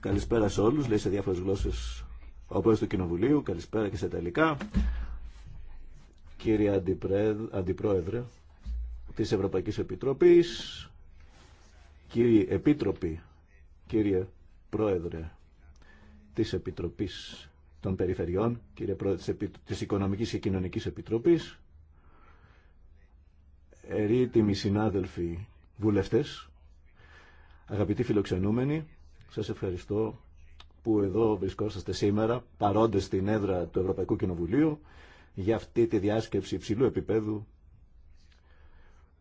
Καλησπέρα σε όλους, λέει σε διάφορες γλώσσες ο πρόεδρος του Κοινοβουλίου. Καλησπέρα και σε τελικά, Κύριε Αντιπρόεδρε της Ευρωπαϊκής Επιτροπής, κύριε Επίτροπη, κύριε Πρόεδρε της Επιτροπής των Περιφερειών, κύριε Πρόεδρε της Οικονομικής και Κοινωνικής Επιτροπής, ερήτημοι συνάδελφοι βουλευτές, αγαπητοί φιλοξενούμενοι, σας ευχαριστώ που εδώ βρισκόσαστε σήμερα, παρόντες στην έδρα του Ευρωπαϊκού Κοινοβουλίου, για αυτή τη διάσκεψη υψηλού επίπεδου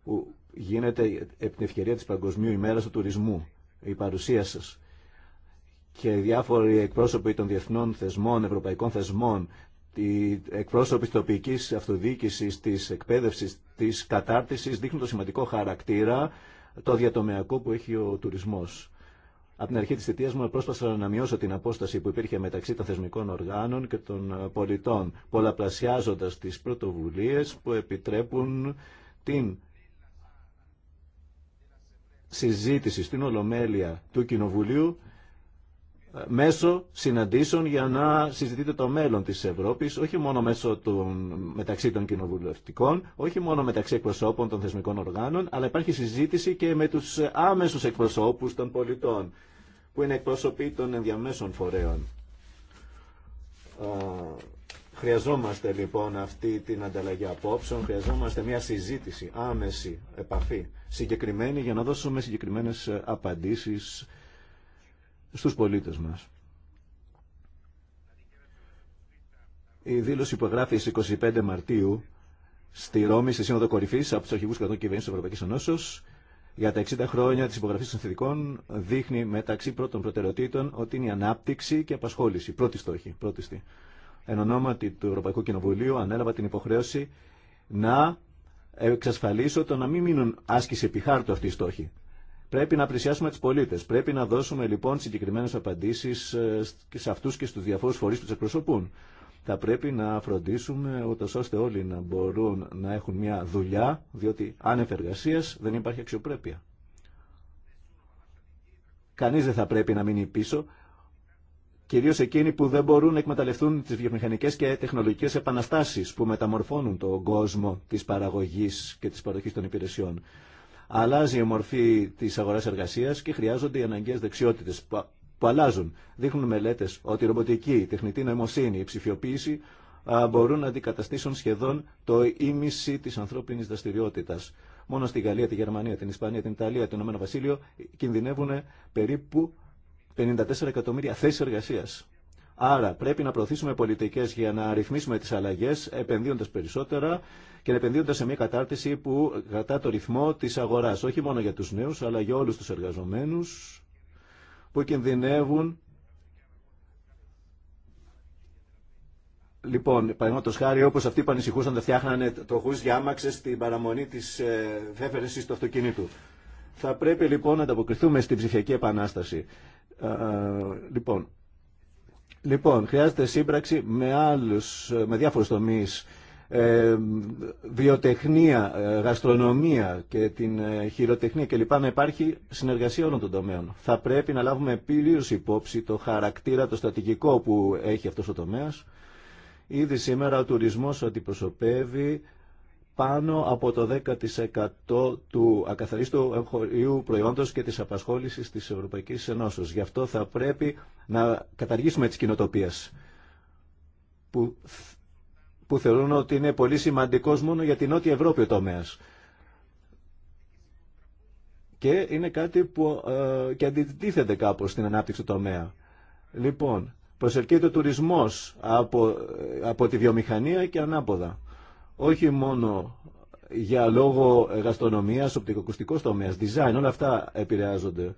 που γίνεται επί την ευκαιρία της Παγκοσμίου ημέρας του τουρισμού. Η παρουσία σας και διάφοροι εκπρόσωποι των διεθνών θεσμών, ευρωπαϊκών θεσμών, οι εκπρόσωποι της τοπικής αυτοδιοίκησης, της εκπαίδευσης, της κατάρτισης δείχνουν το σημαντικό χαρακτήρα το διατομεακό που έχει ο τουρισμός. Από την αρχή της θητείας μου πρόσπασα να μειώσω την απόσταση που υπήρχε μεταξύ των θεσμικών οργάνων και των πολιτών, πολλαπλασιάζοντας τις πρωτοβουλίες που επιτρέπουν την συζήτηση στην Ολομέλεια του Κοινοβουλίου μέσω συναντήσεων για να συζητείτε το μέλλον της Ευρώπης, όχι μόνο μέσω μεταξύ των κοινοβουλευτικών, όχι μόνο μεταξύ εκπροσώπων των θεσμικών οργάνων, αλλά υπάρχει συζήτηση και με τους άμεσους εκπροσώπους των πολιτών, που είναι εκπρόσωποι των ενδιαμέσων φορέων. Χρειαζόμαστε λοιπόν αυτή την ανταλλαγή απόψεων, χρειαζόμαστε μια συζήτηση, άμεση επαφή, συγκεκριμένη για να δώσουμε συγκεκριμένες απαντήσεις στους πολίτες μας. Η δήλωση που στις 25 Μαρτίου στη Ρώμη, στη Σύνοδο Κορυφής, από τους αρχηγούς κρατών κυβέρνησης της Ευρωπαϊκής Ενώσεως, για τα 60 χρόνια της υπογραφής των συνθηκών δείχνει μεταξύ πρώτων προτεραιοτήτων ότι είναι η ανάπτυξη και απασχόληση. Πρώτη στόχη, πρώτη στη. Εν ονόματι του Ευρωπαϊκού Κοινοβουλίου ανέλαβα την υποχρέωση να εξασφαλίσω το να μην μείνουν άσκηση επιχάρτου αυτοί οι στόχοι. Πρέπει να πλησιάσουμε του πολίτε. Πρέπει να δώσουμε λοιπόν συγκεκριμένε απαντήσει ε, σε αυτού και στου διαφόρου φορεί που του εκπροσωπούν. Θα πρέπει να φροντίσουμε ούτω ώστε όλοι να μπορούν να έχουν μια δουλειά, διότι άνευ δεν υπάρχει αξιοπρέπεια. Κανεί δεν θα πρέπει να μείνει πίσω, κυρίω εκείνοι που δεν μπορούν να εκμεταλλευτούν τι βιομηχανικέ και τεχνολογικέ επαναστάσει που μεταμορφώνουν τον κόσμο τη παραγωγή και τη παροχή των υπηρεσιών. Αλλάζει η μορφή τη αγορά-εργασία και χρειάζονται οι αναγκαίε δεξιότητε που, αλλάζουν. Δείχνουν μελέτε ότι η ρομποτική, η τεχνητή νοημοσύνη, η ψηφιοποίηση μπορούν να αντικαταστήσουν σχεδόν το ίμιση τη ανθρώπινη δραστηριότητα. Μόνο στη Γαλλία, τη Γερμανία, την Ισπανία, την Ιταλία, το Ηνωμένο Βασίλειο κινδυνεύουν περίπου 54 εκατομμύρια θέσει εργασία. Άρα πρέπει να προωθήσουμε πολιτικές για να ρυθμίσουμε τις αλλαγές επενδύοντας περισσότερα και επενδύοντας σε μια κατάρτιση που κρατά το ρυθμό της αγοράς. Όχι μόνο για τους νέους αλλά για όλους τους εργαζομένους που κινδυνεύουν Λοιπόν, παραδείγματο χάρη, όπω αυτοί που ανησυχούσαν, δεν φτιάχνανε τροχού για άμαξε στην παραμονή τη εφεύρεση του αυτοκινήτου. Θα πρέπει λοιπόν να ανταποκριθούμε στην ψηφιακή επανάσταση. Ε, ε, λοιπόν, Λοιπόν, χρειάζεται σύμπραξη με άλλους, με διάφορους τομείς. Ε, βιοτεχνία, ε, γαστρονομία και την ε, χειροτεχνία κλπ. να υπάρχει συνεργασία όλων των τομέων. Θα πρέπει να λάβουμε πλήρως υπόψη το χαρακτήρα, το στατικικό που έχει αυτός ο τομέας. Ήδη σήμερα ο τουρισμός αντιπροσωπεύει πάνω από το 10% του ακαθαρίστου εγχωρίου προϊόντος και της απασχόλησης της Ευρωπαϊκής Ενώσεως. Γι' αυτό θα πρέπει να καταργήσουμε τις κοινοτοπίες που, που θεωρούν ότι είναι πολύ σημαντικός μόνο για την Νότια Ευρώπη ο τομέας. Και είναι κάτι που ε, και αντιτίθεται κάπως στην ανάπτυξη του τομέα. Λοιπόν, προσελκύεται ο τουρισμός από, ε, από τη βιομηχανία και ανάποδα όχι μόνο για λόγο γαστρονομίας, οπτικοκουστικός τομέας, design, όλα αυτά επηρεάζονται.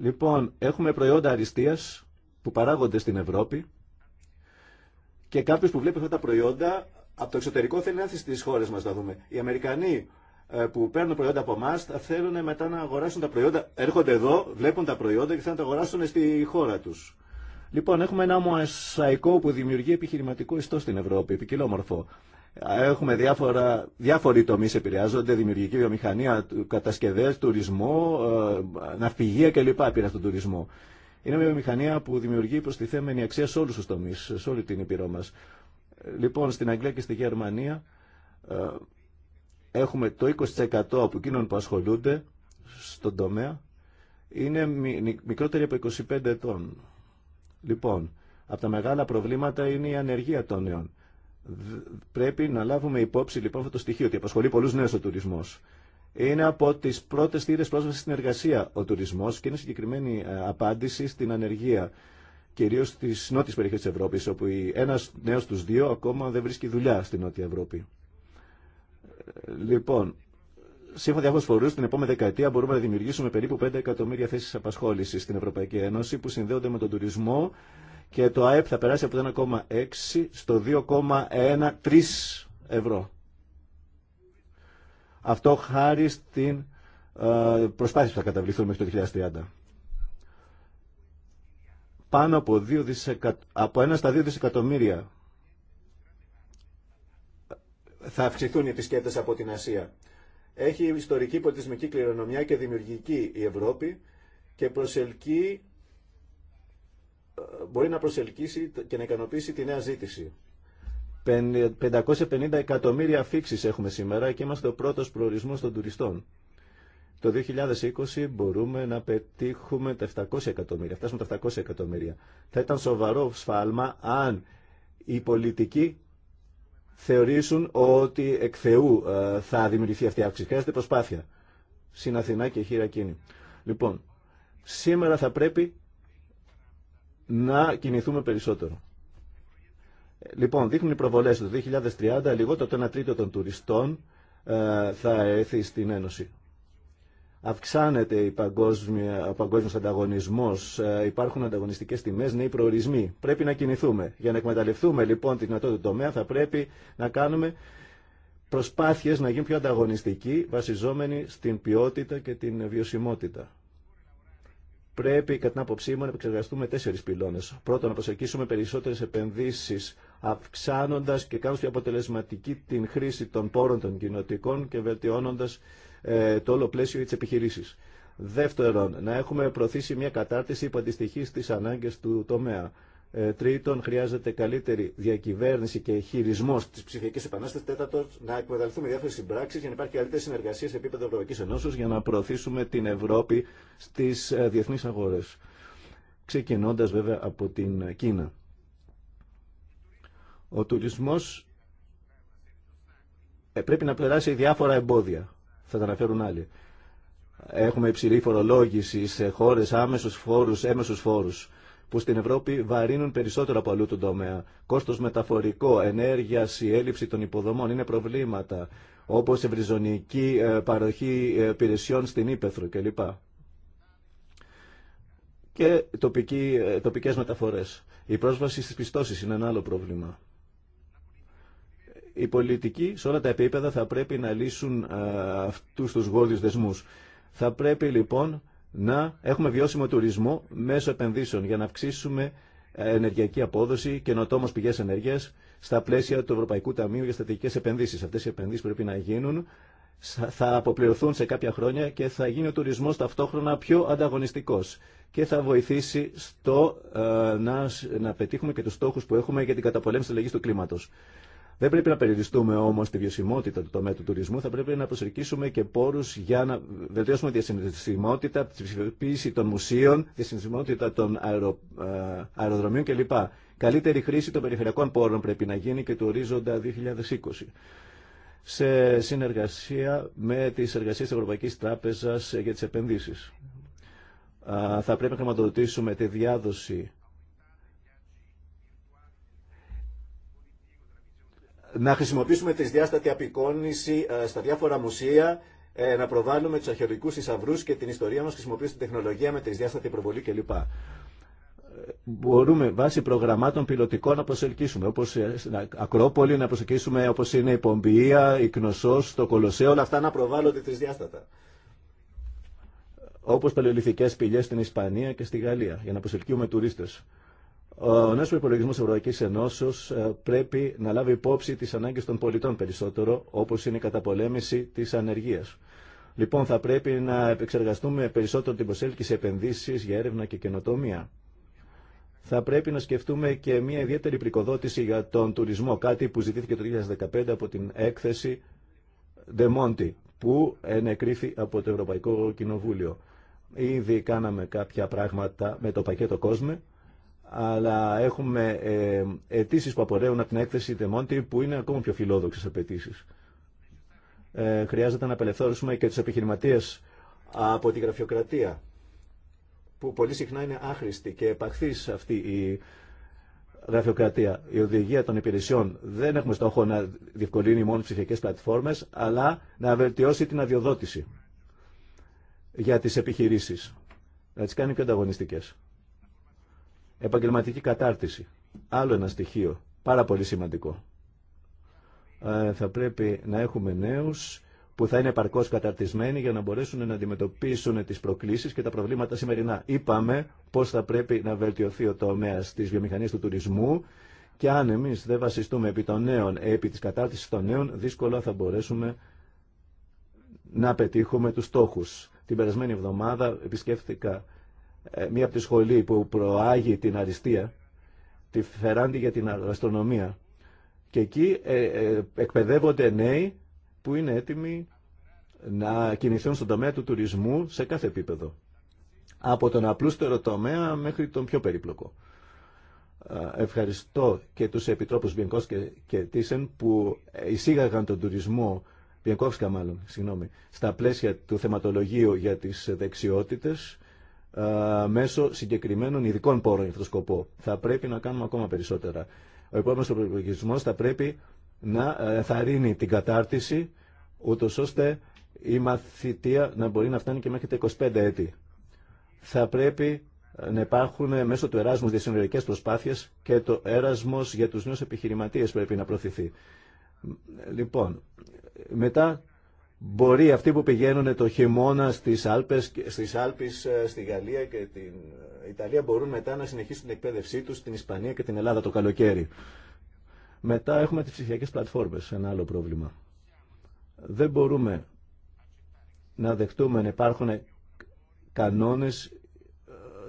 Λοιπόν, έχουμε προϊόντα αριστείας που παράγονται στην Ευρώπη και κάποιος που βλέπει αυτά τα προϊόντα από το εξωτερικό θέλει να έρθει στις χώρες μας να δούμε. Οι Αμερικανοί ε, που παίρνουν προϊόντα από εμά θέλουν μετά να αγοράσουν τα προϊόντα, έρχονται εδώ, βλέπουν τα προϊόντα και θέλουν να τα αγοράσουν στη χώρα τους. Λοιπόν, έχουμε ένα μοσαϊκό που δημιουργεί επιχειρηματικό ιστό στην Ευρώπη, επικοινόμορφο. Έχουμε διάφορα, διάφοροι τομεί επηρεάζονται, δημιουργική βιομηχανία, κατασκευέ, τουρισμό, ε, ναυπηγεία κλπ. αυτόν τον τουρισμό. Είναι μια βιομηχανία που δημιουργεί προστιθέμενη αξία σε όλου του τομεί, σε όλη την Ήπειρό μα. Λοιπόν, στην Αγγλία και στη Γερμανία ε, έχουμε το 20% από εκείνων που ασχολούνται στον τομέα είναι μικρότεροι από 25 ετών. Λοιπόν, από τα μεγάλα προβλήματα είναι η ανεργία των νέων. Πρέπει να λάβουμε υπόψη λοιπόν αυτό το στοιχείο ότι απασχολεί πολλού νέου ο τουρισμό. Είναι από τι πρώτε θύρε πρόσβαση στην εργασία ο τουρισμό και είναι συγκεκριμένη ε, απάντηση στην ανεργία. Κυρίω στι νότιε περιοχέ τη Ευρώπη, όπου ένα νέο στου δύο ακόμα δεν βρίσκει δουλειά στην Νότια Ευρώπη. Ε, λοιπόν, σύμφωνα με διάφορου φορού, την επόμενη δεκαετία μπορούμε να δημιουργήσουμε περίπου 5 εκατομμύρια θέσει απασχόληση στην Ευρωπαϊκή Ένωση που συνδέονται με τον τουρισμό και το ΑΕΠ θα περάσει από το 1,6 στο 2,13 ευρώ. Αυτό χάρη στην ε, προσπάθεια που θα καταβληθούν μέχρι το 2030. Πάνω από, 2 από 1 στα 2 δισεκατομμύρια θα αυξηθούν οι επισκέπτες από την Ασία. Έχει ιστορική πολιτισμική κληρονομιά και δημιουργική η Ευρώπη και προσελκύει μπορεί να προσελκύσει και να ικανοποιήσει τη νέα ζήτηση. 550 εκατομμύρια αφήξει έχουμε σήμερα και είμαστε ο πρώτος προορισμός των τουριστών. Το 2020 μπορούμε να πετύχουμε τα 700 εκατομμύρια, φτάσουμε τα 700 εκατομμύρια. Θα ήταν σοβαρό σφάλμα αν οι πολιτικοί θεωρήσουν ότι εκ Θεού ε, θα δημιουργηθεί αυτή η αύξηση. Χρειάζεται προσπάθεια. Συναθηνά Αθηνά και χειρακίνη. Λοιπόν, σήμερα θα πρέπει να κινηθούμε περισσότερο. Λοιπόν, δείχνουν οι προβολές το 2030 λιγότερο το 1 τρίτο των τουριστών ε, θα έρθει στην Ένωση. Αυξάνεται η παγκόσμια, ο παγκόσμιος ανταγωνισμός, ε, υπάρχουν ανταγωνιστικές τιμές, νέοι προορισμοί. Πρέπει να κινηθούμε. Για να εκμεταλλευτούμε λοιπόν τη δυνατότητα τομέα θα πρέπει να κάνουμε προσπάθειες να γίνουν πιο ανταγωνιστικοί βασιζόμενοι στην ποιότητα και την βιωσιμότητα. Πρέπει, κατά την άποψή μου, να επεξεργαστούμε τέσσερι πυλώνε. Πρώτον, να προσελκύσουμε περισσότερε επενδύσει, αυξάνοντα και κάνοντα πιο αποτελεσματική την χρήση των πόρων των κοινοτικών και βελτιώνοντα ε, το όλο πλαίσιο τη επιχειρήση. Δεύτερον, να έχουμε προωθήσει μια κατάρτιση που αντιστοιχεί στι ανάγκε του τομέα. Ε, τρίτον, χρειάζεται καλύτερη διακυβέρνηση και χειρισμό τη ψηφιακή επανάσταση. Τέταρτον, να εκμεταλλευτούμε διάφορε συμπράξει για να υπάρχει καλύτερη συνεργασία σε επίπεδο Ευρωπαϊκή Ενώσεω για να προωθήσουμε την Ευρώπη στι ε, διεθνεί αγορέ. Ξεκινώντα βέβαια από την Κίνα. Ο τουρισμό ε, πρέπει να περάσει διάφορα εμπόδια. Θα τα αναφέρουν άλλοι. Έχουμε υψηλή φορολόγηση σε χώρε, άμεσου φόρου, έμεσου φόρου που στην Ευρώπη βαρύνουν περισσότερο από αλλού τον τομέα. Κόστος μεταφορικό, ενέργεια, η έλλειψη των υποδομών είναι προβλήματα, όπως ευρυζωνική ε, παροχή ε, υπηρεσιών στην Ήπεθρο κλπ. Και τοπική, ε, τοπικές μεταφορές. Η πρόσβαση στις πιστώσεις είναι ένα άλλο πρόβλημα. Οι πολιτικοί σε όλα τα επίπεδα θα πρέπει να λύσουν αυτούς τους γόδιους δεσμούς. Θα πρέπει λοιπόν να έχουμε βιώσιμο τουρισμό μέσω επενδύσεων για να αυξήσουμε ε, ενεργειακή απόδοση, και καινοτόμε πηγέ ενέργεια στα πλαίσια του Ευρωπαϊκού Ταμείου για Στατικέ Επενδύσει. Αυτέ οι επενδύσει πρέπει να γίνουν, θα αποπληρωθούν σε κάποια χρόνια και θα γίνει ο τουρισμό ταυτόχρονα πιο ανταγωνιστικό και θα βοηθήσει στο ε, να, να πετύχουμε και του στόχου που έχουμε για την καταπολέμηση τη αλλαγή του κλίματο. Δεν πρέπει να περιοριστούμε όμω τη βιωσιμότητα του τομέα του τουρισμού, θα πρέπει να προσελκύσουμε και πόρου για να βελτιώσουμε τη διασυνδεσιμότητα, τη ψηφιοποίηση των μουσείων, τη διασυνδεσιμότητα των αερο, ε, αεροδρομίων κλπ. Καλύτερη χρήση των περιφερειακών πόρων πρέπει να γίνει και του ορίζοντα 2020 σε συνεργασία με τις εργασίες της Ευρωπαϊκής Τράπεζας για τις επενδύσεις. Θα πρέπει να χρηματοδοτήσουμε τη διάδοση να χρησιμοποιήσουμε τη διάστατη απεικόνηση ε, στα διάφορα μουσεία, ε, να προβάλλουμε του αρχαιολογικού θησαυρού και την ιστορία μα χρησιμοποιώντα την τεχνολογία με τη διάστατη προβολή κλπ. Ε, μπορούμε βάσει προγραμμάτων πιλωτικών να προσελκύσουμε, όπω στην Ακρόπολη, να προσελκύσουμε όπω είναι η Πομπία, η Κνωσό, το Κολοσσέο, όλα αυτά να προβάλλονται τρισδιάστατα. Όπω παλαιολιθικέ πηγέ στην Ισπανία και στη Γαλλία, για να προσελκύουμε τουρίστε. Ο νέο προπολογισμό Ευρωπαϊκή Ενώσεω ε, πρέπει να λάβει υπόψη τι ανάγκε των πολιτών περισσότερο, όπω είναι η καταπολέμηση τη ανεργία. Λοιπόν, θα πρέπει να επεξεργαστούμε περισσότερο την προσέλκυση επενδύσει για έρευνα και καινοτομία. Θα πρέπει να σκεφτούμε και μια ιδιαίτερη πρικοδότηση για τον τουρισμό, κάτι που ζητήθηκε το 2015 από την έκθεση De Monti, που ενεκρίθη από το Ευρωπαϊκό Κοινοβούλιο. Ήδη κάναμε κάποια πράγματα με το πακέτο κόσμου αλλά έχουμε ε, αιτήσει που απορρέουν από την έκθεση Τεμόντι που είναι ακόμα πιο φιλόδοξε απαιτήσει. Ε, χρειάζεται να απελευθέρωσουμε και του επιχειρηματίε από τη γραφειοκρατία που πολύ συχνά είναι άχρηστη και επαχθής αυτή η γραφειοκρατία. Η οδηγία των υπηρεσιών δεν έχουμε στόχο να διευκολύνει μόνο ψηφιακέ πλατφόρμες αλλά να βελτιώσει την αδειοδότηση για τι επιχειρήσει. να τις κάνει πιο ανταγωνιστικέ. Επαγγελματική κατάρτιση. Άλλο ένα στοιχείο. Πάρα πολύ σημαντικό. Ε, θα πρέπει να έχουμε νέους που θα είναι επαρκώς καταρτισμένοι για να μπορέσουν να αντιμετωπίσουν τις προκλήσεις και τα προβλήματα σημερινά. Είπαμε πώς θα πρέπει να βελτιωθεί ο τομέας της βιομηχανίας του τουρισμού και αν εμείς δεν βασιστούμε επί των νέων, επί της κατάρτισης των νέων, δύσκολα θα μπορέσουμε να πετύχουμε τους στόχους. Την περασμένη εβδομάδα επισκέφθηκα ε, μία από τη σχολή που προάγει την αριστεία, τη Φεράντη για την αστρονομία. Και εκεί ε, ε, εκπαιδεύονται νέοι που είναι έτοιμοι να κινηθούν στον τομέα του τουρισμού σε κάθε επίπεδο. Από τον απλούστερο τομέα μέχρι τον πιο περίπλοκο. Ευχαριστώ και τους Επιτρόπους Μπιενκόφσκα και, και Τίσεν που εισήγαγαν τον τουρισμό, Μπιενκόφσκα μάλλον, συγγνώμη, στα πλαίσια του θεματολογίου για τις δεξιότητες μέσω συγκεκριμένων ειδικών πόρων για αυτόν τον σκοπό. Θα πρέπει να κάνουμε ακόμα περισσότερα. Ο επόμενο προπολογισμό θα πρέπει να ε, θαρρύνει την κατάρτιση, ούτω ώστε η μαθητεία να μπορεί να φτάνει και μέχρι τα 25 έτη. Θα πρέπει ε, να υπάρχουν ε, μέσω του Εράσμου διασυνοριακέ προσπάθειε και το Έρασμο για του νέου επιχειρηματίε πρέπει να προωθηθεί. Λοιπόν, μετά Μπορεί αυτοί που πηγαίνουν το χειμώνα στις Άλπες, στις Άλπες, ε, στη Γαλλία και την ε, Ιταλία μπορούν μετά να συνεχίσουν την εκπαίδευσή τους στην Ισπανία και την Ελλάδα το καλοκαίρι. Μετά έχουμε τις ψηφιακές πλατφόρμες, ένα άλλο πρόβλημα. Δεν μπορούμε να δεχτούμε να υπάρχουν κανόνες ε,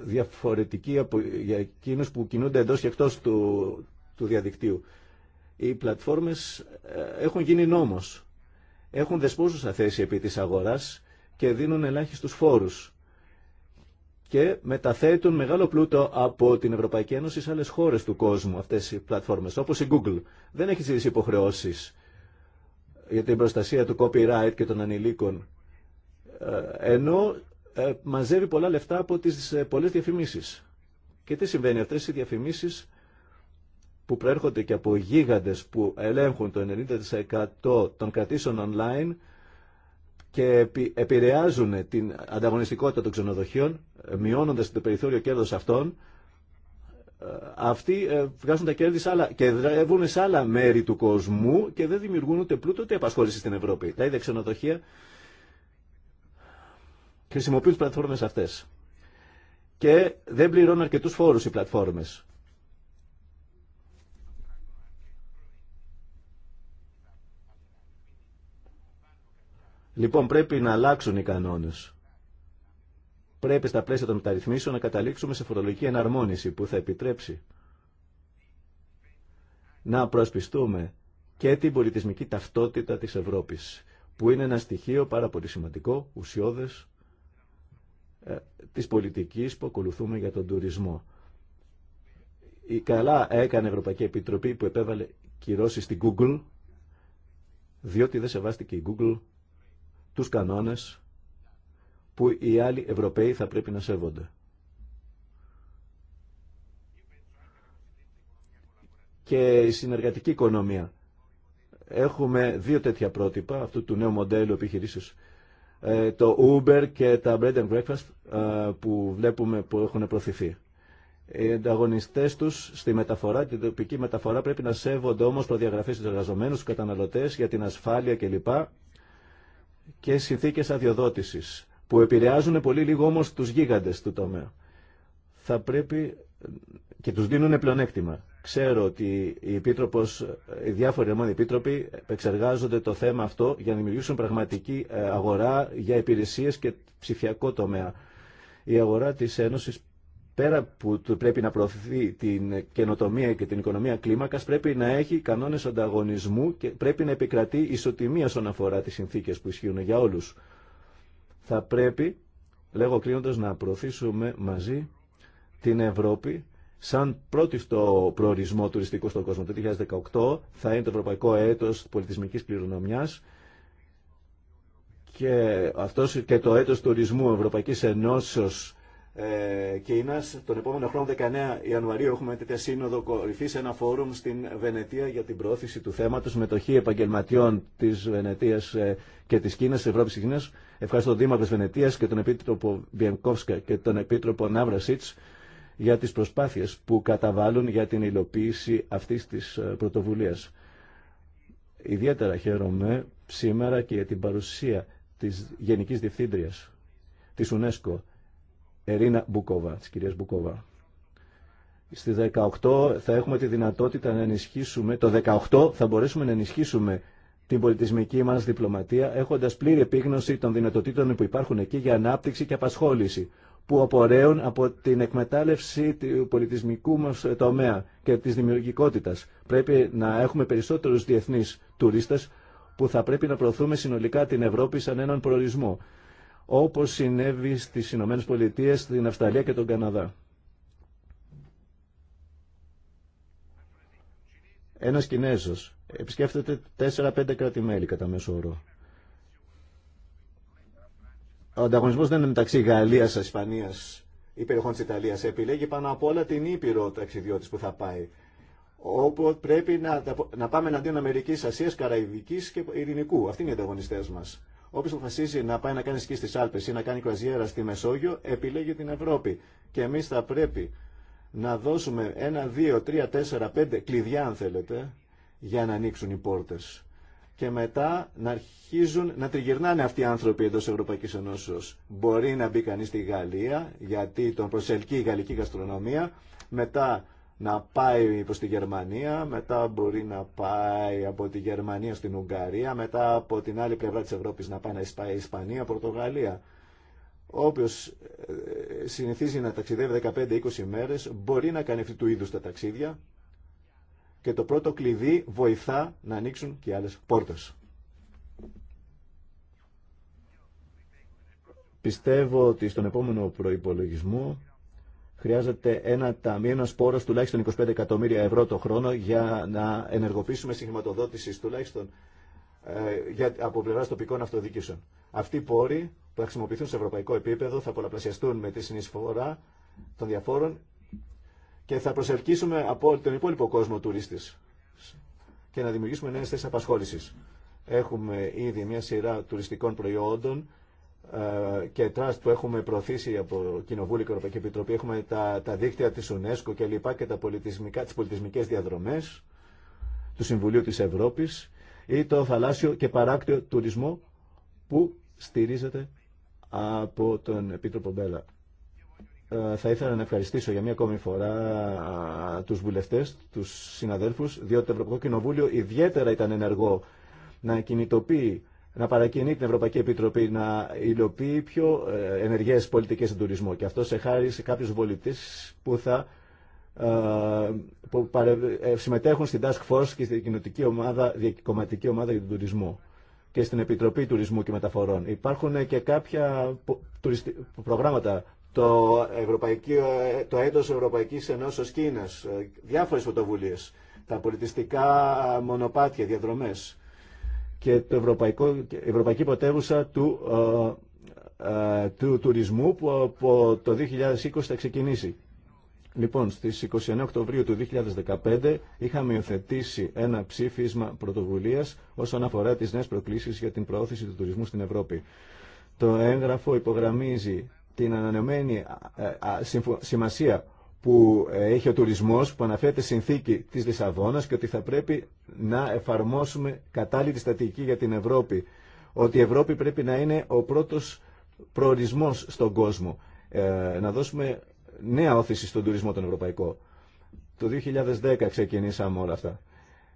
διαφορετικοί από, για εκείνους που κινούνται εντός και εκτός του, του διαδικτύου. Οι πλατφόρμες έχουν γίνει νόμος έχουν δεσπόζουσα θέση επί της αγοράς και δίνουν ελάχιστους φόρους και μεταθέτουν μεγάλο πλούτο από την Ευρωπαϊκή Ένωση σε άλλες χώρες του κόσμου αυτές οι πλατφόρμες, όπως η Google. Δεν έχει τις υποχρεώσεις για την προστασία του copyright και των ανηλίκων, ε, ενώ ε, μαζεύει πολλά λεφτά από τις ε, πολλές διαφημίσεις. Και τι συμβαίνει, αυτές οι διαφημίσεις που προέρχονται και από γίγαντες που ελέγχουν το 90% των κρατήσεων online και επηρεάζουν την ανταγωνιστικότητα των ξενοδοχείων, ε, μειώνοντας το περιθώριο κέρδος αυτών, ε, αυτοί ε, βγάζουν τα κέρδη άλλα, και δρεύουν σε άλλα μέρη του κοσμού και δεν δημιουργούν ούτε πλούτο ούτε απασχόληση στην Ευρώπη. Τα ίδια ξενοδοχεία χρησιμοποιούν τι πλατφόρμες αυτές. Και δεν πληρώνουν αρκετού φόρου οι πλατφόρμες. Λοιπόν, πρέπει να αλλάξουν οι κανόνες. Πρέπει στα πλαίσια των μεταρρυθμίσεων να καταλήξουμε σε φορολογική εναρμόνιση που θα επιτρέψει να προσπιστούμε και την πολιτισμική ταυτότητα της Ευρώπης, που είναι ένα στοιχείο πάρα πολύ σημαντικό, ουσιώδες, ε, της πολιτικής που ακολουθούμε για τον τουρισμό. Η καλά έκανε Ευρωπαϊκή Επιτροπή που επέβαλε κυρώσεις στην Google, διότι δεν σεβάστηκε η Google τους κανόνες που οι άλλοι Ευρωπαίοι θα πρέπει να σέβονται. Και η συνεργατική οικονομία. Έχουμε δύο τέτοια πρότυπα αυτού του νέου μοντέλου επιχειρήσεως. Ε, το Uber και τα Bread and Breakfast ε, που βλέπουμε που έχουν προωθηθεί. Οι ανταγωνιστέ του στη μεταφορά, την τοπική μεταφορά, πρέπει να σέβονται όμω προδιαγραφέ στου εργαζομένου, του καταναλωτέ για την ασφάλεια κλπ και συνθήκες αδειοδότησης που επηρεάζουν πολύ λίγο όμως τους γίγαντες του τομέα. Θα πρέπει και τους δίνουν πλεονέκτημα. Ξέρω ότι οι, επίτροπος, οι διάφοροι ομάδες επίτροποι επεξεργάζονται το θέμα αυτό για να δημιουργήσουν πραγματική ε, αγορά για υπηρεσίες και ψηφιακό τομέα. Η αγορά της Ένωσης πέρα που πρέπει να προωθηθεί την καινοτομία και την οικονομία κλίμακα, πρέπει να έχει κανόνε ανταγωνισμού και πρέπει να επικρατεί ισοτιμία όσον αφορά τι συνθήκε που ισχύουν για όλου. Θα πρέπει, λέγω κλείνοντα, να προωθήσουμε μαζί την Ευρώπη σαν πρώτη στο προορισμό τουριστικού στον κόσμο. Το 2018 θα είναι το Ευρωπαϊκό Έτος Πολιτισμικής Κληρονομιάς και, αυτός και το έτος τουρισμού Ευρωπαϊκής Ενώσεως ε, Κίνας. Τον επόμενο χρόνο, 19 Ιανουαρίου, έχουμε τέτοια σύνοδο κορυφή σε ένα φόρουμ στην Βενετία για την προώθηση του θέματο συμμετοχή επαγγελματιών τη Βενετία ε, και τη Κίνα, τη Ευρώπη και τη Κίνα. Ευχαριστώ τον Δήμαρχο τη Βενετία και τον Επίτροπο Μπιενκόφσκα και τον Επίτροπο Ναύρα Σίτ για τι προσπάθειε που καταβάλουν για την υλοποίηση αυτή τη ε, πρωτοβουλία. Ιδιαίτερα χαίρομαι σήμερα και για την παρουσία της Γενικής Διευθύντριας της UNESCO Ερίνα Μπουκόβα, της κυρίας Μπουκόβα. Στη 18 θα έχουμε τη δυνατότητα να ενισχύσουμε, το 18 θα μπορέσουμε να ενισχύσουμε την πολιτισμική μας διπλωματία έχοντας πλήρη επίγνωση των δυνατοτήτων που υπάρχουν εκεί για ανάπτυξη και απασχόληση που απορρέουν από την εκμετάλλευση του πολιτισμικού μας τομέα και της δημιουργικότητας. Πρέπει να έχουμε περισσότερους διεθνείς τουρίστες που θα πρέπει να προωθούμε συνολικά την Ευρώπη σαν έναν προορισμό όπως συνέβη στις Ηνωμένες Πολιτείες, στην Αυστραλία και τον Καναδά. Ένας Κινέζος επισκέφτεται 4-5 κατά μέσο όρο. Ο ανταγωνισμός δεν είναι μεταξύ Γαλλίας, Ισπανίας ή περιοχών της Ιταλίας. Επιλέγει πάνω από όλα την Ήπειρο ταξιδιώτης που θα πάει. Όπου πρέπει να, να πάμε εναντίον Αμερικής, Ασίας, Καραϊβικής και Ειρηνικού. Αυτοί είναι οι ανταγωνιστές μας. Όποιο αποφασίζει να πάει να κάνει σκι στι Άλπε ή να κάνει κουαζιέρα στη Μεσόγειο, επιλέγει την Ευρώπη. Και εμεί θα πρέπει να δώσουμε ένα, δύο, τρία, τέσσερα, πέντε κλειδιά, αν θέλετε, για να ανοίξουν οι πόρτε. Και μετά να αρχίζουν να τριγυρνάνε αυτοί οι άνθρωποι εντό Ευρωπαϊκή Ενώσεω. Μπορεί να μπει κανεί στη Γαλλία, γιατί τον προσελκύει η γαλλική γαστρονομία. Μετά να πάει προς τη Γερμανία, μετά μπορεί να πάει από τη Γερμανία στην Ουγγαρία, μετά από την άλλη πλευρά της Ευρώπης να πάει να Ισπανία, Ισπανία Πορτογαλία. Όποιος ε, συνηθίζει να ταξιδεύει 15-20 μέρες μπορεί να κάνει αυτού του είδους τα ταξίδια και το πρώτο κλειδί βοηθά να ανοίξουν και άλλες πόρτες. Πιστεύω ότι στον επόμενο προϋπολογισμό χρειάζεται ένα ταμείο, ένα πόρο τουλάχιστον 25 εκατομμύρια ευρώ το χρόνο για να ενεργοποιήσουμε συγχρηματοδότηση τουλάχιστον ε, για, από πλευρά τοπικών αυτοδιοίκησεων. Αυτοί οι πόροι που θα χρησιμοποιηθούν σε ευρωπαϊκό επίπεδο θα πολλαπλασιαστούν με τη συνεισφορά των διαφόρων και θα προσελκύσουμε από τον υπόλοιπο κόσμο τουρίστε και να δημιουργήσουμε νέε θέσει απασχόληση. Έχουμε ήδη μια σειρά τουριστικών προϊόντων ε, και τραστ που έχουμε προωθήσει από Κοινοβούλιο και Ευρωπαϊκή Επιτροπή, έχουμε τα, τα δίκτυα της UNESCO και λοιπά και τα πολιτισμικά, τις πολιτισμικές διαδρομές του Συμβουλίου της Ευρώπης ή το θαλάσσιο και παράκτιο τουρισμό που στηρίζεται από τον Επίτροπο Μπέλα. Ε, θα ήθελα να ευχαριστήσω για μία ακόμη φορά τους βουλευτές, τους συναδέλφους, διότι το Ευρωπαϊκό Κοινοβούλιο ιδιαίτερα ήταν ενεργό να κινητοποιεί να παρακινεί την Ευρωπαϊκή Επιτροπή να υλοποιεί πιο ε, ενεργέ πολιτικές στον τουρισμό. Και αυτό σε χάρη σε κάποιου βολητέ που θα ε, που ε, συμμετέχουν στην Task Force και στην ομάδα, κομματική ομάδα για τον τουρισμό και στην Επιτροπή Τουρισμού και Μεταφορών. Υπάρχουν και κάποια προγράμματα το, Ευρωπαϊκή, το έντος Ευρωπαϊκής Ενώσεως Κίνας, διάφορες φωτοβουλίες, τα πολιτιστικά μονοπάτια, διαδρομές και το Ευρωπαϊκό, Ευρωπαϊκή Πρωτεύουσα του, ε, ε, του τουρισμού που από το 2020 θα ξεκινήσει. Λοιπόν, στις 29 Οκτωβρίου του 2015 είχαμε υιοθετήσει ένα ψήφισμα πρωτοβουλίας όσον αφορά τις νέες προκλήσεις για την προώθηση του τουρισμού στην Ευρώπη. Το έγγραφο υπογραμμίζει την ανανεωμένη ε, σημασία που έχει ο τουρισμός που αναφέρεται συνθήκη της Λισαβόνας και ότι θα πρέπει να εφαρμόσουμε κατάλληλη στατική για την Ευρώπη. Ότι η Ευρώπη πρέπει να είναι ο πρώτος προορισμός στον κόσμο. Ε, να δώσουμε νέα όθηση στον τουρισμό τον ευρωπαϊκό. Το 2010 ξεκινήσαμε όλα αυτά.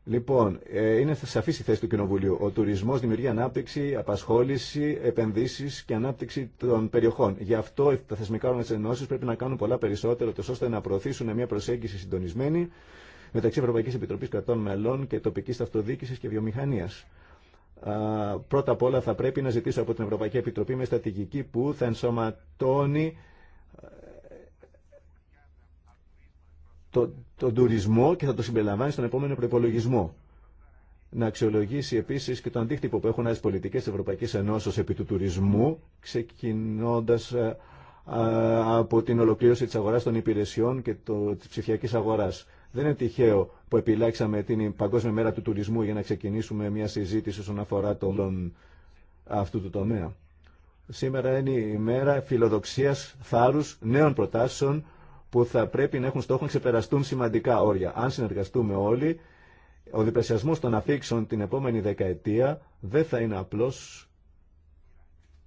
Λοιπόν, ε, είναι σαφή η θέση του Κοινοβουλίου. Ο τουρισμό δημιουργεί ανάπτυξη, απασχόληση, επενδύσει και ανάπτυξη των περιοχών. Γι' αυτό τα θεσμικά όργανα τη Ενώση πρέπει να κάνουν πολλά περισσότερο, ώστε να προωθήσουν μια προσέγγιση συντονισμένη μεταξύ Ευρωπαϊκή Επιτροπή Κρατών Μελών και τοπική αυτοδιοίκηση και βιομηχανία. Πρώτα απ' όλα θα πρέπει να ζητήσω από την Ευρωπαϊκή Επιτροπή μια στρατηγική που θα ενσωματώνει το, τον τουρισμό και θα το συμπεριλαμβάνει στον επόμενο προπολογισμό. Να αξιολογήσει επίση και το αντίκτυπο που έχουν άλλε πολιτικέ Ευρωπαϊκή Ενώσεω επί του τουρισμού, ξεκινώντα ε, από την ολοκλήρωση τη αγορά των υπηρεσιών και τη ψηφιακή αγορά. Δεν είναι τυχαίο που επιλέξαμε την Παγκόσμια Μέρα του Τουρισμού για να ξεκινήσουμε μια συζήτηση όσον αφορά τον αυτού του τομέα. Σήμερα είναι η μέρα φιλοδοξίας, θάρρου νέων προτάσεων που θα πρέπει να έχουν στόχο να ξεπεραστούν σημαντικά όρια. Αν συνεργαστούμε όλοι, ο διπλασιασμό των αφήξεων την επόμενη δεκαετία δεν θα είναι απλώ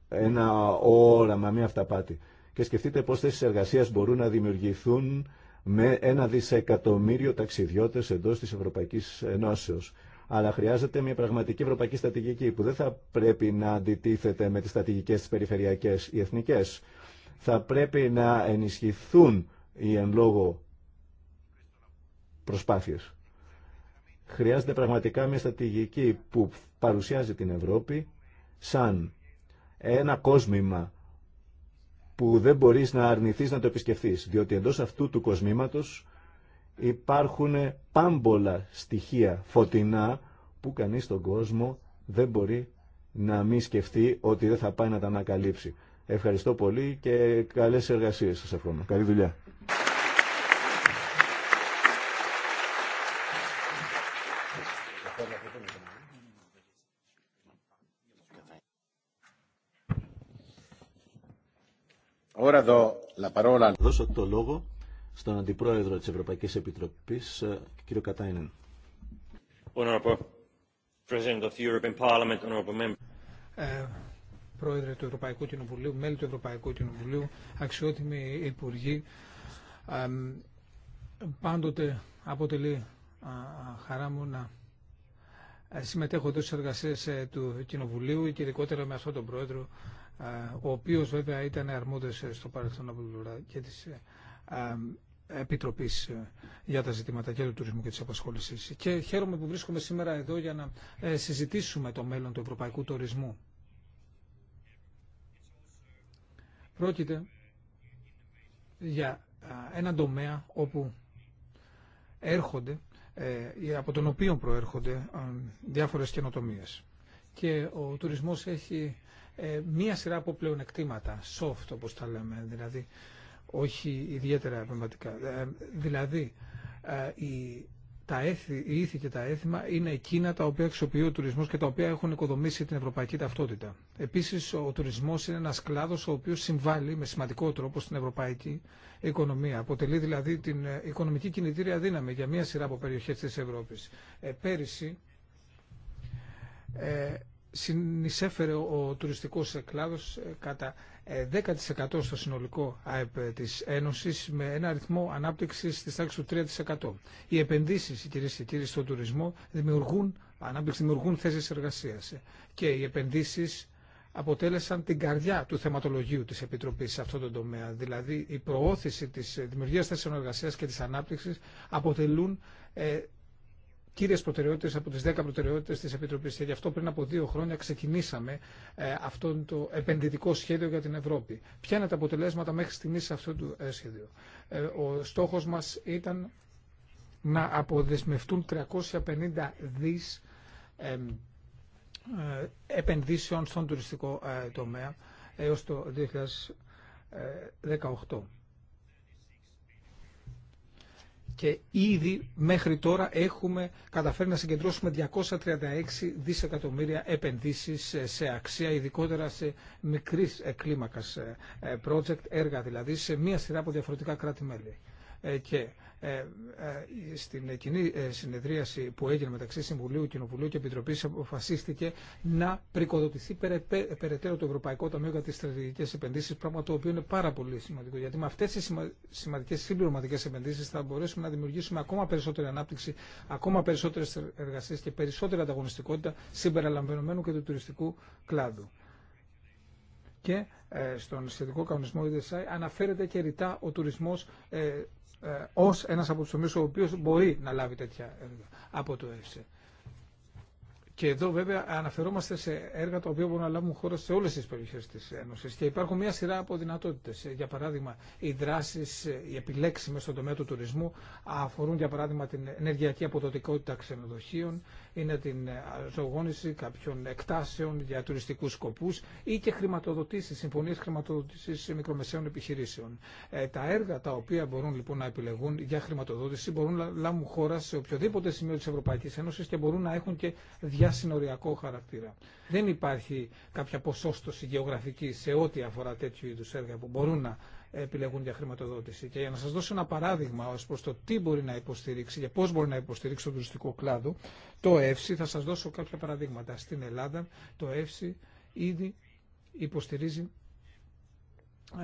ένα όραμα, μια αυταπάτη. Και σκεφτείτε πώ θέσει εργασία μπορούν να δημιουργηθούν με ένα δισεκατομμύριο ταξιδιώτε εντό τη Ευρωπαϊκή Ενώσεω. Αλλά χρειάζεται μια πραγματική ευρωπαϊκή στρατηγική που δεν θα πρέπει να αντιτίθεται με τι στρατηγικέ τι περιφερειακέ ή εθνικέ. Θα πρέπει να ενισχυθούν ή εν λόγω προσπάθειες. Χρειάζεται πραγματικά μια στρατηγική που παρουσιάζει την Ευρώπη σαν ένα κόσμημα που δεν μπορείς να αρνηθείς να το επισκεφθείς, διότι εντός αυτού του κοσμήματος υπάρχουν πάμπολα στοιχεία φωτεινά που κανείς στον κόσμο δεν μπορεί να μη σκεφτεί ότι δεν θα πάει να τα ανακαλύψει. Ευχαριστώ πολύ και καλές εργασίες σας εύχομαι. Καλή δουλειά. Δώσω το λόγο στον Αντιπρόεδρο της Ευρωπαϊκής Επιτροπής, ε, κύριο Κατάινεν. Ε, πρόεδρε του Ευρωπαϊκού Κοινοβουλίου, μέλη του Ευρωπαϊκού Κοινοβουλίου, αξιότιμοι υπουργοί, πάντοτε αποτελεί χαρά μου να ε, συμμετέχω εδώ στις εργασίες του Κοινοβουλίου και ειδικότερα με αυτόν τον πρόεδρο ο οποίος βέβαια ήταν αρμόδιος ε, στο παρελθόν από πλευρά και της ε, Επιτροπή ε, για τα ζητήματα και του τουρισμού και τη απασχόληση. Και χαίρομαι που βρίσκομαι σήμερα εδώ για να συζητήσουμε το μέλλον του ευρωπαϊκού τουρισμού. Πρόκειται για έναν τομέα όπου έρχονται από τον οποίο προέρχονται διάφορες καινοτομίες. Και ο τουρισμός έχει ε, μία σειρά από πλεονεκτήματα, soft όπως τα λέμε, δηλαδή όχι ιδιαίτερα Ε, δηλαδή, ε, η, τα έθι, η ήθη και τα έθιμα είναι εκείνα τα οποία αξιοποιεί ο τουρισμό και τα οποία έχουν οικοδομήσει την ευρωπαϊκή ταυτότητα. Επίση, ο τουρισμό είναι ένα κλάδο ο οποίο συμβάλλει με σημαντικό τρόπο στην ευρωπαϊκή οικονομία. Αποτελεί δηλαδή την ε, οικονομική κινητήρια δύναμη για μία σειρά από περιοχέ τη Ευρώπη. Ε, πέρυσι, ε, συνεισέφερε ο τουριστικός κλάδος ε, κατά 10% ε, στο συνολικό ΑΕΠ ε, της Ένωσης με ένα αριθμό ανάπτυξης της τάξης του 3%. Οι επενδύσεις, κυρίες και κύριοι, στον τουρισμό δημιουργούν, ανάπτυξη δημιουργούν θέσεις εργασίας και οι επενδύσεις αποτέλεσαν την καρδιά του θεματολογίου της Επιτροπής σε αυτόν τον τομέα. Δηλαδή η προώθηση της δημιουργίας θέσεων εργασίας και της ανάπτυξης αποτελούν κύριες προτεραιότητες από τις 10 προτεραιότητες της Επιτροπής. Και γι' αυτό πριν από δύο χρόνια ξεκινήσαμε ε, αυτό το επενδυτικό σχέδιο για την Ευρώπη. Ποια είναι τα αποτελέσματα μέχρι στιγμής σε αυτό το ε, σχέδιο. Ε, ο στόχος μας ήταν να αποδεσμευτούν 350 δις επενδύσεων στον τουριστικό τομέα έως το 2018 και ήδη μέχρι τώρα έχουμε καταφέρει να συγκεντρώσουμε 236 δισεκατομμύρια επενδύσεις σε αξία, ειδικότερα σε μικρής ε, κλίμακας ε, ε, project, έργα δηλαδή, σε μία σειρά από διαφορετικά κράτη-μέλη. Και ε, ε, στην κοινή ε, συνεδρίαση που έγινε μεταξύ Συμβουλίου, Κοινοβουλίου και Επιτροπή αποφασίστηκε να πρικοδοτηθεί περαιτέρω το Ευρωπαϊκό Ταμείο για τι Στρατηγικέ Επενδύσει, πράγμα το οποίο είναι πάρα πολύ σημαντικό. Γιατί με αυτέ τι σημαντικέ συμπληρωματικέ επενδύσει θα μπορέσουμε να δημιουργήσουμε ακόμα περισσότερη ανάπτυξη, ακόμα περισσότερε εργασίε και περισσότερη ανταγωνιστικότητα συμπεριλαμβανομένου και του τουριστικού κλάδου. Και στον σχετικό κανονισμό αναφέρεται και ρητά ο τουρισμός ε, ω ένας από τους τομείς ο οποίο μπορεί να λάβει τέτοια έργα από το ΕΦΣΕ. Και εδώ βέβαια αναφερόμαστε σε έργα τα οποία μπορούν να λάβουν χώρα σε όλες τις περιοχέ τη Ένωση. και υπάρχουν μια σειρά από δυνατότητες. Ε, για παράδειγμα, οι δράσεις, ε, οι επιλέξιμες στον τομέα του τουρισμού αφορούν για παράδειγμα την ενεργειακή αποδοτικότητα ξενοδοχείων, είναι την ζωγόνηση κάποιων εκτάσεων για τουριστικούς σκοπούς ή και χρηματοδοτήσεις, συμφωνίες χρηματοδοτήσεις μικρομεσαίων επιχειρήσεων. Ε, τα έργα τα οποία μπορούν λοιπόν να επιλεγούν για χρηματοδότηση μπορούν να λάβουν χώρα σε οποιοδήποτε σημείο της Ευρωπαϊκής Ένωσης και μπορούν να έχουν και διασυνοριακό χαρακτήρα. Δεν υπάρχει κάποια ποσόστοση γεωγραφική σε ό,τι αφορά τέτοιου είδους έργα που μπορούν να επιλεγούν για χρηματοδότηση. Και για να σα δώσω ένα παράδειγμα ω προ το τι μπορεί να υποστηρίξει και πώ μπορεί να υποστηρίξει τον τουριστικό κλάδο, το ΕΦΣΙ, θα σα δώσω κάποια παραδείγματα. Στην Ελλάδα το ΕΦΣΙ ήδη υποστηρίζει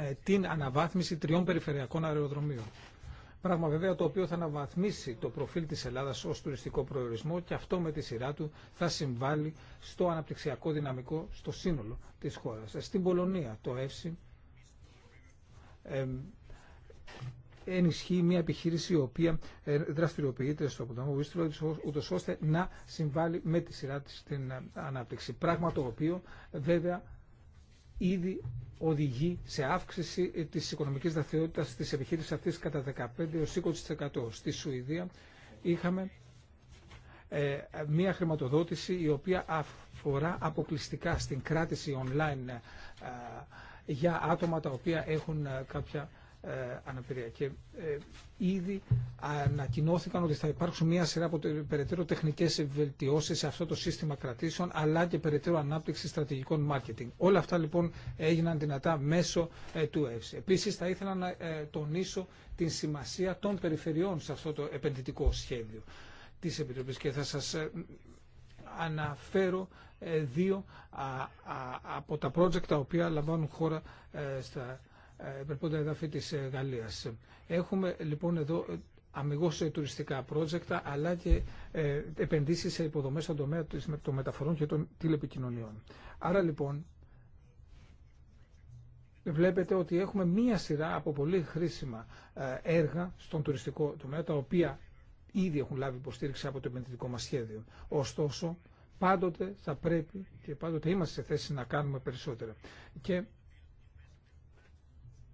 ε, την αναβάθμιση τριών περιφερειακών αεροδρομίων. Πράγμα βέβαια το οποίο θα αναβαθμίσει το προφίλ της Ελλάδας ως τουριστικό προορισμό και αυτό με τη σειρά του θα συμβάλλει στο αναπτυξιακό δυναμικό στο σύνολο της χώρας. Στην Πολωνία το ΕΦΣΙ ενισχύει μια επιχείρηση η οποία ε, δραστηριοποιείται στο ποταμό βίστρο ούτω ώστε να συμβάλλει με τη σειρά τη στην ε, ανάπτυξη. Πράγμα το οποίο βέβαια ήδη οδηγεί σε αύξηση ε, της οικονομικής δραστηριότητας τη επιχείρηση αυτή κατά 15-20%. Στη Σουηδία είχαμε μία χρηματοδότηση η οποία αφορά αποκλειστικά στην κράτηση online για άτομα τα οποία έχουν ε, κάποια ε, αναπηρία. Και ε, ήδη ανακοινώθηκαν ότι θα υπάρξουν μία σειρά από περαιτέρω τεχνικέ βελτιώσει σε αυτό το σύστημα κρατήσεων, αλλά και περαιτέρω ανάπτυξη στρατηγικών μάρκετινγκ. Όλα αυτά λοιπόν έγιναν δυνατά μέσω του ΕΦΣ. Επίση, θα ήθελα να τονίσω την σημασία των περιφερειών σε αυτό το επενδυτικό σχέδιο τη Επιτροπή και θα σα αναφέρω ε, δύο από τα project τα οποία λαμβάνουν χώρα ε, στα ε, υπερπόντα εδάφη της Γαλλίας. Έχουμε λοιπόν εδώ σε τουριστικά project αλλά και επενδύσεις σε υποδομές στον τομέα των μεταφορών και των τηλεπικοινωνιών. Άρα λοιπόν βλέπετε ότι έχουμε μία σειρά από πολύ χρήσιμα έργα στον τουριστικό τομέα τα οποία ήδη έχουν λάβει υποστήριξη από το επενδυτικό μας σχέδιο. Ωστόσο, πάντοτε θα πρέπει και πάντοτε είμαστε σε θέση να κάνουμε περισσότερα. Και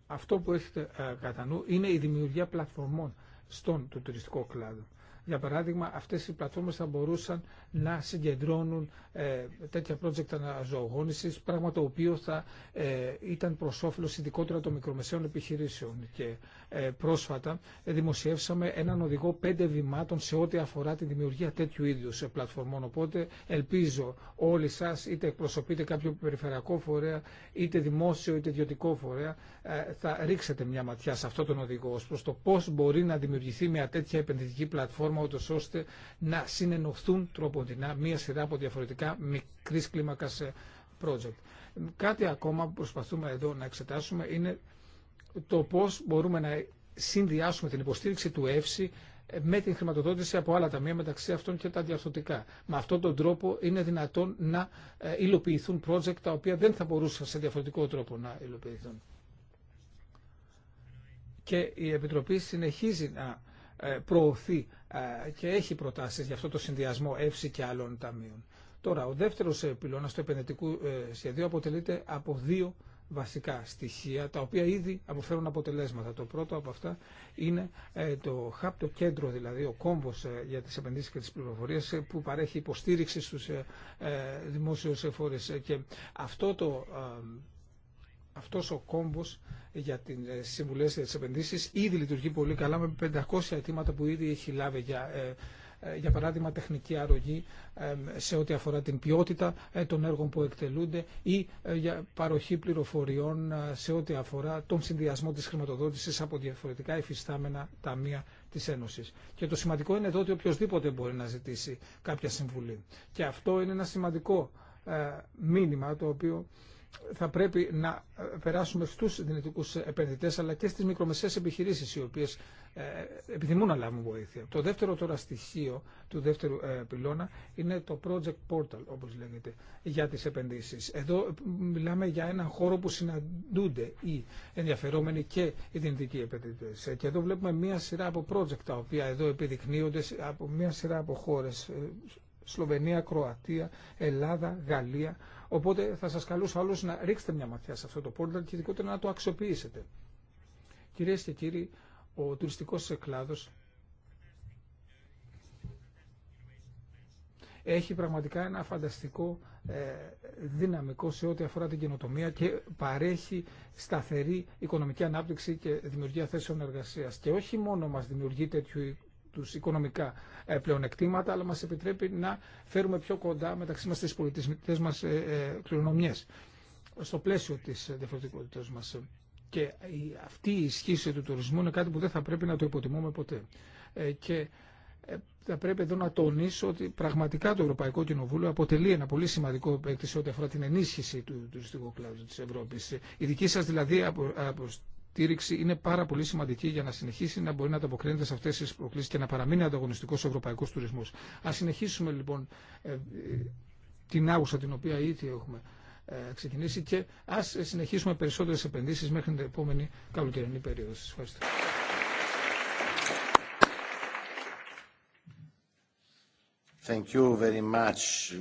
αυτό που έχετε ε, κατά νου είναι η δημιουργία πλατφορμών στον τουριστικό κλάδο. Για παράδειγμα, αυτές οι πλατφόρμες θα μπορούσαν να συγκεντρώνουν ε, τέτοια project αναζωογόνησης, πράγμα το οποίο θα ε, ήταν προς όφελος ειδικότερα των μικρομεσαίων επιχειρήσεων. Και ε, πρόσφατα δημοσιεύσαμε έναν οδηγό πέντε βημάτων σε ό,τι αφορά τη δημιουργία τέτοιου είδους πλατφορμών. Οπότε ελπίζω όλοι σας, είτε εκπροσωπείτε κάποιο περιφερειακό φορέα, είτε δημόσιο είτε ιδιωτικό φορέα, θα ρίξετε μια ματιά σε αυτόν τον οδηγό ω προς το πώ μπορεί να δημιουργηθεί μια τέτοια επενδυτική πλατφόρμα ώστε να συνενωθούν τροποντινά μία σειρά από διαφορετικά μικρής κλίμακας ε, project. Κάτι ακόμα που προσπαθούμε εδώ να εξετάσουμε είναι το πώς μπορούμε να συνδυάσουμε την υποστήριξη του ΕΦΣΥ ε, με την χρηματοδότηση από άλλα ταμεία μεταξύ αυτών και τα διαρθωτικά. Με αυτόν τον τρόπο είναι δυνατόν να ε, υλοποιηθούν project τα οποία δεν θα μπορούσαν σε διαφορετικό τρόπο να υλοποιηθούν. Και η Επιτροπή συνεχίζει να προωθεί και έχει προτάσεις για αυτό το συνδυασμό ΕΦΣΙ και άλλων ταμείων. Τώρα, ο δεύτερος πυλώνας του επενδυτικού ε, σχεδίου αποτελείται από δύο βασικά στοιχεία, τα οποία ήδη αποφέρουν αποτελέσματα. Το πρώτο από αυτά είναι ε, το ΧΑΠ, το κέντρο, δηλαδή ο κόμβος ε, για τις επενδύσεις και τις πληροφορίες, που παρέχει υποστήριξη στους δημόσιους εφόρες. Και αυτό το αυτός ο κόμπος για ε, τις συμβουλές και τις επενδύσεις ήδη λειτουργεί πολύ καλά με 500 αιτήματα που ήδη έχει λάβει για ε, ε, για παράδειγμα τεχνική αρρωγή σε ό,τι αφορά την ποιότητα των έργων που εκτελούνται ή για παροχή πληροφοριών σε ό,τι αφορά τον συνδυασμό της χρηματοδότησης από διαφορετικά υφιστάμενα ταμεία της Ένωσης. Και το σημαντικό είναι εδώ ότι οποιοδήποτε μπορεί να ζητήσει κάποια συμβουλή. Και αυτό είναι ένα σημαντικό μήνυμα το οποίο θα πρέπει να ε, περάσουμε στους δυνητικούς επενδυτές αλλά και στις μικρομεσαίες επιχειρήσεις οι οποίες ε, επιθυμούν να λάβουν βοήθεια. Το δεύτερο τώρα στοιχείο του δεύτερου ε, πυλώνα είναι το project portal όπως λέγεται για τις επενδύσεις. Εδώ μιλάμε για έναν χώρο που συναντούνται οι ενδιαφερόμενοι και οι δυνητικοί επενδυτές. Και εδώ βλέπουμε μία σειρά από project τα οποία εδώ επιδεικνύονται από μία σειρά από χώρες Σλοβενία, Κροατία, Ελλάδα, Γαλλία, Οπότε θα σας καλούσα όλους να ρίξετε μια ματιά σε αυτό το πόρταλ και ειδικότερα να το αξιοποιήσετε. Κυρίες και κύριοι, ο τουριστικός κλάδος έχει πραγματικά ένα φανταστικό ε, δυναμικό σε ό,τι αφορά την καινοτομία και παρέχει σταθερή οικονομική ανάπτυξη και δημιουργία θέσεων εργασίας. Και όχι μόνο μας δημιουργεί τέτοιου τους οικονομικά ε, πλεονεκτήματα, αλλά μας επιτρέπει να φέρουμε πιο κοντά μεταξύ μας τις πολιτισμικές μας ε, ε, κληρονομιές στο πλαίσιο της διαφορετικότητας μας. Και αυτή η ισχύση του τουρισμού είναι κάτι που δεν θα πρέπει να το υποτιμούμε ποτέ. Και θα πρέπει εδώ να τονίσω ότι πραγματικά το Ευρωπαϊκό Κοινοβούλιο αποτελεί ένα πολύ σημαντικό παίκτη σε ό,τι αφορά την ενίσχυση του τουριστικού κλάδου τη Ευρώπη. Η δική σα δηλαδή στήριξη είναι πάρα πολύ σημαντική για να συνεχίσει να μπορεί να ανταποκρίνεται σε αυτέ τι προκλήσει και να παραμείνει ανταγωνιστικό ο ευρωπαϊκό τουρισμό. Α συνεχίσουμε λοιπόν ε, την άγουσα την οποία ήδη έχουμε ε, ξεκινήσει και α συνεχίσουμε περισσότερε επενδύσει μέχρι την επόμενη καλοκαιρινή περίοδο. ευχαριστώ. Thank you very much,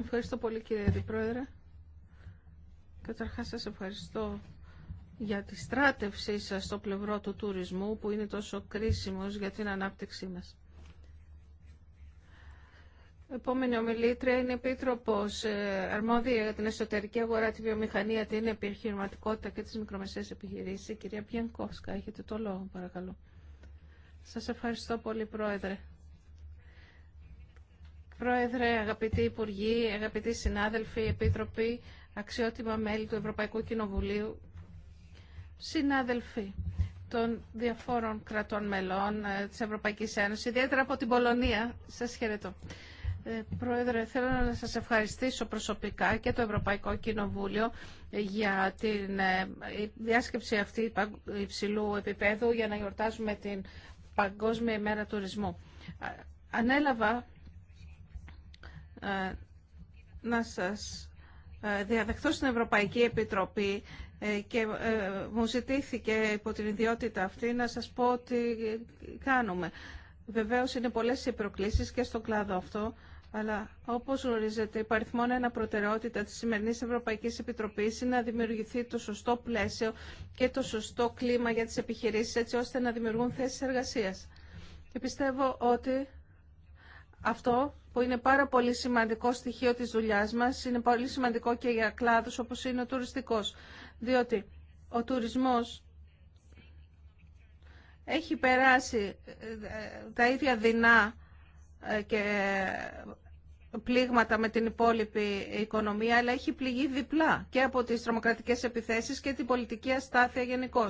Ευχαριστώ πολύ κύριε Αντιπρόεδρε. Καταρχάς σας ευχαριστώ για τη στράτευσή σας στο πλευρό του τουρισμού που είναι τόσο κρίσιμος για την ανάπτυξή μας. Επόμενη ομιλήτρια είναι επίτροπος ε, αρμόδια για την εσωτερική αγορά, τη βιομηχανία, την επιχειρηματικότητα και τις μικρομεσαίες επιχειρήσεις. κυρία Πιανκόσκα, έχετε το λόγο παρακαλώ. Σας ευχαριστώ πολύ Πρόεδρε. Πρόεδρε, αγαπητοί Υπουργοί, αγαπητοί συνάδελφοι, επίτροποι, αξιότιμα μέλη του Ευρωπαϊκού Κοινοβουλίου, συνάδελφοι των διαφόρων κρατών μελών ε, της Ευρωπαϊκής Ένωσης, ιδιαίτερα από την Πολωνία. Σας χαιρετώ. Ε, Πρόεδρε, θέλω να σας ευχαριστήσω προσωπικά και το Ευρωπαϊκό Κοινοβούλιο για την ε, διάσκεψη αυτή υψηλού επίπεδου για να γιορτάζουμε την Παγκόσμια ημέρα τουρισμού. Ανέλαβα να σας διαδεχτώ στην Ευρωπαϊκή Επιτροπή ε, και ε, μου ζητήθηκε υπό την ιδιότητα αυτή να σας πω ότι κάνουμε. Βεβαίως είναι πολλές οι προκλήσεις και στον κλάδο αυτό, αλλά όπως γνωρίζετε μόνο ένα προτεραιότητα της σημερινής Ευρωπαϊκής Επιτροπής είναι να δημιουργηθεί το σωστό πλαίσιο και το σωστό κλίμα για τις επιχειρήσεις έτσι ώστε να δημιουργούν θέσεις εργασίας. Και πιστεύω ότι αυτό που είναι πάρα πολύ σημαντικό στοιχείο της δουλειάς μας είναι πολύ σημαντικό και για κλάδους όπως είναι ο τουριστικός διότι ο τουρισμός έχει περάσει ε, τα ίδια δεινά ε, και πλήγματα με την υπόλοιπη οικονομία, αλλά έχει πληγεί διπλά και από τις τρομοκρατικές επιθέσεις και την πολιτική αστάθεια γενικώ.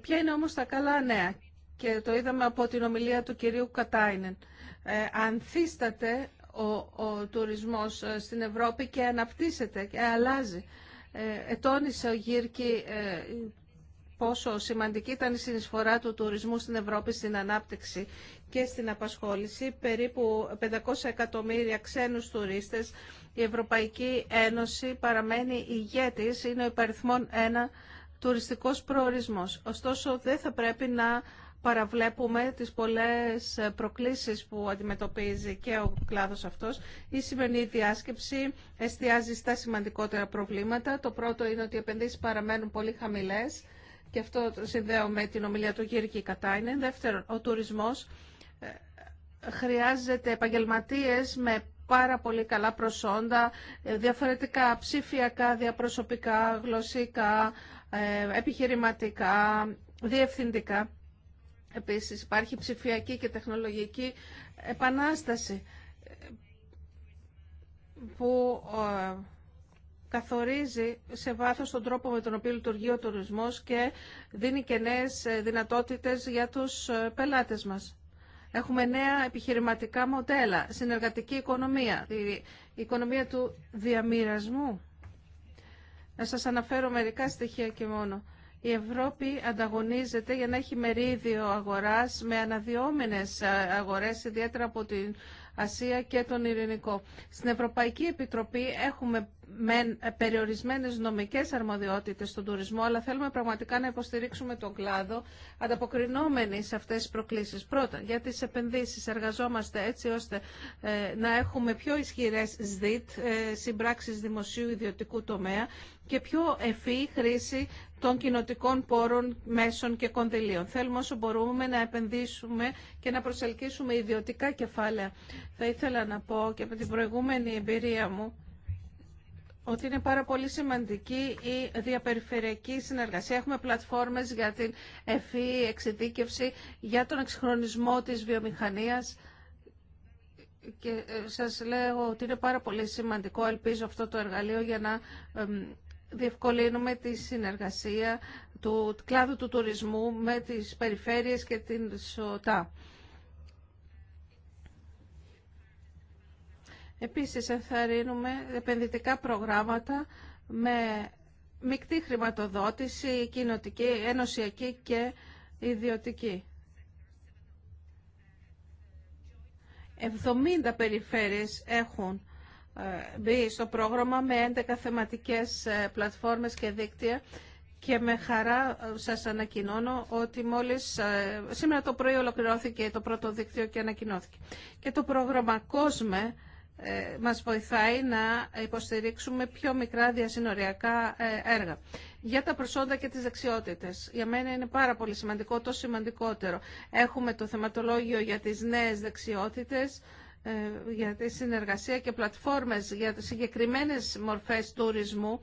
Ποια είναι όμως τα καλά νέα και το είδαμε από την ομιλία του κυρίου Κατάινεν. Ε, ανθίσταται ο, ο τουρισμός ε, στην Ευρώπη και αναπτύσσεται και αλλάζει ετώνησε ε, ο Γύρκη ε, πόσο σημαντική ήταν η συνεισφορά του τουρισμού στην Ευρώπη στην ανάπτυξη και στην απασχόληση. Περίπου 500 εκατομμύρια ξένους τουρίστες. Η Ευρωπαϊκή Ένωση παραμένει ηγέτης, είναι ο υπαριθμόν ένα τουριστικός προορισμός. Ωστόσο, δεν θα πρέπει να παραβλέπουμε τις πολλές ε, προκλήσεις που αντιμετωπίζει και ο κλάδος αυτός. Η σημερινή διάσκεψη εστιάζει στα σημαντικότερα προβλήματα. Το πρώτο είναι ότι οι επενδύσεις παραμένουν πολύ χαμηλές και αυτό το συνδέω με την ομιλία του Γύρικη Κατάινεν. Δεύτερον, ο τουρισμός ε, χρειάζεται επαγγελματίες με πάρα πολύ καλά προσόντα, ε, διαφορετικά ψηφιακά, διαπροσωπικά, γλωσσικά, επιχειρηματικά, διευθυντικά. Επίσης υπάρχει ψηφιακή και τεχνολογική επανάσταση που ε, καθορίζει σε βάθος τον τρόπο με τον οποίο λειτουργεί ο τουρισμός και δίνει και νέες ε, δυνατότητες για τους ε, πελάτες μας. Έχουμε νέα επιχειρηματικά μοντέλα, συνεργατική οικονομία, η οικονομία του διαμοιρασμού. Να σας αναφέρω μερικά στοιχεία και μόνο η Ευρώπη ανταγωνίζεται για να έχει μερίδιο αγοράς με αναδυόμενες ε, αγορές, ιδιαίτερα από την Ασία και τον Ειρηνικό. Στην Ευρωπαϊκή Επιτροπή έχουμε με περιορισμένε νομικέ αρμοδιότητε στον τουρισμό, αλλά θέλουμε πραγματικά να υποστηρίξουμε τον κλάδο, ανταποκρινόμενοι σε αυτές τις προκλήσεις. Πρώτα, για τι επενδύσει, εργαζόμαστε έτσι ώστε ε, να έχουμε πιο ισχυρές ΣΔΙΤ, ε, συμπράξει δημοσίου ιδιωτικού τομέα και πιο ευφύ χρήση των κοινοτικών πόρων, μέσων και κονδυλίων. Θέλουμε όσο μπορούμε να επενδύσουμε και να προσελκύσουμε ιδιωτικά κεφάλαια. Θα ήθελα να πω και με την προηγούμενη εμπειρία μου, ότι είναι πάρα πολύ σημαντική η διαπεριφερειακή συνεργασία. Έχουμε πλατφόρμες για την ευφύ e, εξειδίκευση, για τον εξυγχρονισμό της βιομηχανίας και ε, σας λέω ότι είναι πάρα πολύ σημαντικό, ελπίζω αυτό το εργαλείο για να διευκολύνουμε τη συνεργασία του κλάδου του τουρισμού με τις περιφέρειες και την ΣΟΤΑ. Επίσης, ενθαρρύνουμε επενδυτικά προγράμματα με μεικτή χρηματοδότηση, κοινοτική, ενωσιακή και ιδιωτική. 70 περιφέρειες έχουν ε, μπει στο πρόγραμμα με 11 θεματικές ε, πλατφόρμες και δίκτυα και με χαρά ε, σας ανακοινώνω ότι μόλις σήμερα το πρωί ολοκληρώθηκε το πρώτο δίκτυο και ανακοινώθηκε. Και το πρόγραμμα COSME ε, μας βοηθάει να υποστηρίξουμε πιο μικρά διασυνοριακά ε, έργα. Για τα προσόντα και τις δεξιότητες. Για μένα είναι πάρα πολύ σημαντικό, το σημαντικότερο. Έχουμε το θεματολόγιο για τις νέες δεξιότητες, ε, για τη συνεργασία και πλατφόρμες για τις συγκεκριμένες μορφές τουρισμού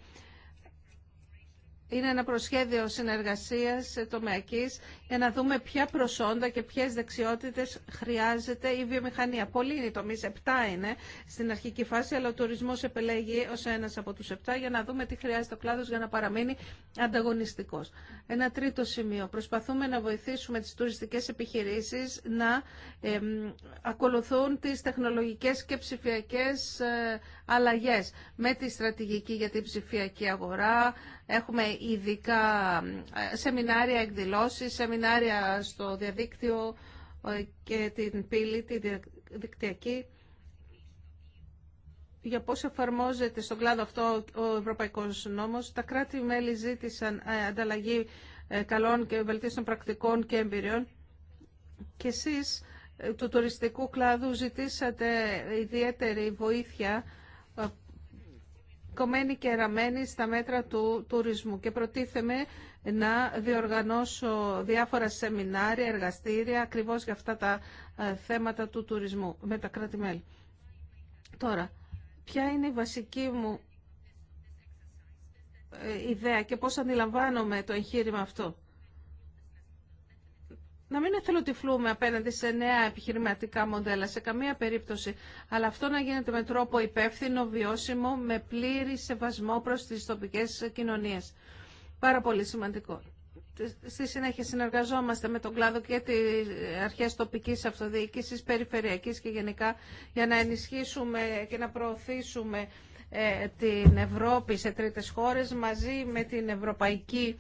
είναι ένα προσχέδιο συνεργασίας τομεακής για να δούμε ποια προσόντα και ποιες δεξιότητες χρειάζεται η βιομηχανία. Πολλοί είναι οι τομείς, 7 είναι στην αρχική φάση, αλλά ο τουρισμός επελέγει ως ένας από τους 7 για να δούμε τι χρειάζεται ο κλάδος για να παραμείνει ανταγωνιστικός. Ένα τρίτο σημείο. Προσπαθούμε να βοηθήσουμε τις τουριστικές επιχειρήσεις να ακολουθούν τις τεχνολογικές και ψηφιακές ε, αλλαγές. Με τη στρατηγική για την ψηφιακή αγορά έχουμε ειδικά ε, σεμινάρια εκδηλώσεις, σεμινάρια στο διαδίκτυο ε, και την πύλη, τη δικτυακή για πώς εφαρμόζεται στον κλάδο αυτό ο Ευρωπαϊκός Νόμος. Τα κράτη-μέλη ζήτησαν ε, ανταλλαγή καλών και βελτίστων πρακτικών και εμπειριών. Και εσείς του τουριστικού κλάδου ζητήσατε ιδιαίτερη βοήθεια κομμένη και ραμμένη στα μέτρα του τουρισμού και προτίθεμαι να διοργανώσω διάφορα σεμινάρια, εργαστήρια ακριβώς για αυτά τα ε, θέματα του τουρισμού με τα κράτη-μέλη. Τώρα, ποια είναι η βασική μου ε, ιδέα και πώς αντιλαμβάνομαι το εγχείρημα αυτό να μην εθελοτυφλούμε απέναντι σε νέα επιχειρηματικά μοντέλα σε καμία περίπτωση, αλλά αυτό να γίνεται με τρόπο υπεύθυνο, βιώσιμο, με πλήρη σεβασμό προς τις τοπικές κοινωνίες. Πάρα πολύ σημαντικό. Στη συνέχεια συνεργαζόμαστε με τον κλάδο και τις αρχές τοπικής αυτοδιοίκησης, περιφερειακής και γενικά για να ενισχύσουμε και να προωθήσουμε ε, την Ευρώπη σε τρίτες χώρες μαζί με την Ευρωπαϊκή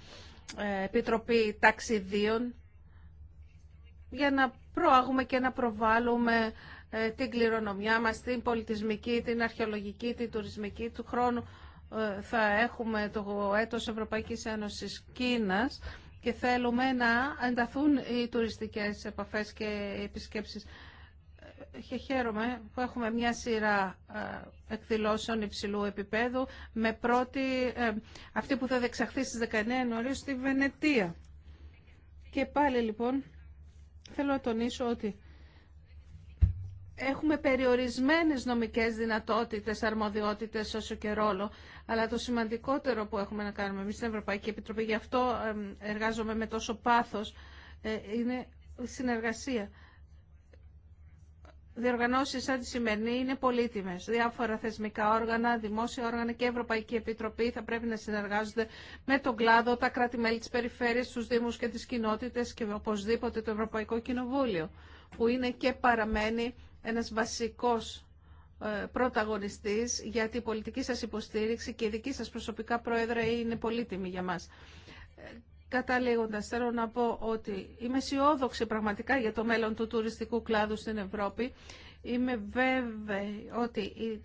ε, Επιτροπή Ταξιδίων για να προάγουμε και να προβάλλουμε ε, την κληρονομιά μας, την πολιτισμική, την αρχαιολογική, την τουρισμική του χρόνου. Ε, θα έχουμε το έτος Ευρωπαϊκής Ένωσης Κίνας και θέλουμε να ενταθούν οι τουριστικές επαφές και οι επισκέψεις. Και ε, χαίρομαι που έχουμε μια σειρά εκδηλώσεων υψηλού επίπεδου με πρώτη αυτή που θα δεξαχθεί στις 19 Ιανουαρίου στη Βενετία. Και πάλι λοιπόν Θέλω να τονίσω ότι έχουμε περιορισμένες νομικές δυνατότητες, αρμοδιότητες όσο και ρόλο, αλλά το σημαντικότερο που έχουμε να κάνουμε εμείς στην Ευρωπαϊκή Επιτροπή, γι' αυτό εργάζομαι με τόσο πάθος, ε, είναι συνεργασία. Διοργανώσει σαν τη σημερινή είναι πολύτιμε. Διάφορα θεσμικά όργανα, δημόσια όργανα και Ευρωπαϊκή Επιτροπή θα πρέπει να συνεργάζονται με τον κλάδο, τα κράτη-μέλη τη περιφέρεια, του δήμους και τι κοινότητε και οπωσδήποτε το Ευρωπαϊκό Κοινοβούλιο, που είναι και παραμένει ένα βασικό ε, πρωταγωνιστής, γιατί η πολιτική σας υποστήριξη και η δική σας προσωπικά πρόεδρε είναι πολύτιμη για μας. Καταλήγοντας, θέλω να πω ότι είμαι αισιόδοξη πραγματικά για το μέλλον του τουριστικού κλάδου στην Ευρώπη. Είμαι βέβαιη ότι η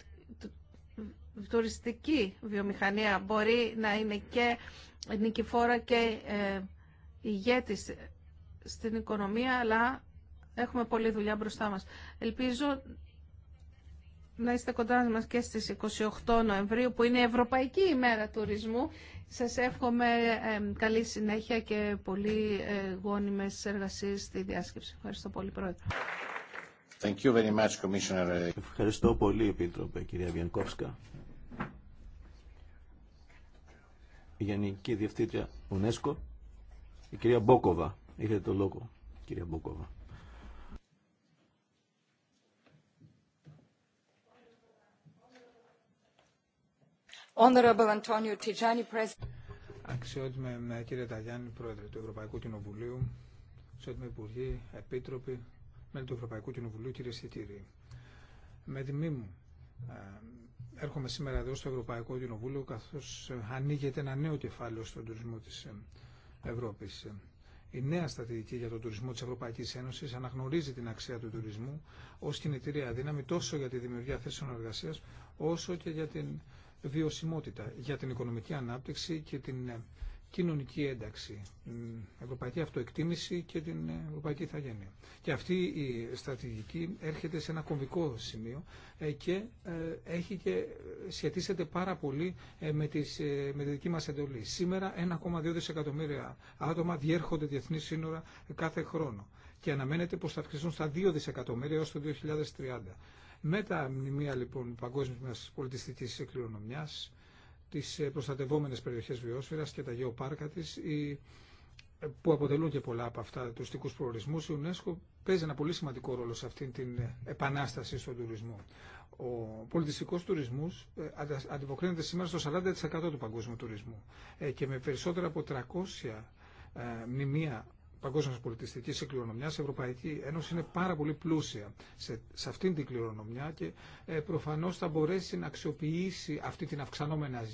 τουριστική βιομηχανία μπορεί να είναι και νικηφόρα και ε, ηγέτης στην οικονομία, αλλά έχουμε πολλή δουλειά μπροστά μας. Ελπίζω να είστε κοντά μας και στις 28 Νοεμβρίου, που είναι η Ευρωπαϊκή ημέρα τουρισμού σας εύχομαι καλή συνέχεια και πολύ ε, γόνιμες εργασίες στη διάσκεψη. Ευχαριστώ πολύ, Πρόεδρε. Thank you very much, Commissioner. Ευχαριστώ πολύ, Επίτροπε, κυρία Βιανκόφσκα. Η Γενική Διευθύντρια UNESCO, η κυρία Μπόκοβα. Είχατε το λόγο, κυρία Μπόκοβα. Αξιότιμε ε, κύριε Ταγιάννη, Πρόεδρε του Ευρωπαϊκού Κοινοβουλίου, αξιότιμε Υπουργοί, Επίτροποι, μέλη του Ευρωπαϊκού Κοινοβουλίου, κύριε Σιτήρη. Με τιμή μου, ε, έρχομαι σήμερα εδώ στο Ευρωπαϊκό Κοινοβούλιο, καθώς ε, ανοίγεται ένα νέο κεφάλαιο στον τουρισμό της Ευρώπης. Η νέα στρατηγική για τον τουρισμό τη Ευρωπαϊκή Ένωση αναγνωρίζει την αξία του τουρισμού ω κινητήρια δύναμη τόσο για τη δημιουργία θέσεων εργασία όσο και για την βιωσιμότητα για την οικονομική ανάπτυξη και την ε, κοινωνική ένταξη, την ευρωπαϊκή αυτοεκτίμηση και την ε, ευρωπαϊκή ηθαγένεια. Και αυτή η στρατηγική έρχεται σε ένα κομβικό σημείο ε, και έχει σχετίζεται πάρα πολύ με, τις, με τη δική μας εντολή. Σήμερα 1,2 δισεκατομμύρια άτομα διέρχονται διεθνή σύνορα κάθε χρόνο και αναμένεται πως θα αυξηθούν στα 2 δισεκατομμύρια έως το 2030 με τα μνημεία λοιπόν παγκόσμιας μας πολιτιστικής κληρονομιάς, τις ε, προστατευόμενες περιοχές βιόσφαιρας και τα γεωπάρκα της, ε, που αποτελούν και πολλά από αυτά τουριστικούς προορισμού, η UNESCO παίζει ένα πολύ σημαντικό ρόλο σε αυτή την ε, επανάσταση στον τουρισμό. Ο πολιτιστικό τουρισμός αντιποκρίνεται σήμερα στο 40% του παγκόσμιου τουρισμού και με περισσότερα από 300 μνημεία παγκόσμια πολιτιστική κληρονομιά, η Ευρωπαϊκή Ένωση είναι πάρα πολύ πλούσια σε, σε αυτήν την κληρονομιά και ε, προφανώ θα μπορέσει να αξιοποιήσει αυτή την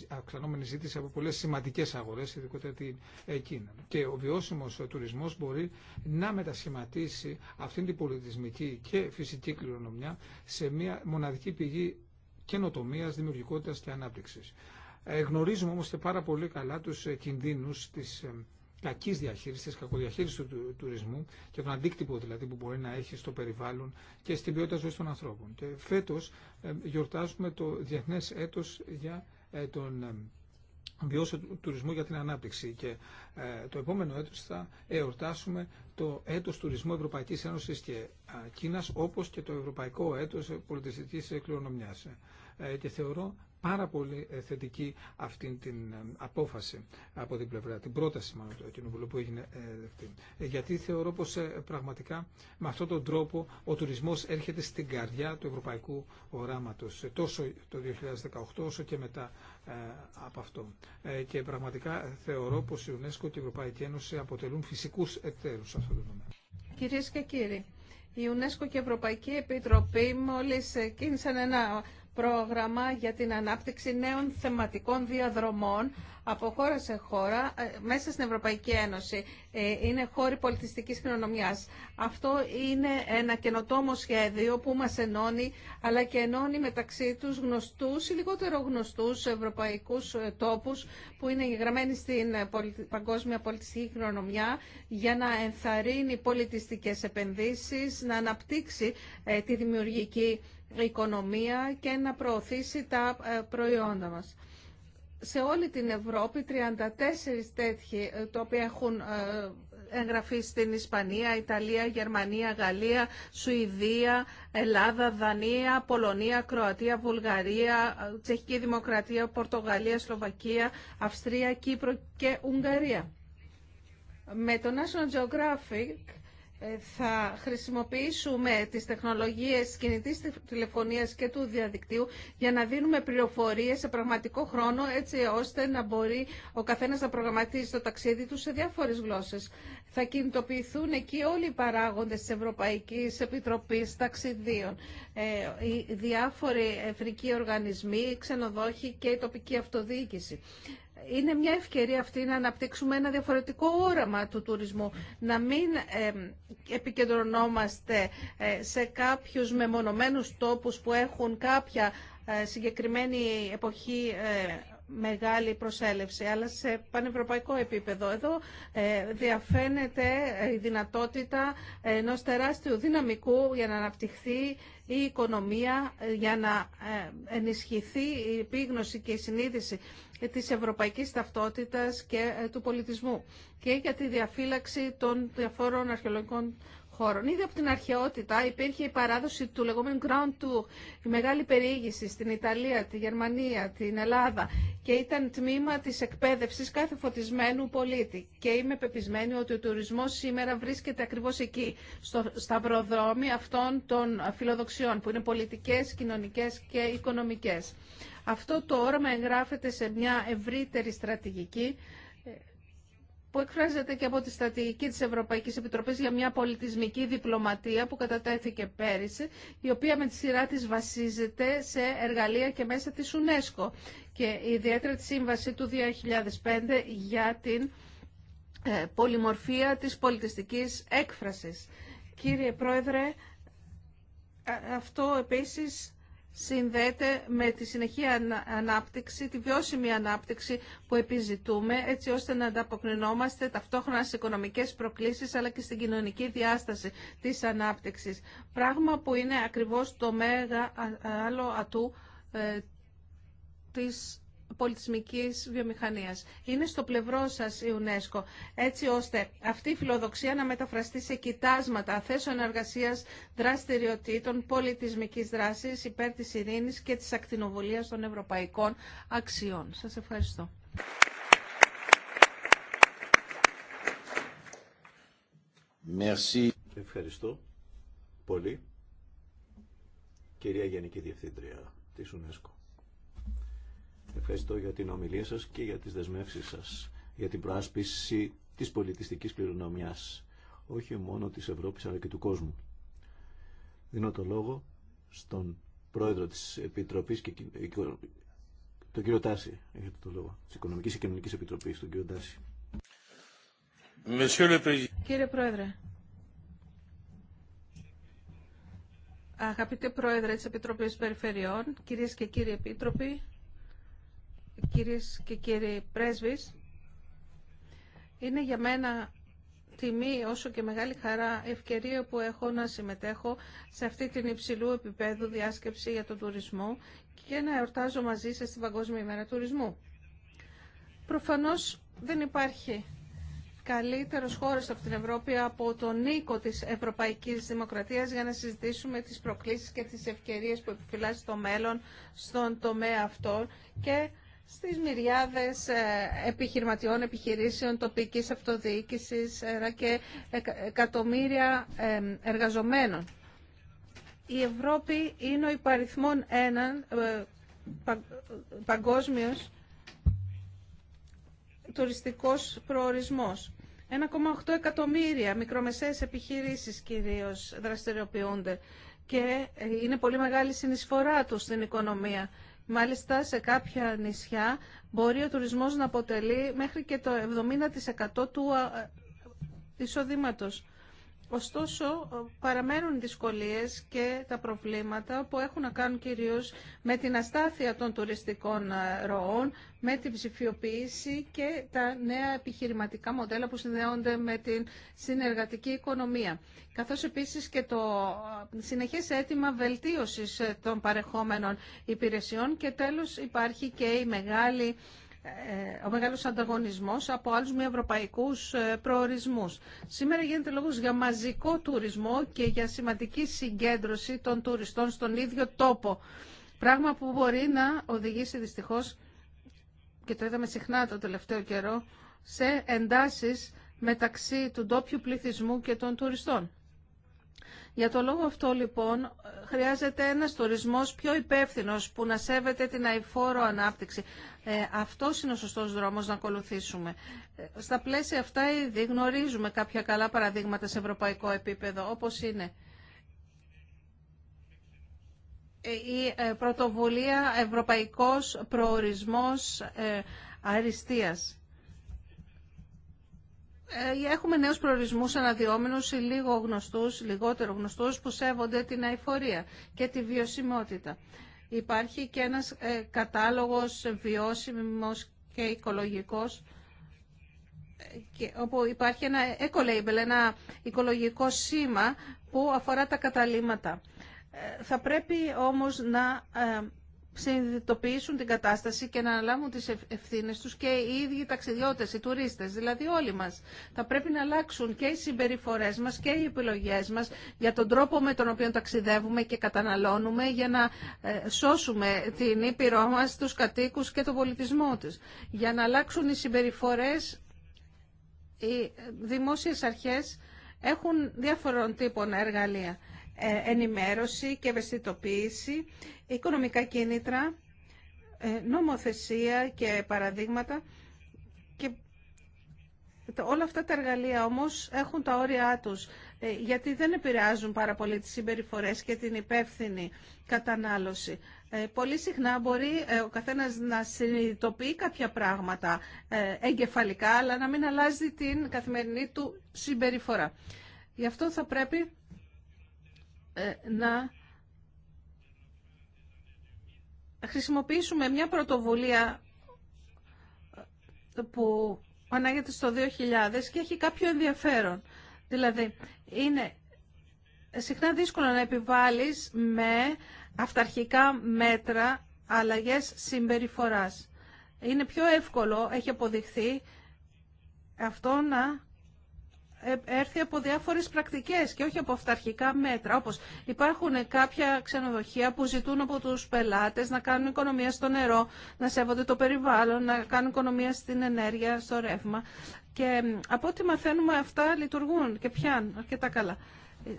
αυξανόμενη ζήτηση από πολλέ σημαντικέ αγορέ, ειδικότερα την ε, Κίνα. Και ο βιώσιμο ε, τουρισμό μπορεί να μετασχηματίσει αυτήν την πολιτισμική και φυσική κληρονομιά σε μια μοναδική πηγή καινοτομία, δημιουργικότητα και ανάπτυξη. Ε, γνωρίζουμε όμω και πάρα πολύ καλά του ε, κινδύνου τη κακή διαχείριση, κακοδιαχείριση του, τουρισμού και τον αντίκτυπο δηλαδή που μπορεί να έχει στο περιβάλλον και στην ποιότητα ζωή των ανθρώπων. Και φέτο ε, γιορτάζουμε το Διεθνέ Έτο για ε, τον ε, βιώσιμο τουρισμού για την ανάπτυξη και ε, το επόμενο έτος θα εορτάσουμε το έτος τουρισμού Ευρωπαϊκής Ένωσης και ε, Κίνας όπως και το ευρωπαϊκό έτος πολιτιστικής κληρονομιάς. και θεωρώ πάρα πολύ ε, θετική αυτή την ε, απόφαση από την πλευρά, την πρόταση μάλλον του Κοινοβουλίου που έγινε δεκτή. Ε, γιατί θεωρώ πως πραγματικά με αυτόν τον τρόπο ο τουρισμός έρχεται στην καρδιά του ευρωπαϊκού οράματος τόσο το 2018 όσο και μετά από αυτό. Και πραγματικά θεωρώ πως η UNESCO και η Ευρωπαϊκή Ένωση αποτελούν φυσικούς εταίρους σε αυτό το τομέα. Κυρίες και κύριοι, η UNESCO και η Ευρωπαϊκή Επιτροπή μόλις κίνησαν ένα πρόγραμμα για την ανάπτυξη νέων θεματικών διαδρομών από χώρα σε χώρα ε, μέσα στην Ευρωπαϊκή Ένωση. Ε, είναι χώροι πολιτιστικής κληρονομιάς. Αυτό είναι ένα καινοτόμο σχέδιο που μας ενώνει, αλλά και ενώνει μεταξύ τους γνωστούς ή λιγότερο γνωστούς ευρωπαϊκούς ε, τόπους που είναι γραμμένοι στην παγκόσμια πολιτιστική κληρονομιά για να ενθαρρύνει πολιτιστικές επενδύσεις, να αναπτύξει τη δημιουργική οικονομία και να προωθήσει τα ε, προϊόντα μας. Σε όλη την Ευρώπη 34 τέτοιοι ε, το οποίο έχουν ε, εγγραφεί στην Ισπανία, Ιταλία, Γερμανία, Γαλλία, Σουηδία, Ελλάδα, Δανία, Πολωνία, Κροατία, Βουλγαρία, Τσεχική Δημοκρατία, Πορτογαλία, Σλοβακία, Αυστρία, Κύπρο και Ουγγαρία. Με το National Geographic ε, θα χρησιμοποιήσουμε τις τεχνολογίες κινητής τηλεφωνίας και του διαδικτύου για να δίνουμε πληροφορίες σε πραγματικό χρόνο έτσι ώστε να μπορεί ο καθένας να προγραμματίζει το ταξίδι του σε διάφορες γλώσσες. Θα κινητοποιηθούν εκεί όλοι οι παράγοντες της Ευρωπαϊκής Επιτροπής Ταξιδίων. Ε, οι διάφοροι ευρικοί οργανισμοί, οι ξενοδόχοι και η τοπική αυτοδιοίκηση είναι μια ευκαιρία αυτή να αναπτύξουμε ένα διαφορετικό όραμα του τουρισμού. Να μην επικεντρωνόμαστε ε, σε κάποιους μεμονωμένους τόπους που έχουν κάποια ε, συγκεκριμένη εποχή ε, μεγάλη προσέλευση, αλλά σε πανευρωπαϊκό επίπεδο. Εδώ διαφαίνεται η δυνατότητα ενός τεράστιου δυναμικού για να αναπτυχθεί η οικονομία, για να ενισχυθεί η επίγνωση και η συνείδηση ε, της ευρωπαϊκής ταυτότητας και ε, του πολιτισμού και για τη διαφύλαξη των διαφόρων αρχαιολογικών χώρων. Ήδη από την αρχαιότητα υπήρχε η παράδοση του λεγόμενου Grand Tour, η μεγάλη περιήγηση στην Ιταλία, τη Γερμανία, την Ελλάδα και ήταν τμήμα της εκπαίδευσης κάθε φωτισμένου πολίτη. Και είμαι πεπισμένη ότι ο τουρισμός σήμερα βρίσκεται ακριβώς εκεί, στο σταυροδρόμι αυτών των φιλοδοξιών που είναι πολιτικές, κοινωνικές και οικονομικές. Αυτό το όραμα εγγράφεται σε μια ευρύτερη στρατηγική που εκφράζεται και από τη στρατηγική της Ευρωπαϊκής Επιτροπής για μια πολιτισμική διπλωματία που κατατέθηκε πέρυσι, η οποία με τη σειρά της βασίζεται σε εργαλεία και μέσα της UNESCO και ιδιαίτερα τη σύμβαση του 2005 για την ε, πολυμορφία της πολιτιστικής έκφρασης. Κύριε Πρόεδρε, αυτό επίσης συνδέεται με τη συνεχή ανάπτυξη, τη βιώσιμη ανάπτυξη που επιζητούμε, έτσι ώστε να ανταποκρινόμαστε ταυτόχρονα στις οικονομικές προκλήσεις, αλλά και στην κοινωνική διάσταση της ανάπτυξης. Πράγμα που είναι ακριβώς το μέγα άλλο ατού ε, της πολιτισμικής βιομηχανίας. Είναι στο πλευρό σας η UNESCO, έτσι ώστε αυτή η φιλοδοξία να μεταφραστεί σε κοιτάσματα θέσεων εργασίας δραστηριοτήτων πολιτισμικής δράσης υπέρ της ειρήνης και της ακτινοβολίας των ευρωπαϊκών αξιών. Σας ευχαριστώ. Merci. Ευχαριστώ πολύ, κυρία Γενική Διευθύντρια της UNESCO ευχαριστώ για την ομιλία σας και για τις δεσμεύσεις σας για την προάσπιση της πολιτιστικής κληρονομιάς όχι μόνο της Ευρώπης αλλά και του κόσμου. Δίνω το λόγο στον πρόεδρο της Επιτροπής και ε, τον κύριο Τάση, έχετε το λόγο, της Οικονομικής και Κοινωνικής Επιτροπής, τον κύριο Τάση. Κύριε Πρόεδρε, αγαπητέ Πρόεδρε της Επιτροπής Περιφερειών, κυρίες και κύριοι Επίτροποι, κυρίες και κύριοι πρέσβεις. Είναι για μένα τιμή όσο και μεγάλη χαρά ευκαιρία που έχω να συμμετέχω σε αυτή την υψηλού επίπεδου διάσκεψη για τον τουρισμό και να εορτάζω μαζί σας την Παγκόσμια ημέρα τουρισμού. Προφανώς δεν υπάρχει καλύτερος χώρος από την Ευρώπη από τον οίκο της Ευρωπαϊκής Δημοκρατίας για να συζητήσουμε τις προκλήσεις και τις ευκαιρίες που επιφυλάσσει το μέλλον στον τομέα αυτό και στις μυριάδες ε, επιχειρηματιών, επιχειρήσεων, τοπικής αυτοδιοίκησης ε, και εκατομμύρια ε, εργαζομένων. Η Ευρώπη είναι ο υπαριθμόν έναν παγκόσμιος τουριστικός προορισμός. 1,8 εκατομμύρια μικρομεσαίες επιχειρήσεις κυρίως δραστηριοποιούνται και είναι πολύ μεγάλη συνεισφορά τους στην οικονομία Μάλιστα σε κάποια νησιά μπορεί ο τουρισμός να αποτελεί μέχρι και το 70% του ε, εισοδήματος. Ωστόσο, παραμένουν δυσκολίες και τα προβλήματα που έχουν να κάνουν κυρίως με την αστάθεια των τουριστικών ε, ροών, με την ψηφιοποίηση και τα νέα επιχειρηματικά μοντέλα που συνδέονται με την συνεργατική οικονομία. Καθώς επίσης και το ε, συνεχές αίτημα βελτίωσης ε, των παρεχόμενων υπηρεσιών και τέλος υπάρχει και η μεγάλη ε, ο μεγάλος ανταγωνισμός από άλλους μη ευρωπαϊκούς ε, προορισμούς. Σήμερα γίνεται λόγος για μαζικό τουρισμό και για σημαντική συγκέντρωση των τουριστών στον ίδιο τόπο. Πράγμα που μπορεί να οδηγήσει δυστυχώς, και το είδαμε συχνά το τελευταίο καιρό, σε εντάσεις μεταξύ του ντόπιου πληθυσμού και των τουριστών. Για το λόγο αυτό λοιπόν ε, χρειάζεται ένας τουρισμός πιο υπεύθυνος που να σέβεται την αηφόρο ανάπτυξη. Ε, Αυτό είναι ο σωστό δρόμο να ακολουθήσουμε. Ε, στα πλαίσια αυτά ήδη γνωρίζουμε κάποια καλά παραδείγματα σε ευρωπαϊκό επίπεδο, όπως είναι η ε, πρωτοβουλία Ευρωπαϊκός Προορισμός ε, Αριστείας. Έχουμε νέους προορισμούς αναδυόμενους ή λίγο γνωστούς, λιγότερο γνωστούς, που σέβονται την αηφορία και τη βιωσιμότητα υπάρχει και ένας ε, κατάλογος βιώσιμος και οικολογικός και όπου υπάρχει ένα eco-label, ένα οικολογικό σήμα που αφορά τα καταλήμματα. Ε, θα πρέπει όμως να ε, συνειδητοποιήσουν την κατάσταση και να αναλάβουν τις ευθύνες τους και οι ίδιοι ταξιδιώτες, οι τουρίστες, δηλαδή όλοι μας. Θα πρέπει να αλλάξουν και οι συμπεριφορές μας και οι επιλογές μας για τον τρόπο με τον οποίο ταξιδεύουμε και καταναλώνουμε για να ε, σώσουμε την ήπειρό μας, τους κατοίκους και τον πολιτισμό τους. Για να αλλάξουν οι συμπεριφορές, οι δημόσιες αρχές έχουν διάφορων τύπων εργαλεία ε, ενημέρωση και ευαισθητοποίηση οικονομικά κίνητρα, ε, νομοθεσία και παραδείγματα. Και όλα αυτά τα εργαλεία όμως έχουν τα όρια τους, ε, γιατί δεν επηρεάζουν πάρα πολύ τις συμπεριφορές και την υπεύθυνη κατανάλωση. Ε, πολύ συχνά μπορεί ο καθένας να συνειδητοποιεί κάποια πράγματα εγκεφαλικά, αλλά να μην αλλάζει την καθημερινή του συμπεριφορά. Γι' αυτό θα πρέπει να χρησιμοποιήσουμε μια πρωτοβουλία ε, που ανάγεται στο 2000 και έχει κάποιο ενδιαφέρον. Δηλαδή, είναι συχνά δύσκολο να επιβάλλεις με αυταρχικά μέτρα αλλαγές συμπεριφοράς. Είναι πιο εύκολο, έχει αποδειχθεί, αυτό να έρθει από διάφορες πρακτικές και όχι από αυταρχικά μέτρα, όπως υπάρχουν κάποια ξενοδοχεία που ζητούν από τους πελάτες να κάνουν οικονομία στο νερό, να σέβονται το περιβάλλον, να κάνουν οικονομία στην ενέργεια, στο ρεύμα. Και από ό,τι μαθαίνουμε αυτά λειτουργούν και πιάνουν αρκετά καλά.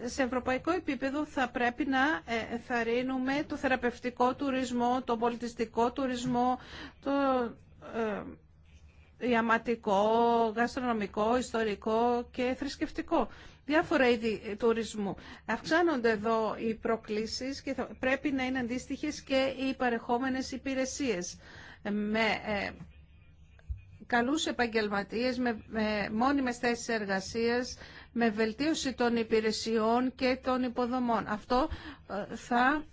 Σε ευρωπαϊκό επίπεδο θα πρέπει να ε, θαρρύνουμε το θεραπευτικό τουρισμό, τον πολιτιστικό τουρισμό, το ε, ιαματικό, γαστρονομικό, ιστορικό και θρησκευτικό. Διάφορα είδη τουρισμού. Αυξάνονται εδώ οι προκλήσεις και πρέπει να είναι αντίστοιχε και οι παρεχόμενες υπηρεσίες ε, με ε, καλούς επαγγελματίες, με, με μόνιμες θέσεις εργασίας, με βελτίωση των υπηρεσιών και των υποδομών. Αυτό ε, θα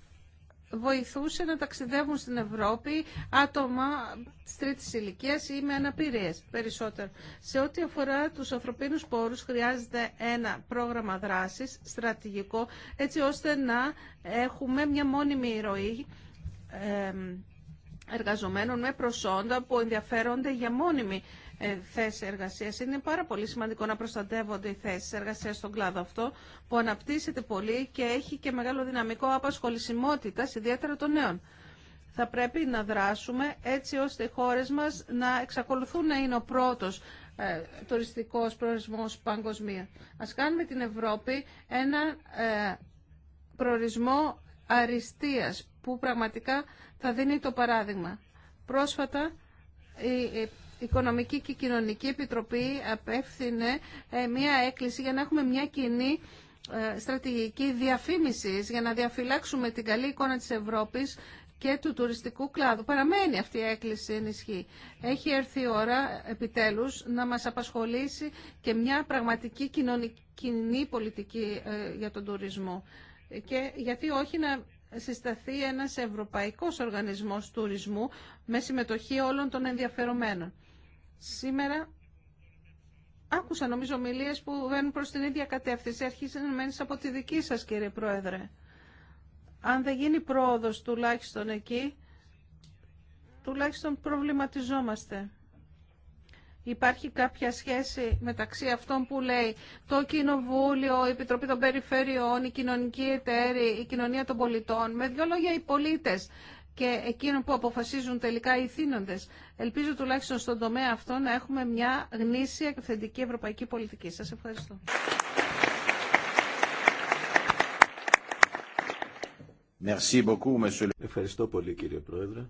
βοηθούσε να ταξιδεύουν στην Ευρώπη άτομα της τρίτης ηλικίας ή με αναπηρίες περισσότερο. Σε ό,τι αφορά τους ανθρωπίνους πόρους χρειάζεται ένα πρόγραμμα δράσης στρατηγικό έτσι ώστε να έχουμε μια μόνιμη ροή εργαζομένων με προσόντα που ενδιαφέρονται για μόνιμη ε, θέσει εργασίας. Είναι πάρα πολύ σημαντικό να προστατεύονται οι θέσει εργασία στον κλάδο αυτό που αναπτύσσεται πολύ και έχει και μεγάλο δυναμικό απασχολησιμότητας, ιδιαίτερα των νέων. Θα πρέπει να δράσουμε έτσι ώστε οι χώρες μας να εξακολουθούν να είναι ο πρώτος ε, τουριστικός προορισμός παγκοσμία. Α κάνουμε την Ευρώπη ένα ε, προορισμό αριστείας που πραγματικά θα δίνει το παράδειγμα. Πρόσφατα η Οικονομική και Κοινωνική Επιτροπή απέφθινε ε, μια έκκληση για να έχουμε μια κοινή ε, στρατηγική διαφήμισης για να διαφυλάξουμε την καλή εικόνα της Ευρώπης και του τουριστικού κλάδου. Παραμένει αυτή η έκκληση ενισχύ. Έχει έρθει η ώρα επιτέλους να μας απασχολήσει και μια πραγματική κοινωνική πολιτική ε, για τον τουρισμό. Και γιατί όχι να συσταθεί ένας ευρωπαϊκός οργανισμός τουρισμού με συμμετοχή όλων των ενδιαφερομένων. Σήμερα άκουσα νομίζω ομιλίες που βγαίνουν προς την ίδια κατεύθυνση, αρχίζουν από τη δική σας κύριε Πρόεδρε. Αν δεν γίνει πρόοδος τουλάχιστον εκεί, τουλάχιστον προβληματιζόμαστε. Υπάρχει κάποια σχέση μεταξύ αυτών που λέει το Κοινοβούλιο, η Επιτροπή των Περιφερειών, η Κοινωνική Εταίρη, η Κοινωνία των Πολιτών. Με δύο λόγια οι πολίτες και εκείνο που αποφασίζουν τελικά οι θύνοντες. Ελπίζω τουλάχιστον στον τομέα αυτό να έχουμε μια γνήσια και αυθεντική ευρωπαϊκή πολιτική. Σας ευχαριστώ. Ευχαριστώ πολύ κύριε Πρόεδρε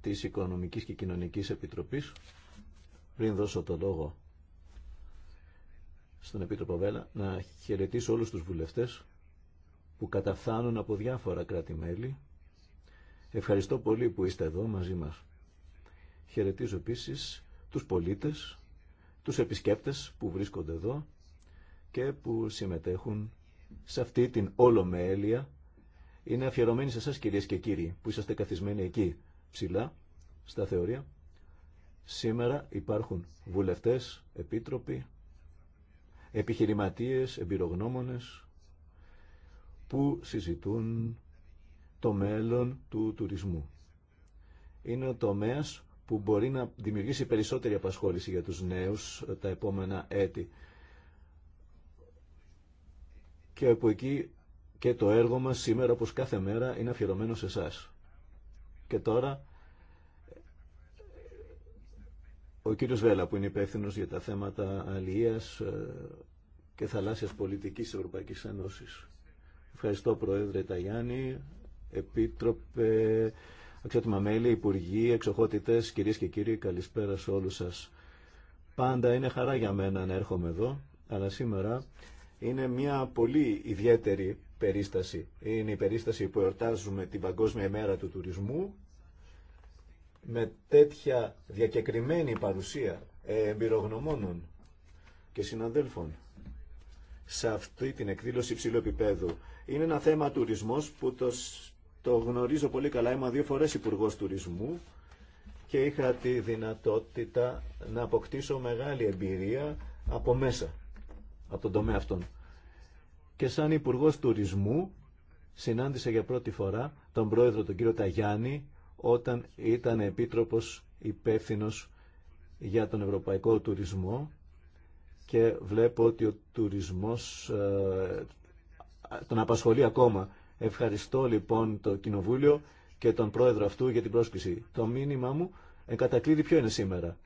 της Οικονομικής και Κοινωνικής Επιτροπής. Πριν δώσω το λόγο στον Επίτροπο Βέλα, να χαιρετήσω όλους τους βουλευτές που καταφθάνουν από διάφορα κράτη-μέλη Ευχαριστώ πολύ που είστε εδώ μαζί μας. Χαιρετίζω επίσης τους πολίτες, τους επισκέπτες που βρίσκονται εδώ και που συμμετέχουν σε αυτή την όλομέλεια. Είναι αφιερωμένοι σε εσά κυρίες και κύριοι που είσαστε καθισμένοι εκεί ψηλά στα θεωρία. Σήμερα υπάρχουν βουλευτές, επίτροποι, επιχειρηματίες, εμπειρογνώμονες που συζητούν το μέλλον του τουρισμού. Είναι ο τομέας που μπορεί να δημιουργήσει περισσότερη απασχόληση για τους νέους τα επόμενα έτη. Και από εκεί και το έργο μας σήμερα, όπως κάθε μέρα, είναι αφιερωμένο σε εσά. Και τώρα, ο κύριος Βέλα, που είναι υπεύθυνο για τα θέματα αλληλείας ε, και θαλάσσιας πολιτικής της Ευρωπαϊκής Ένωσης. Ευχαριστώ, Προέδρε Ταγιάννη. Επίτροπε, αξιότιμα μέλη, υπουργοί, εξοχότητε, κυρίες και κύριοι, καλησπέρα σε όλους σας. Πάντα είναι χαρά για μένα να έρχομαι εδώ, αλλά σήμερα είναι μια πολύ ιδιαίτερη περίσταση. Είναι η περίσταση που εορτάζουμε την Παγκόσμια ημέρα του τουρισμού με τέτοια διακεκριμένη παρουσία εμπειρογνωμόνων και συναδέλφων σε αυτή την εκδήλωση υψηλού επίπεδου. Είναι ένα θέμα τουρισμός που το το γνωρίζω πολύ καλά, είμαι δύο φορές υπουργό τουρισμού και είχα τη δυνατότητα να αποκτήσω μεγάλη εμπειρία από μέσα, από τον τομέα αυτόν. Και σαν υπουργό τουρισμού συνάντησα για πρώτη φορά τον πρόεδρο τον κύριο Ταγιάννη όταν ήταν επίτροπος υπεύθυνο για τον ευρωπαϊκό τουρισμό και βλέπω ότι ο τουρισμός ε, τον απασχολεί ακόμα Ευχαριστώ λοιπόν το Κοινοβούλιο και τον πρόεδρο αυτού για την πρόσκληση. Το μήνυμά μου εγκατακλείδει ποιο είναι σήμερα.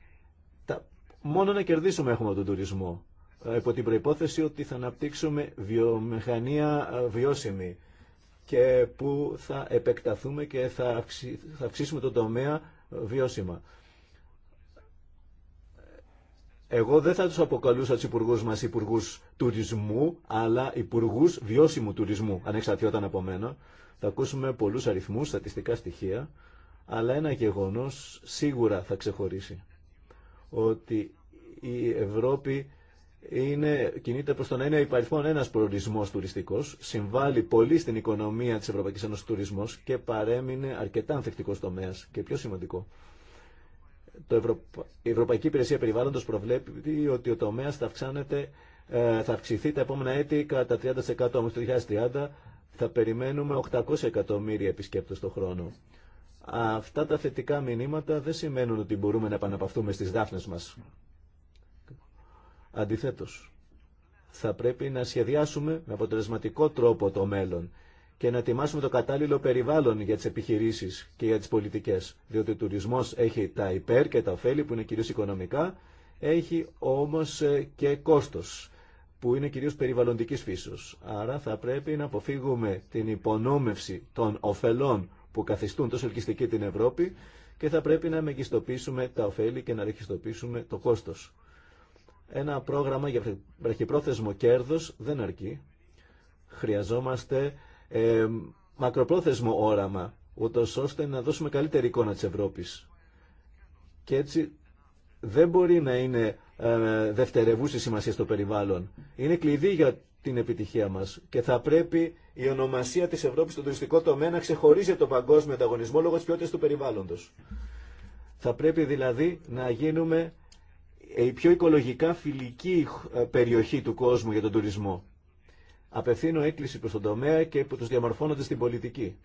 Τα... Μόνο να κερδίσουμε έχουμε τον τουρισμό. Ε, υπό την προϋπόθεση ότι θα αναπτύξουμε βιομηχανία ε, βιώσιμη και που θα επεκταθούμε και θα, αυξήσουμε τον τομέα ε, βιώσιμα. Εγώ δεν θα τους αποκαλούσα τους υπουργούς μας υπουργού τουρισμού, αλλά υπουργού βιώσιμου τουρισμού, αν εξαρτιόταν από μένα. Θα ακούσουμε πολλούς αριθμούς, στατιστικά στοιχεία, αλλά ένα γεγονός σίγουρα θα ξεχωρίσει. Ότι η Ευρώπη είναι, κινείται προς τον να είναι υπαριθμόν ένας προορισμός τουριστικός, συμβάλλει πολύ στην οικονομία της Ευρωπαϊκής Ένωσης τουρισμός και παρέμεινε αρκετά ανθεκτικός τομέας και πιο σημαντικό το Η Ευρωπαϊκή Υπηρεσία Περιβάλλοντος προβλέπει ότι ο τομέας θα, αυξάνεται, ε, θα αυξηθεί τα επόμενα έτη κατά 30%. Όμως το 2030 θα περιμένουμε 800 εκατομμύρια επισκέπτες το χρόνο. Αυτά τα θετικά μηνύματα δεν σημαίνουν ότι μπορούμε να επαναπαυθούμε στις δάφνες μας. Αντιθέτως, θα πρέπει να σχεδιάσουμε με αποτελεσματικό τρόπο το μέλλον και να ετοιμάσουμε το κατάλληλο περιβάλλον για τις επιχειρήσεις και για τις πολιτικές. Διότι ο τουρισμός έχει τα υπέρ και τα ωφέλη που είναι κυρίως οικονομικά, έχει όμως ε, και κόστος που είναι κυρίως περιβαλλοντικής φύσεως. Άρα θα πρέπει να αποφύγουμε την υπονόμευση των ωφελών που καθιστούν τόσο ελκυστική την Ευρώπη και θα πρέπει να μεγιστοποιήσουμε τα ωφέλη και να ρεχιστοποιήσουμε το κόστος. Ένα πρόγραμμα για βραχυπρόθεσμο κέρδος δεν αρκεί. Χρειαζόμαστε ε, μακροπρόθεσμο όραμα, ούτω ώστε να δώσουμε καλύτερη εικόνα της Ευρώπης. Και έτσι δεν μπορεί να είναι ε, δευτερευούση σημασία στο περιβάλλον. Είναι κλειδί για την επιτυχία μας και θα πρέπει η ονομασία της Ευρώπης στον τουριστικό τομέα να ξεχωρίζει τον παγκόσμιο ανταγωνισμό λόγω της ποιότητας του περιβάλλοντος. Θα πρέπει δηλαδή να γίνουμε η πιο οικολογικά φιλική ε, περιοχή του κόσμου για τον τουρισμό. Απευθύνω έκκληση προς τον τομέα και που τους διαμορφώνονται στην πολιτική.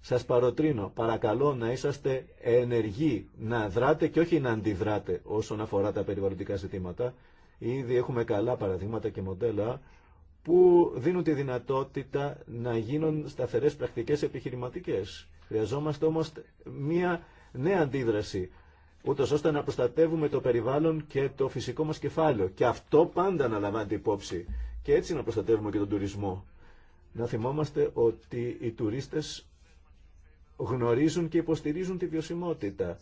Σας παροτρύνω, παρακαλώ να είσαστε ενεργοί, να δράτε και όχι να αντιδράτε όσον αφορά τα περιβαλλοντικά ζητήματα. Ήδη έχουμε καλά παραδείγματα και μοντέλα που δίνουν τη δυνατότητα να γίνουν σταθερές πρακτικές επιχειρηματικές. Χρειαζόμαστε όμως μία νέα αντίδραση, ούτω ώστε να προστατεύουμε το περιβάλλον και το φυσικό μας κεφάλαιο. Και αυτό πάντα αναλαμβάνεται υπόψη και έτσι να προστατεύουμε και τον τουρισμό. Να θυμόμαστε ότι οι τουρίστες γνωρίζουν και υποστηρίζουν τη βιωσιμότητα.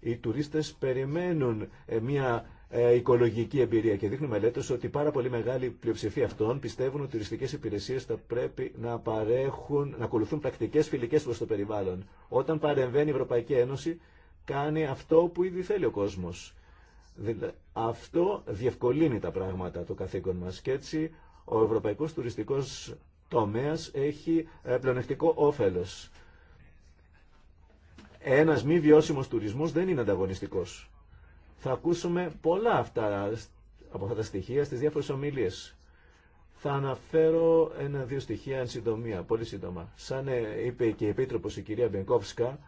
Οι τουρίστες περιμένουν ε, μια ε, οικολογική εμπειρία και δείχνουμε μελέτες ότι πάρα πολύ μεγάλη πλειοψηφία αυτών πιστεύουν ότι οι τουριστικές υπηρεσίες θα πρέπει να παρέχουν, να ακολουθούν πρακτικές φιλικές προς το περιβάλλον. Όταν παρεμβαίνει η Ευρωπαϊκή Ένωση κάνει αυτό που ήδη θέλει ο κόσμος. Αυτό διευκολύνει τα πράγματα το καθήκον μας και έτσι ο ευρωπαϊκός τουριστικός τομέας έχει ε, πλεονεκτικό όφελος. Ένας μη βιώσιμος τουρισμός δεν είναι ανταγωνιστικός. Θα ακούσουμε πολλά αυτά, από αυτά τα στοιχεία στις διάφορες ομιλίες. Θα αναφέρω ένα-δύο στοιχεία εν συντομία, πολύ σύντομα. Σαν ε, είπε και η Επίτροπος η κυρία Μπενκόφσκα,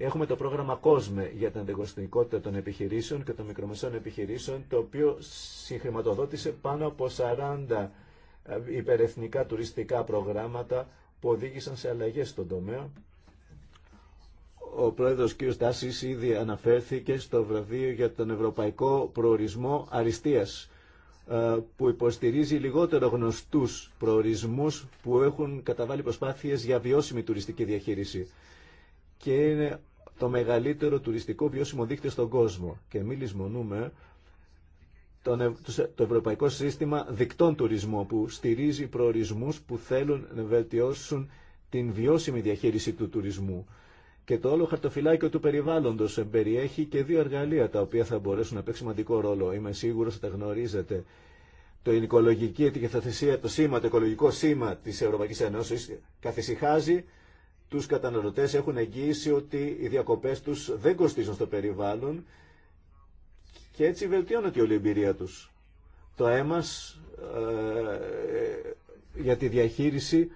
Έχουμε το πρόγραμμα COSME για την ανταγωνιστικότητα των επιχειρήσεων και των μικρομεσαίων επιχειρήσεων, το οποίο συγχρηματοδότησε πάνω από 40 ε, υπερεθνικά τουριστικά προγράμματα που οδήγησαν σε αλλαγές στον τομέα. Ο πρόεδρος κ. Στάσης ήδη αναφέρθηκε στο βραβείο για τον Ευρωπαϊκό Προορισμό Αριστείας ε, που υποστηρίζει λιγότερο γνωστούς προορισμούς που έχουν καταβάλει προσπάθειες για βιώσιμη τουριστική διαχείριση και είναι το μεγαλύτερο τουριστικό βιώσιμο δίκτυο στον κόσμο. Και μη λησμονούμε το Ευρωπαϊκό Σύστημα Δικτών Τουρισμού που στηρίζει προορισμούς που θέλουν να βελτιώσουν την βιώσιμη διαχείριση του τουρισμού. Και το όλο χαρτοφυλάκιο του περιβάλλοντο περιέχει και δύο εργαλεία τα οποία θα μπορέσουν να παίξουν σημαντικό ρόλο. Είμαι σίγουρο ότι τα γνωρίζετε. Το οικολογική το σήμα, το οικολογικό σήμα τη Ευρωπαϊκή Ένωση καθησυχάζει τους καταναλωτές έχουν εγγύηση ότι οι διακοπές τους δεν κοστίζουν στο περιβάλλον και έτσι βελτιώνεται όλη εμπειρία τους. Το αίμα ε, για τη διαχείριση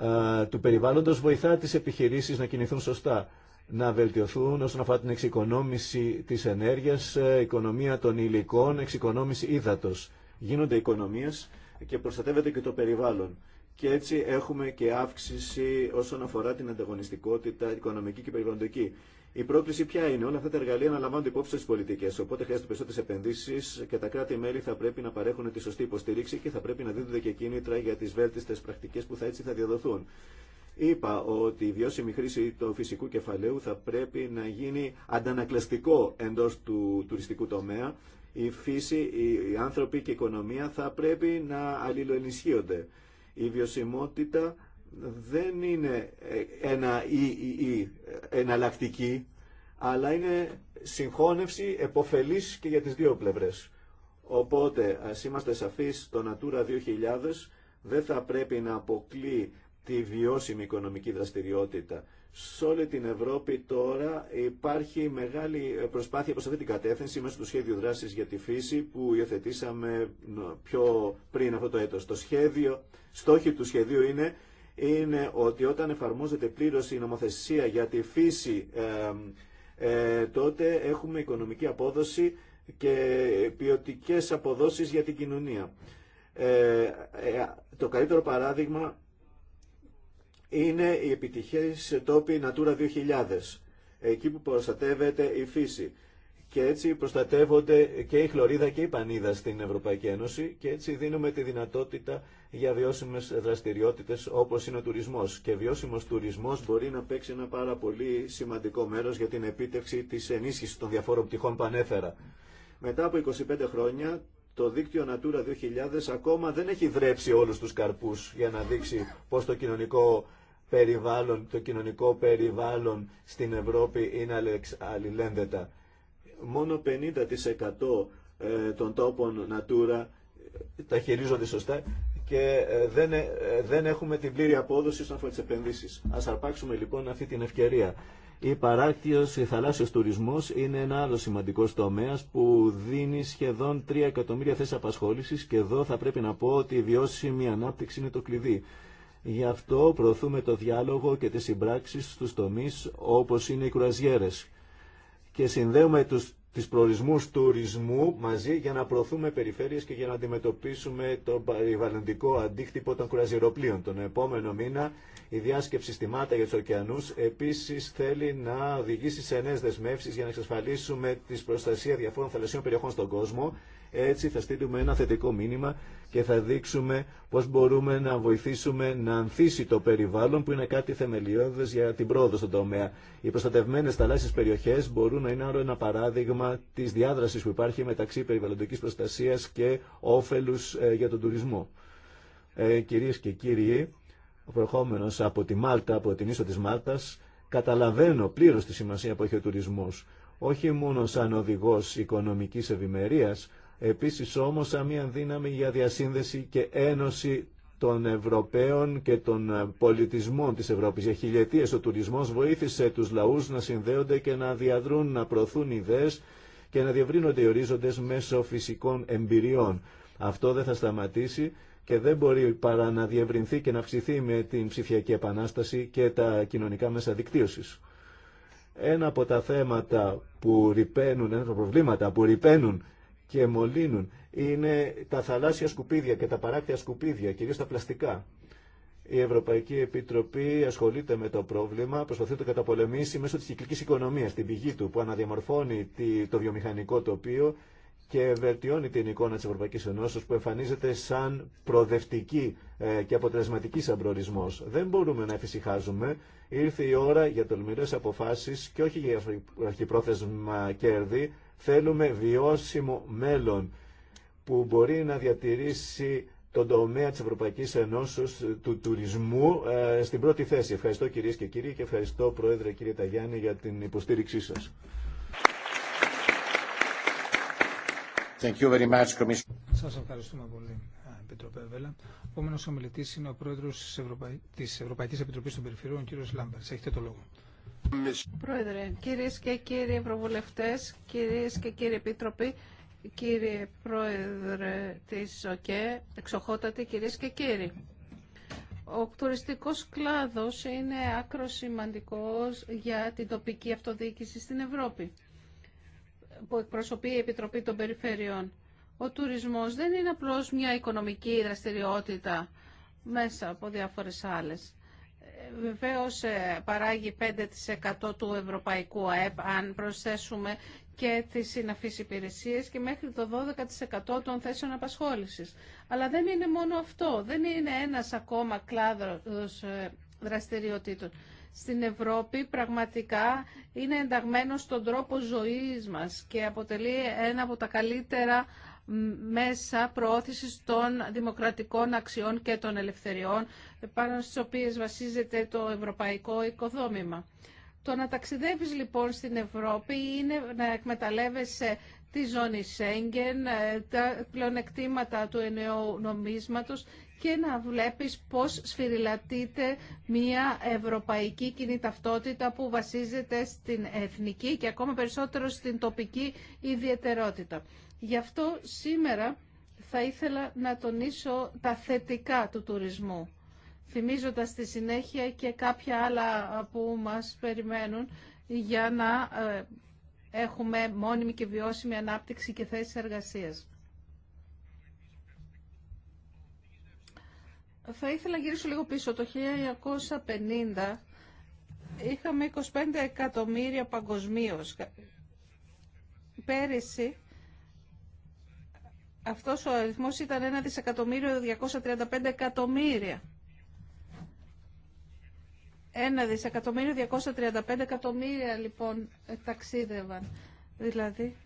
ε, του περιβάλλοντος βοηθά τις επιχειρήσεις να κινηθούν σωστά, να βελτιωθούν όσον αφορά την εξοικονόμηση της ενέργειας, ε, οικονομία των υλικών, εξοικονόμηση ύδατος. Γίνονται οικονομίες και προστατεύεται και το περιβάλλον και έτσι έχουμε και αύξηση όσον αφορά την ανταγωνιστικότητα οικονομική και περιβαλλοντική. Η πρόκληση ποια είναι, όλα αυτά τα εργαλεία να λαμβάνονται υπόψη στι πολιτικέ. Οπότε χρειάζεται περισσότερε επενδύσει και τα κράτη-μέλη θα πρέπει να παρέχουν τη σωστή υποστήριξη και θα πρέπει να δίδονται και κίνητρα για τι βέλτιστε πρακτικέ που θα έτσι θα διαδοθούν. Είπα ότι η βιώσιμη χρήση του φυσικού κεφαλαίου θα πρέπει να γίνει αντανακλαστικό εντό του τουριστικού τομέα. Η φύση, οι άνθρωποι και η οικονομία θα πρέπει να αλληλοενισχύονται. Η βιωσιμότητα δεν είναι ένα ή, ή, εναλλακτική, αλλά είναι συγχώνευση εποφελής και για τις δύο πλευρές. Οπότε, ας είμαστε σαφείς, το Natura 2000 δεν θα πρέπει να αποκλεί τη βιώσιμη οικονομική δραστηριότητα σε όλη την Ευρώπη τώρα υπάρχει μεγάλη προσπάθεια προς αυτή την κατεύθυνση μέσω του σχέδιου δράσης για τη φύση που υιοθετήσαμε πιο πριν αυτό το έτος. Το σχέδιο, στόχοι του σχεδίου είναι, είναι ότι όταν εφαρμόζεται πλήρως η νομοθεσία για τη φύση ε, τότε έχουμε οικονομική απόδοση και ποιοτικές αποδόσεις για την κοινωνία. Ε, ε, το καλύτερο παράδειγμα είναι οι σε τόποι Natura 2000, εκεί που προστατεύεται η φύση. Και έτσι προστατεύονται και η χλωρίδα και η πανίδα στην Ευρωπαϊκή Ένωση και έτσι δίνουμε τη δυνατότητα για βιώσιμες δραστηριότητες όπως είναι ο τουρισμός. Και βιώσιμος τουρισμός μπορεί να παίξει ένα πάρα πολύ σημαντικό μέρος για την επίτευξη της ενίσχυσης των διαφόρων πτυχών που ανέφερα. Μετά από 25 χρόνια το δίκτυο Natura 2000 ακόμα δεν έχει δρέψει όλους τους καρπούς για να δείξει πώς το κοινωνικό περιβάλλον, το κοινωνικό περιβάλλον στην Ευρώπη είναι αλληλένδετα. Μόνο 50% ε, των τόπων Natura ε, τα χειρίζονται σωστά και ε, δεν, δεν έχουμε την πλήρη απόδοση στον αφορά τις επενδύσεις. Ας αρπάξουμε λοιπόν αυτή την ευκαιρία. Η παράκτιος, η θαλάσσιος τουρισμός είναι ένα άλλο σημαντικό τομέα που δίνει σχεδόν 3 εκατομμύρια θέσεις απασχόλησης και εδώ θα πρέπει να πω ότι η βιώσιμη ανάπτυξη είναι το κλειδί. Γι' αυτό προωθούμε το διάλογο και τις συμπράξεις στους τομείς όπως είναι οι κουραζιέρες και συνδέουμε τους, τις προορισμούς τουρισμού μαζί για να προωθούμε περιφέρειες και για να αντιμετωπίσουμε το περιβαλλοντικό αντίκτυπο των κουραζιεροπλοίων. Τον επόμενο μήνα η διάσκεψη στη Μάτα για τους ωκεανούς επίσης θέλει να οδηγήσει σε νέες δεσμεύσεις για να εξασφαλίσουμε τη προστασία διαφόρων θαλασσιών περιοχών στον κόσμο έτσι θα στείλουμε ένα θετικό μήνυμα και θα δείξουμε πώς μπορούμε να βοηθήσουμε να ανθίσει το περιβάλλον που είναι κάτι θεμελιώδες για την πρόοδο στον τομέα. Οι προστατευμένες θαλάσσιες περιοχές μπορούν να είναι άλλο ένα παράδειγμα της διάδρασης που υπάρχει μεταξύ περιβαλλοντικής προστασίας και όφελους ε, για τον τουρισμό. Ε, κυρίες και κύριοι, προχόμενος από τη Μάλτα, από την ίσο της Μάλτας, καταλαβαίνω πλήρως τη σημασία που έχει ο τουρισμός. Όχι μόνο σαν οδηγός οικονομικής ευημερίας, Επίσης όμως σαν μια δύναμη για διασύνδεση και ένωση των Ευρωπαίων και των ε, πολιτισμών της Ευρώπης. Για χιλιετίες ο τουρισμός βοήθησε τους λαούς να συνδέονται και να διαδρούν, να προωθούν ιδέες και να διευρύνονται οι ορίζοντες μέσω φυσικών εμπειριών. Αυτό δεν θα σταματήσει και δεν μπορεί παρά να διευρυνθεί και να αυξηθεί με την ψηφιακή επανάσταση και τα κοινωνικά μέσα δικτύωσης. Ένα από τα θέματα που ρηπαίνουν, ένα από τα προβλήματα που ρηπαίνουν και μολύνουν είναι τα θαλάσσια σκουπίδια και τα παράκτια σκουπίδια, κυρίως τα πλαστικά. Η Ευρωπαϊκή Επιτροπή ασχολείται με το πρόβλημα, προσπαθεί να το καταπολεμήσει μέσω της κυκλικής οικονομίας, την πηγή του, που αναδιαμορφώνει το βιομηχανικό τοπίο και βελτιώνει την εικόνα της Ευρωπαϊκής Ενώσεως που εμφανίζεται σαν προοδευτική ε, και αποτελεσματική σαν Δεν μπορούμε να εφησυχάζουμε. Ήρθε η ώρα για τολμηρές αποφάσεις και όχι για αρχιπρόθεσμα κέρδη, Θέλουμε βιώσιμο μέλλον που μπορεί να διατηρήσει τον τομέα της Ευρωπαϊκής Ενώσεως του τουρισμού ε, στην πρώτη θέση. Ευχαριστώ κυρίες και κύριοι και ευχαριστώ Πρόεδρε κύριε Ταγιάννη για την υποστήριξή σας. Thank you very much, σας ευχαριστούμε πολύ, Επιτροπέ Βέλα. Ο επόμενος ομιλητής είναι ο Πρόεδρος της Ευρωπαϊκής Επιτροπής των Περιφερειών, κύριος Έχετε το λόγο. Πρόεδρε, κυρίες και κύριοι Ευρωβουλευτές, κυρίες και κύριοι Επίτροποι, κύριε Πρόεδρε της ΟΚΕ, εξοχότατοι κυρίες και κύριοι. Ο τουριστικός κλάδος είναι άκρο σημαντικός για την τοπική αυτοδιοίκηση στην Ευρώπη, που εκπροσωπεί η Επιτροπή των Περιφερειών. Ο τουρισμός δεν είναι απλώς μια οικονομική δραστηριότητα μέσα από διάφορες άλλες βεβαίως ε, παράγει 5% του ευρωπαϊκού ΑΕΠ αν προσθέσουμε και τις συναφείς υπηρεσίες και μέχρι το 12% των θέσεων απασχόλησης. Αλλά δεν είναι μόνο αυτό, δεν είναι ένας ακόμα κλάδος ε, δραστηριοτήτων. Στην Ευρώπη πραγματικά είναι ενταγμένο στον τρόπο ζωής μας και αποτελεί ένα από τα καλύτερα μέσα προώθησης των δημοκρατικών αξιών και των ελευθεριών, πάνω στις οποίες βασίζεται το ευρωπαϊκό οικοδόμημα. Το να ταξιδεύεις λοιπόν στην Ευρώπη είναι να εκμεταλλεύεσαι τη ζώνη Σέγγεν, ε, τα πλεονεκτήματα του ενιαίου νομίσματος και να βλέπεις πώς σφυριλατείται μια ευρωπαϊκή κοινή ταυτότητα που βασίζεται στην εθνική και ακόμα περισσότερο στην τοπική ιδιαιτερότητα. Γι' αυτό σήμερα θα ήθελα να τονίσω τα θετικά του τουρισμού, θυμίζοντας στη συνέχεια και κάποια άλλα που μας περιμένουν για να ε, έχουμε μόνιμη και βιώσιμη ανάπτυξη και θέσεις εργασίας. Θα ήθελα να γυρίσω λίγο πίσω. Το 1950 είχαμε 25 εκατομμύρια παγκοσμίω. Πέρυσι αυτός ο αριθμός ήταν 1 δισεκατομμύριο 235 εκατομμύρια. 1 δισεκατομμύριο 235 εκατομμύρια λοιπόν ταξίδευαν. Δηλαδή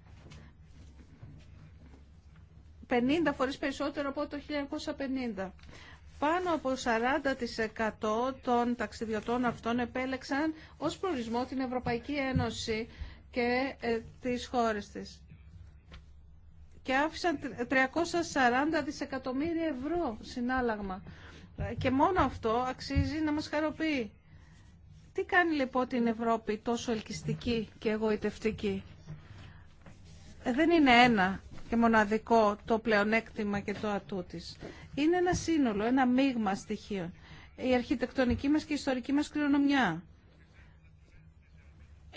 50 φορές περισσότερο από το 1950. Πάνω από 40% των ταξιδιωτών αυτών επέλεξαν ως προορισμό την Ευρωπαϊκή Ένωση και ε, τις χώρες της και άφησαν 340 δισεκατομμύρια ευρώ συνάλλαγμα. Ε, και μόνο αυτό αξίζει να μας χαροποιεί. Τι κάνει λοιπόν την Ευρώπη τόσο ελκυστική και εγωιτευτική. Ε, δεν είναι ένα και μοναδικό το πλεονέκτημα και το ατού της. Είναι ένα σύνολο, ένα μείγμα στοιχείων. Η αρχιτεκτονική μας και η ιστορική μας κληρονομιά.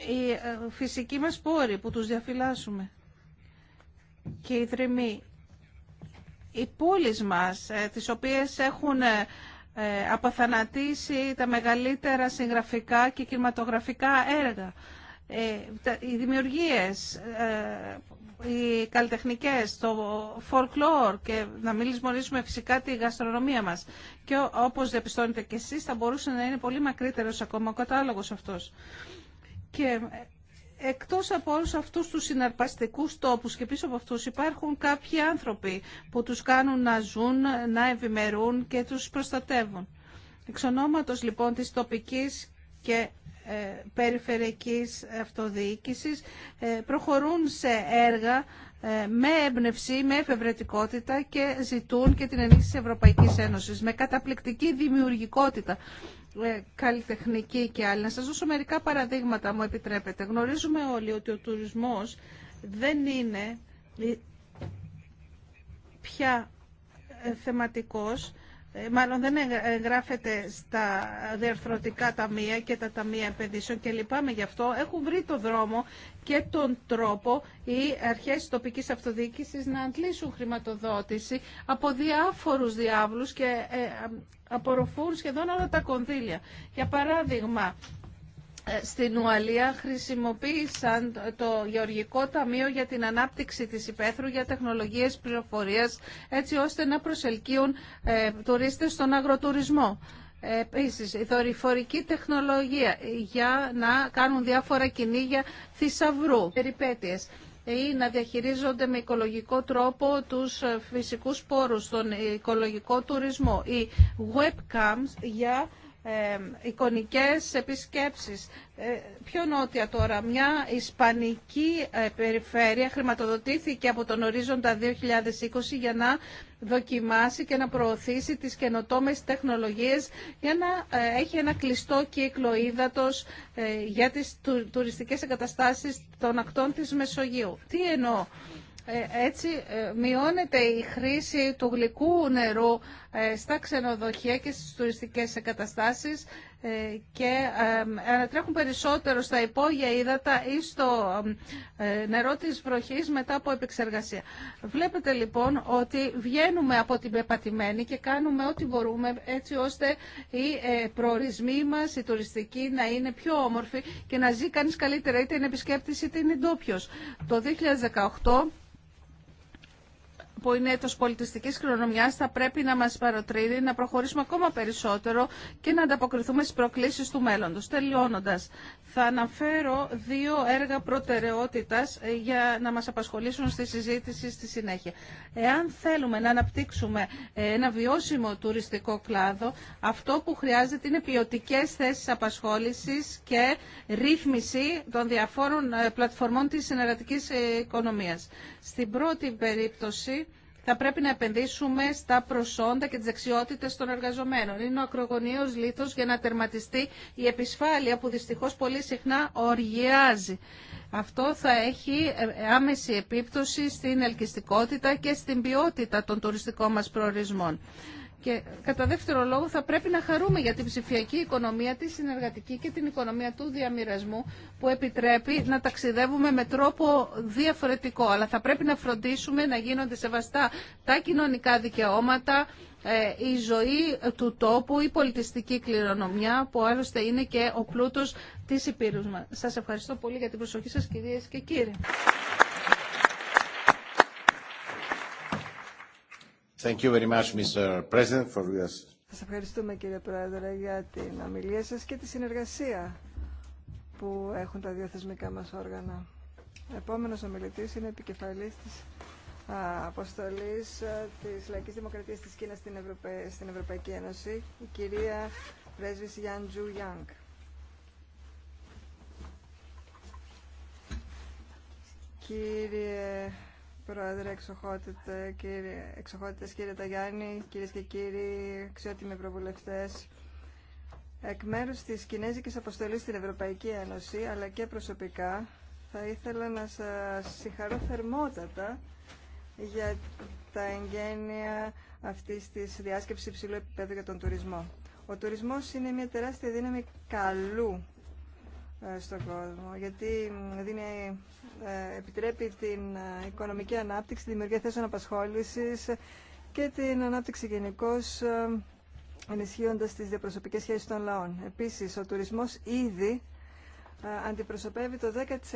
Οι ε, φυσικοί μας πόροι που τους διαφυλάσσουμε και οι δρυμοί. Οι πόλεις μας, ε, τις οποίες έχουν ε, ε, αποθανατήσει τα μεγαλύτερα συγγραφικά και κινηματογραφικά έργα, οι δημιουργίες, οι καλλιτεχνικές, το folklore και να μην λησμονήσουμε φυσικά τη γαστρονομία μας. Και όπως διαπιστώνετε και εσείς θα μπορούσε να είναι πολύ μακρύτερος ακόμα ο κατάλογος αυτός. Και Εκτός από όλους αυτούς τους συναρπαστικούς τόπους και πίσω από αυτούς υπάρχουν κάποιοι άνθρωποι που τους κάνουν να ζουν, να ευημερούν και τους προστατεύουν. Εξ ονόματος λοιπόν της τοπικής και ε, περιφερειακής αυτοδιοίκησης ε, προχωρούν σε έργα ε, με έμπνευση, με εφευρετικότητα και ζητούν και την ενίσχυση της Ευρωπαϊκής Ένωσης με καταπληκτική δημιουργικότητα ε, καλλιτεχνική και άλλη. Να σας δώσω μερικά παραδείγματα, μου επιτρέπετε. Γνωρίζουμε όλοι ότι ο τουρισμός δεν είναι ε, πια ε, θεματικός ε, μάλλον δεν εγγράφεται στα διαρθρωτικά ταμεία και τα ταμεία επενδύσεων και λυπάμαι γι' αυτό, έχουν βρει το δρόμο και τον τρόπο οι αρχές τοπικής αυτοδιοίκησης να αντλήσουν χρηματοδότηση από διάφορους διάβλους και ε, απορροφούν σχεδόν όλα τα κονδύλια. Για παράδειγμα, ε, στην Ουαλία χρησιμοποίησαν το Γεωργικό Ταμείο για την ανάπτυξη της Υπέθρου για τεχνολογίες πληροφορίας έτσι ώστε να προσελκύουν ε, τουρίστες στον αγροτουρισμό. Ε, επίσης, η δορυφορική τεχνολογία για να κάνουν διάφορα κυνήγια θησαυρού, περιπέτειες ε, ή να διαχειρίζονται με οικολογικό τρόπο τους φυσικούς πόρους, στον οικολογικό τουρισμό ή webcams για ε, εικονικές επισκέψεις. Ε, πιο νότια τώρα, μια ισπανική ε, περιφέρεια χρηματοδοτήθηκε από τον ορίζοντα 2020 για να δοκιμάσει και να προωθήσει τις καινοτόμες τεχνολογίες για να έχει ένα κλειστό κύκλο ύδατος για τις τουριστικές εγκαταστάσεις των ακτών της Μεσογείου. Τι εννοώ. Έτσι μειώνεται η χρήση του γλυκού νερού ε, στα ξενοδοχεία και στις τουριστικές εγκαταστάσεις ε, και ανατρέχουν περισσότερο στα υπόγεια ύδατα ή στο ε, νερό της βροχής μετά από επεξεργασία. Βλέπετε λοιπόν ότι βγαίνουμε από την πεπατημένη και κάνουμε ό,τι μπορούμε έτσι ώστε οι προορισμοί μας, οι τουριστικοί να είναι πιο όμορφοι και να ζει κανείς καλύτερα είτε είναι επισκέπτης είτε είναι Το 2018 που είναι έτος πολιτιστικής κληρονομιάς θα πρέπει να μας παροτρύνει να προχωρήσουμε ακόμα περισσότερο και να ανταποκριθούμε στις προκλήσεις του μέλλοντος. Τελειώνοντας, θα αναφέρω δύο έργα προτεραιότητας ε, για να μας απασχολήσουν στη συζήτηση στη συνέχεια. Εάν θέλουμε να αναπτύξουμε ε, ένα βιώσιμο τουριστικό κλάδο, αυτό που χρειάζεται είναι ποιοτικέ θέσεις απασχόλησης και ρύθμιση των διαφόρων ε, πλατφορμών της συνεργατικής οικονομίας. Στην πρώτη περίπτωση θα πρέπει να επενδύσουμε στα προσόντα και τις δεξιότητε των εργαζομένων. Είναι ο ακρογωνίο λίθος για να τερματιστεί η επισφάλεια που δυστυχώς πολύ συχνά οργιάζει. Αυτό θα έχει ε, ε, άμεση επίπτωση στην ελκυστικότητα και στην ποιότητα των τουριστικών μας προορισμών. Και κατά δεύτερο λόγο θα πρέπει να χαρούμε για την ψηφιακή οικονομία, τη συνεργατική και την οικονομία του διαμοιρασμού που επιτρέπει να ταξιδεύουμε με τρόπο διαφορετικό. Αλλά θα πρέπει να φροντίσουμε να γίνονται σεβαστά τα κοινωνικά δικαιώματα, ε, η ζωή του τόπου, η πολιτιστική κληρονομιά που άλλωστε είναι και ο πλούτος της υπήρους μας. Σας ευχαριστώ πολύ για την προσοχή σας κυρίες και κύριοι. Thank Σας ευχαριστούμε κύριε Πρόεδρε για την ομιλία σας και τη συνεργασία που έχουν τα δύο θεσμικά μας όργανα. Επόμενος ομιλητής είναι επικεφαλής της αποστολής της Λαϊκής Δημοκρατίας της Κίνας στην, στην Ευρωπαϊκή Ένωση, η κυρία πρέσβης Γιάν Τζου Γιάνγκ. Κύριε Πρόεδρε, εξοχότητε, κύριε, εξοχότητες κύριε Ταγιάννη, κυρίες και κύριοι, αξιότιμοι προβουλευτές, εκ μέρους της Κινέζικης Αποστολής στην Ευρωπαϊκή Ένωση, αλλά και προσωπικά, θα ήθελα να σας συγχαρώ θερμότατα για τα εγγένεια αυτής της διάσκεψης υψηλού επίπεδου για τον τουρισμό. Ο τουρισμός είναι μια τεράστια δύναμη καλού ε, στον κόσμο, γιατί δίνει, ε, επιτρέπει την ε, οικονομική ανάπτυξη, τη δημιουργία θέσεων απασχόλησης και την ανάπτυξη γενικώ ενισχύοντας τις διαπροσωπικές σχέσεις των λαών. Επίσης, ο τουρισμός ήδη αντιπροσωπεύει το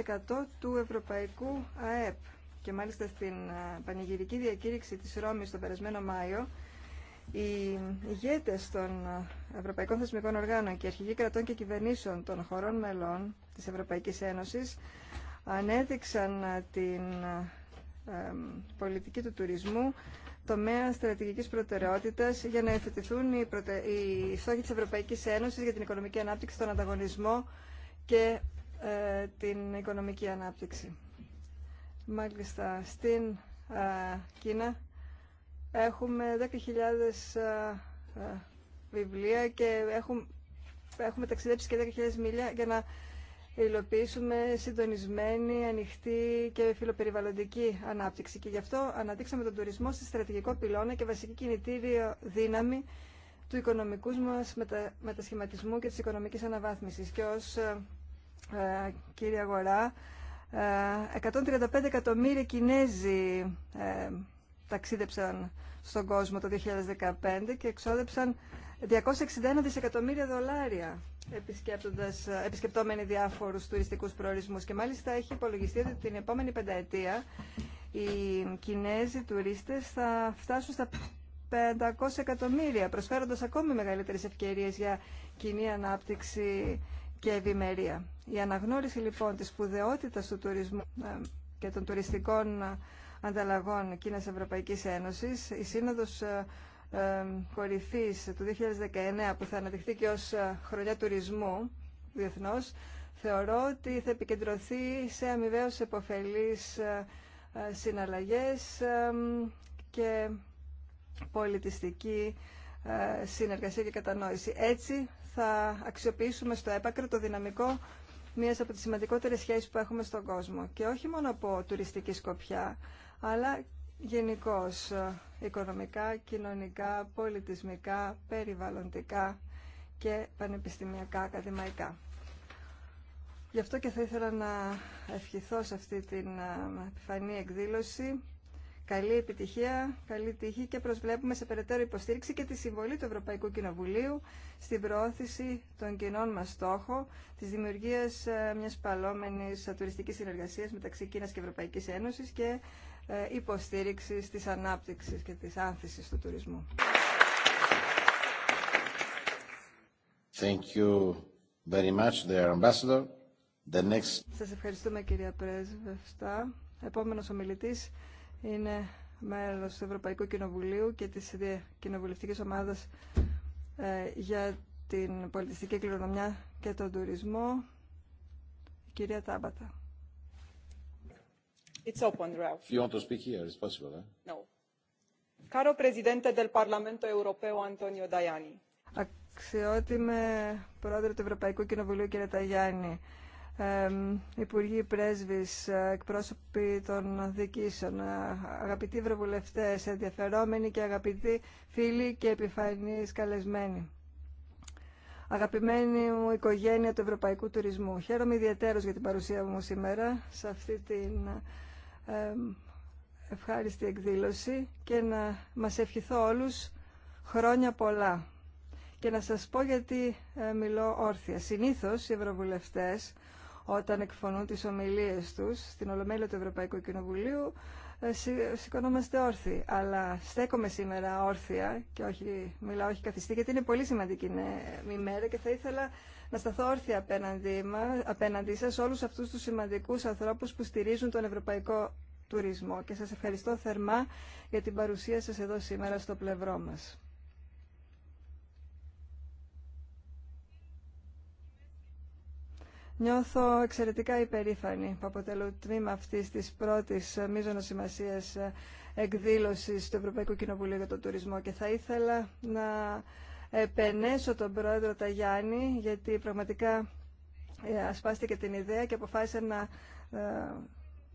10% του ευρωπαϊκού ΑΕΠ. Και μάλιστα στην πανηγυρική διακήρυξη της Ρώμης το περασμένο Μάιο, οι ηγέτες των Ευρωπαϊκών Θεσμικών Οργάνων και αρχηγοί κρατών και κυβερνήσεων των χωρών μελών της Ευρωπαϊκής Ένωσης ανέδειξαν την πολιτική του τουρισμού τομέα στρατηγικής προτεραιότητας για να εφετηθούν οι, προτε... οι στόχοι της Ευρωπαϊκής Ένωσης για την οικονομική ανάπτυξη, τον ανταγωνισμό και ε, την οικονομική ανάπτυξη. Μάλιστα, στην ε, Κίνα έχουμε 10.000 ε, ε, βιβλία και έχουμε, έχουμε ταξιδέψει και 10.000 μίλια για να υλοποιήσουμε συντονισμένη, ανοιχτή και φιλοπεριβαλλοντική ανάπτυξη. Και γι' αυτό αναδείξαμε τον τουρισμό στη στρατηγικό πυλώνα και βασική κινητήριο δύναμη του οικονομικού μας μετα, μετασχηματισμού και της οικονομικής αναβάθμισης. Και ως ε, ε κύριε Αγορά, 135 εκατομμύρια Κινέζοι ταξίδεψαν στον κόσμο το 2015 και εξόδεψαν 261 δισεκατομμύρια δολάρια επισκεπτόμενοι διάφορους τουριστικούς προορισμούς. Και μάλιστα έχει υπολογιστεί ότι την επόμενη πενταετία οι Κινέζοι τουρίστες θα φτάσουν στα 500 εκατομμύρια, προσφέροντας ακόμη μεγαλύτερες ευκαιρίες για κοινή ανάπτυξη και ευημερία. Η αναγνώριση λοιπόν της σπουδαιότητας του τουρισμού ε, και των τουριστικών ανταλλαγών Κίνας-Ευρωπαϊκής Ένωσης, η Σύνοδος ε, ε, Κορυφής του 2019 που θα αναδειχθεί και ως ε, χρονιά τουρισμού διεθνώς, θεωρώ ότι θα επικεντρωθεί σε αμοιβαίως επωφελείς συναλλαγές και πολιτιστική συνεργασία και κατανόηση. Έτσι θα αξιοποιήσουμε στο έπακρο το δυναμικό μιας από τις σημαντικότερες σχέσεις που έχουμε στον κόσμο. Και όχι μόνο από τουριστική σκοπιά, αλλά γενικώ ε, οικονομικά, κοινωνικά, πολιτισμικά, περιβαλλοντικά και πανεπιστημιακά, ακαδημαϊκά. Γι' αυτό και θα ήθελα να ευχηθώ σε αυτή την ε, επιφανή εκδήλωση καλή επιτυχία, καλή τύχη και προσβλέπουμε σε περαιτέρω υποστήριξη και τη συμβολή του Ευρωπαϊκού Κοινοβουλίου στην προώθηση των κοινών μας στόχων της δημιουργίας ε, μιας παλόμενης τουριστικής συνεργασίας μεταξύ Κίνας και Ευρωπαϊκής Ένωσης και ε, υποστήριξης της ανάπτυξης και της άνθησης του τουρισμού. Thank you very much, dear Σας ευχαριστούμε κυρία Πρέσβευστα. Επόμενος ομιλητής είναι μέλος του Ευρωπαϊκού Κοινοβουλίου και της Κοινοβουλευτικής Ομάδας ε, για την πολιτιστική κληρονομιά και τον τουρισμό, κυρία Τάμπατα. It's open, Ralph. You want to speak here? It's possible, eh? No. Caro Presidente del Parlamento Europeo, Antonio Tajani. Αξιότιμε Πρόεδρε του Ευρωπαϊκού Κοινοβουλίου, κύριε Ταγιάννη, ε, Υπουργοί Πρέσβης, εκπρόσωποι των δικήσεων, αγαπητοί ευρωβουλευτές, ενδιαφερόμενοι και αγαπητοί φίλοι και επιφανείς καλεσμένοι. Αγαπημένη μου οικογένεια του Ευρωπαϊκού Τουρισμού, χαίρομαι ιδιαίτερος για την παρουσία μου σήμερα σε αυτή την ευχάριστη εκδήλωση και να μας ευχηθώ όλους χρόνια πολλά. Και να σας πω γιατί ε, μιλώ όρθια. Συνήθως οι ευρωβουλευτές όταν εκφωνούν τις ομιλίες τους στην Ολομέλεια του Ευρωπαϊκού Κοινοβουλίου ε, σηκωνόμαστε όρθιοι. Αλλά στέκομαι σήμερα όρθια και όχι, μιλάω όχι καθιστή γιατί είναι πολύ σημαντική ε, ημέρα και θα ήθελα να σταθώ όρθια απέναντί, απέναντί σας όλους αυτούς τους σημαντικούς ανθρώπους που στηρίζουν τον ευρωπαϊκό τουρισμό και σας ευχαριστώ θερμά για την παρουσία σας εδώ σήμερα στο πλευρό μας. Νιώθω εξαιρετικά υπερήφανη που αποτελώ τμήμα αυτής της πρώτης μείζωνος σημασίας εκδήλωσης του Ευρωπαϊκού Κοινοβουλίου για τον τουρισμό και θα ήθελα να επενέσω τον πρόεδρο Ταγιάννη, γιατί πραγματικά ε, ασπάστηκε την ιδέα και αποφάσισε να ε,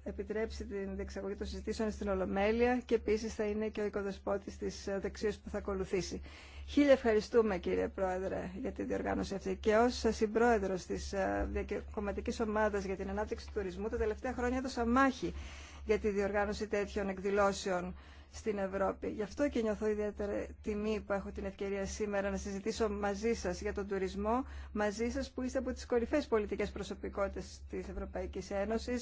επιτρέψει την διεξαγωγή των συζητήσεων στην Ολομέλεια και επίσης θα είναι και ο οικοδεσπότη της δεξίωσης που θα ακολουθήσει. Χίλια ευχαριστούμε κύριε Πρόεδρε για την διοργάνωση αυτή και ως συμπρόεδρος της ε, Διακομματική Ομάδας για την Ανάπτυξη του Τουρισμού τα τελευταία χρόνια έδωσα μάχη για τη διοργάνωση τέτοιων εκδηλώσεων στην Ευρώπη. Γι' αυτό και νιώθω ιδιαίτερη τιμή που έχω την ευκαιρία σήμερα να συζητήσω μαζί σα για τον τουρισμό, μαζί σα που είστε από τι κορυφαίε πολιτικέ προσωπικότητε τη Ευρωπαϊκή Ένωση,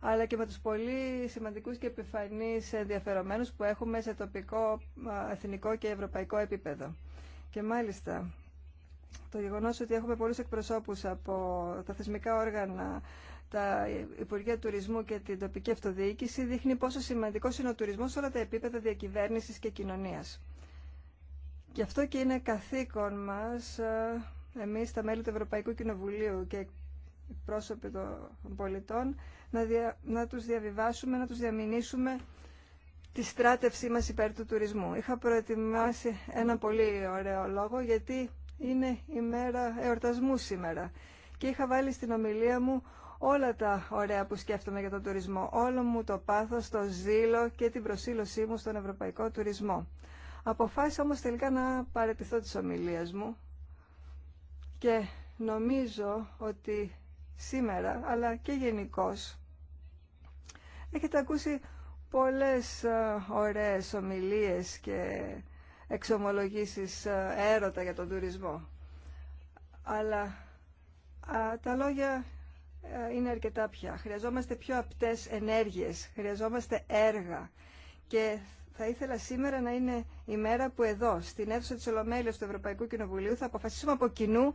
αλλά και με του πολύ σημαντικού και επιφανεί ενδιαφερομένου που έχουμε σε τοπικό, εθνικό και ευρωπαϊκό επίπεδο. Και μάλιστα. Το γεγονό ότι έχουμε πολλού εκπροσώπους από τα θεσμικά όργανα τα Υπουργεία Τουρισμού και την τοπική αυτοδιοίκηση δείχνει πόσο σημαντικό είναι ο τουρισμός σε όλα τα επίπεδα διακυβέρνησης και κοινωνίας. Γι' αυτό και είναι καθήκον μας, ε, εμείς τα μέλη του Ευρωπαϊκού Κοινοβουλίου και οι πρόσωποι των πολιτών, να, δια, να τους διαβιβάσουμε, να τους διαμηνήσουμε τη στράτευσή μας υπέρ του τουρισμού. Είχα προετοιμάσει ένα πολύ ωραίο λόγο γιατί είναι η μέρα εορτασμού σήμερα και είχα βάλει στην ομιλία μου όλα τα ωραία που σκέφτομαι για τον τουρισμό, όλο μου το πάθος, το ζήλο και την προσήλωσή μου στον ευρωπαϊκό τουρισμό. Αποφάσισα όμως τελικά να παρετηθώ της ομιλίας μου και νομίζω ότι σήμερα, αλλά και γενικώ. έχετε ακούσει πολλές ε, ωραίες ομιλίες και εξομολογήσεις ε, έρωτα για τον τουρισμό. Αλλά τα λόγια ε, είναι αρκετά πια. Χρειαζόμαστε πιο απτές ενέργειες, χρειαζόμαστε έργα και θα ήθελα σήμερα να είναι η μέρα που εδώ, στην αίθουσα της Ολομέλειας του Ευρωπαϊκού Κοινοβουλίου, θα αποφασίσουμε από κοινού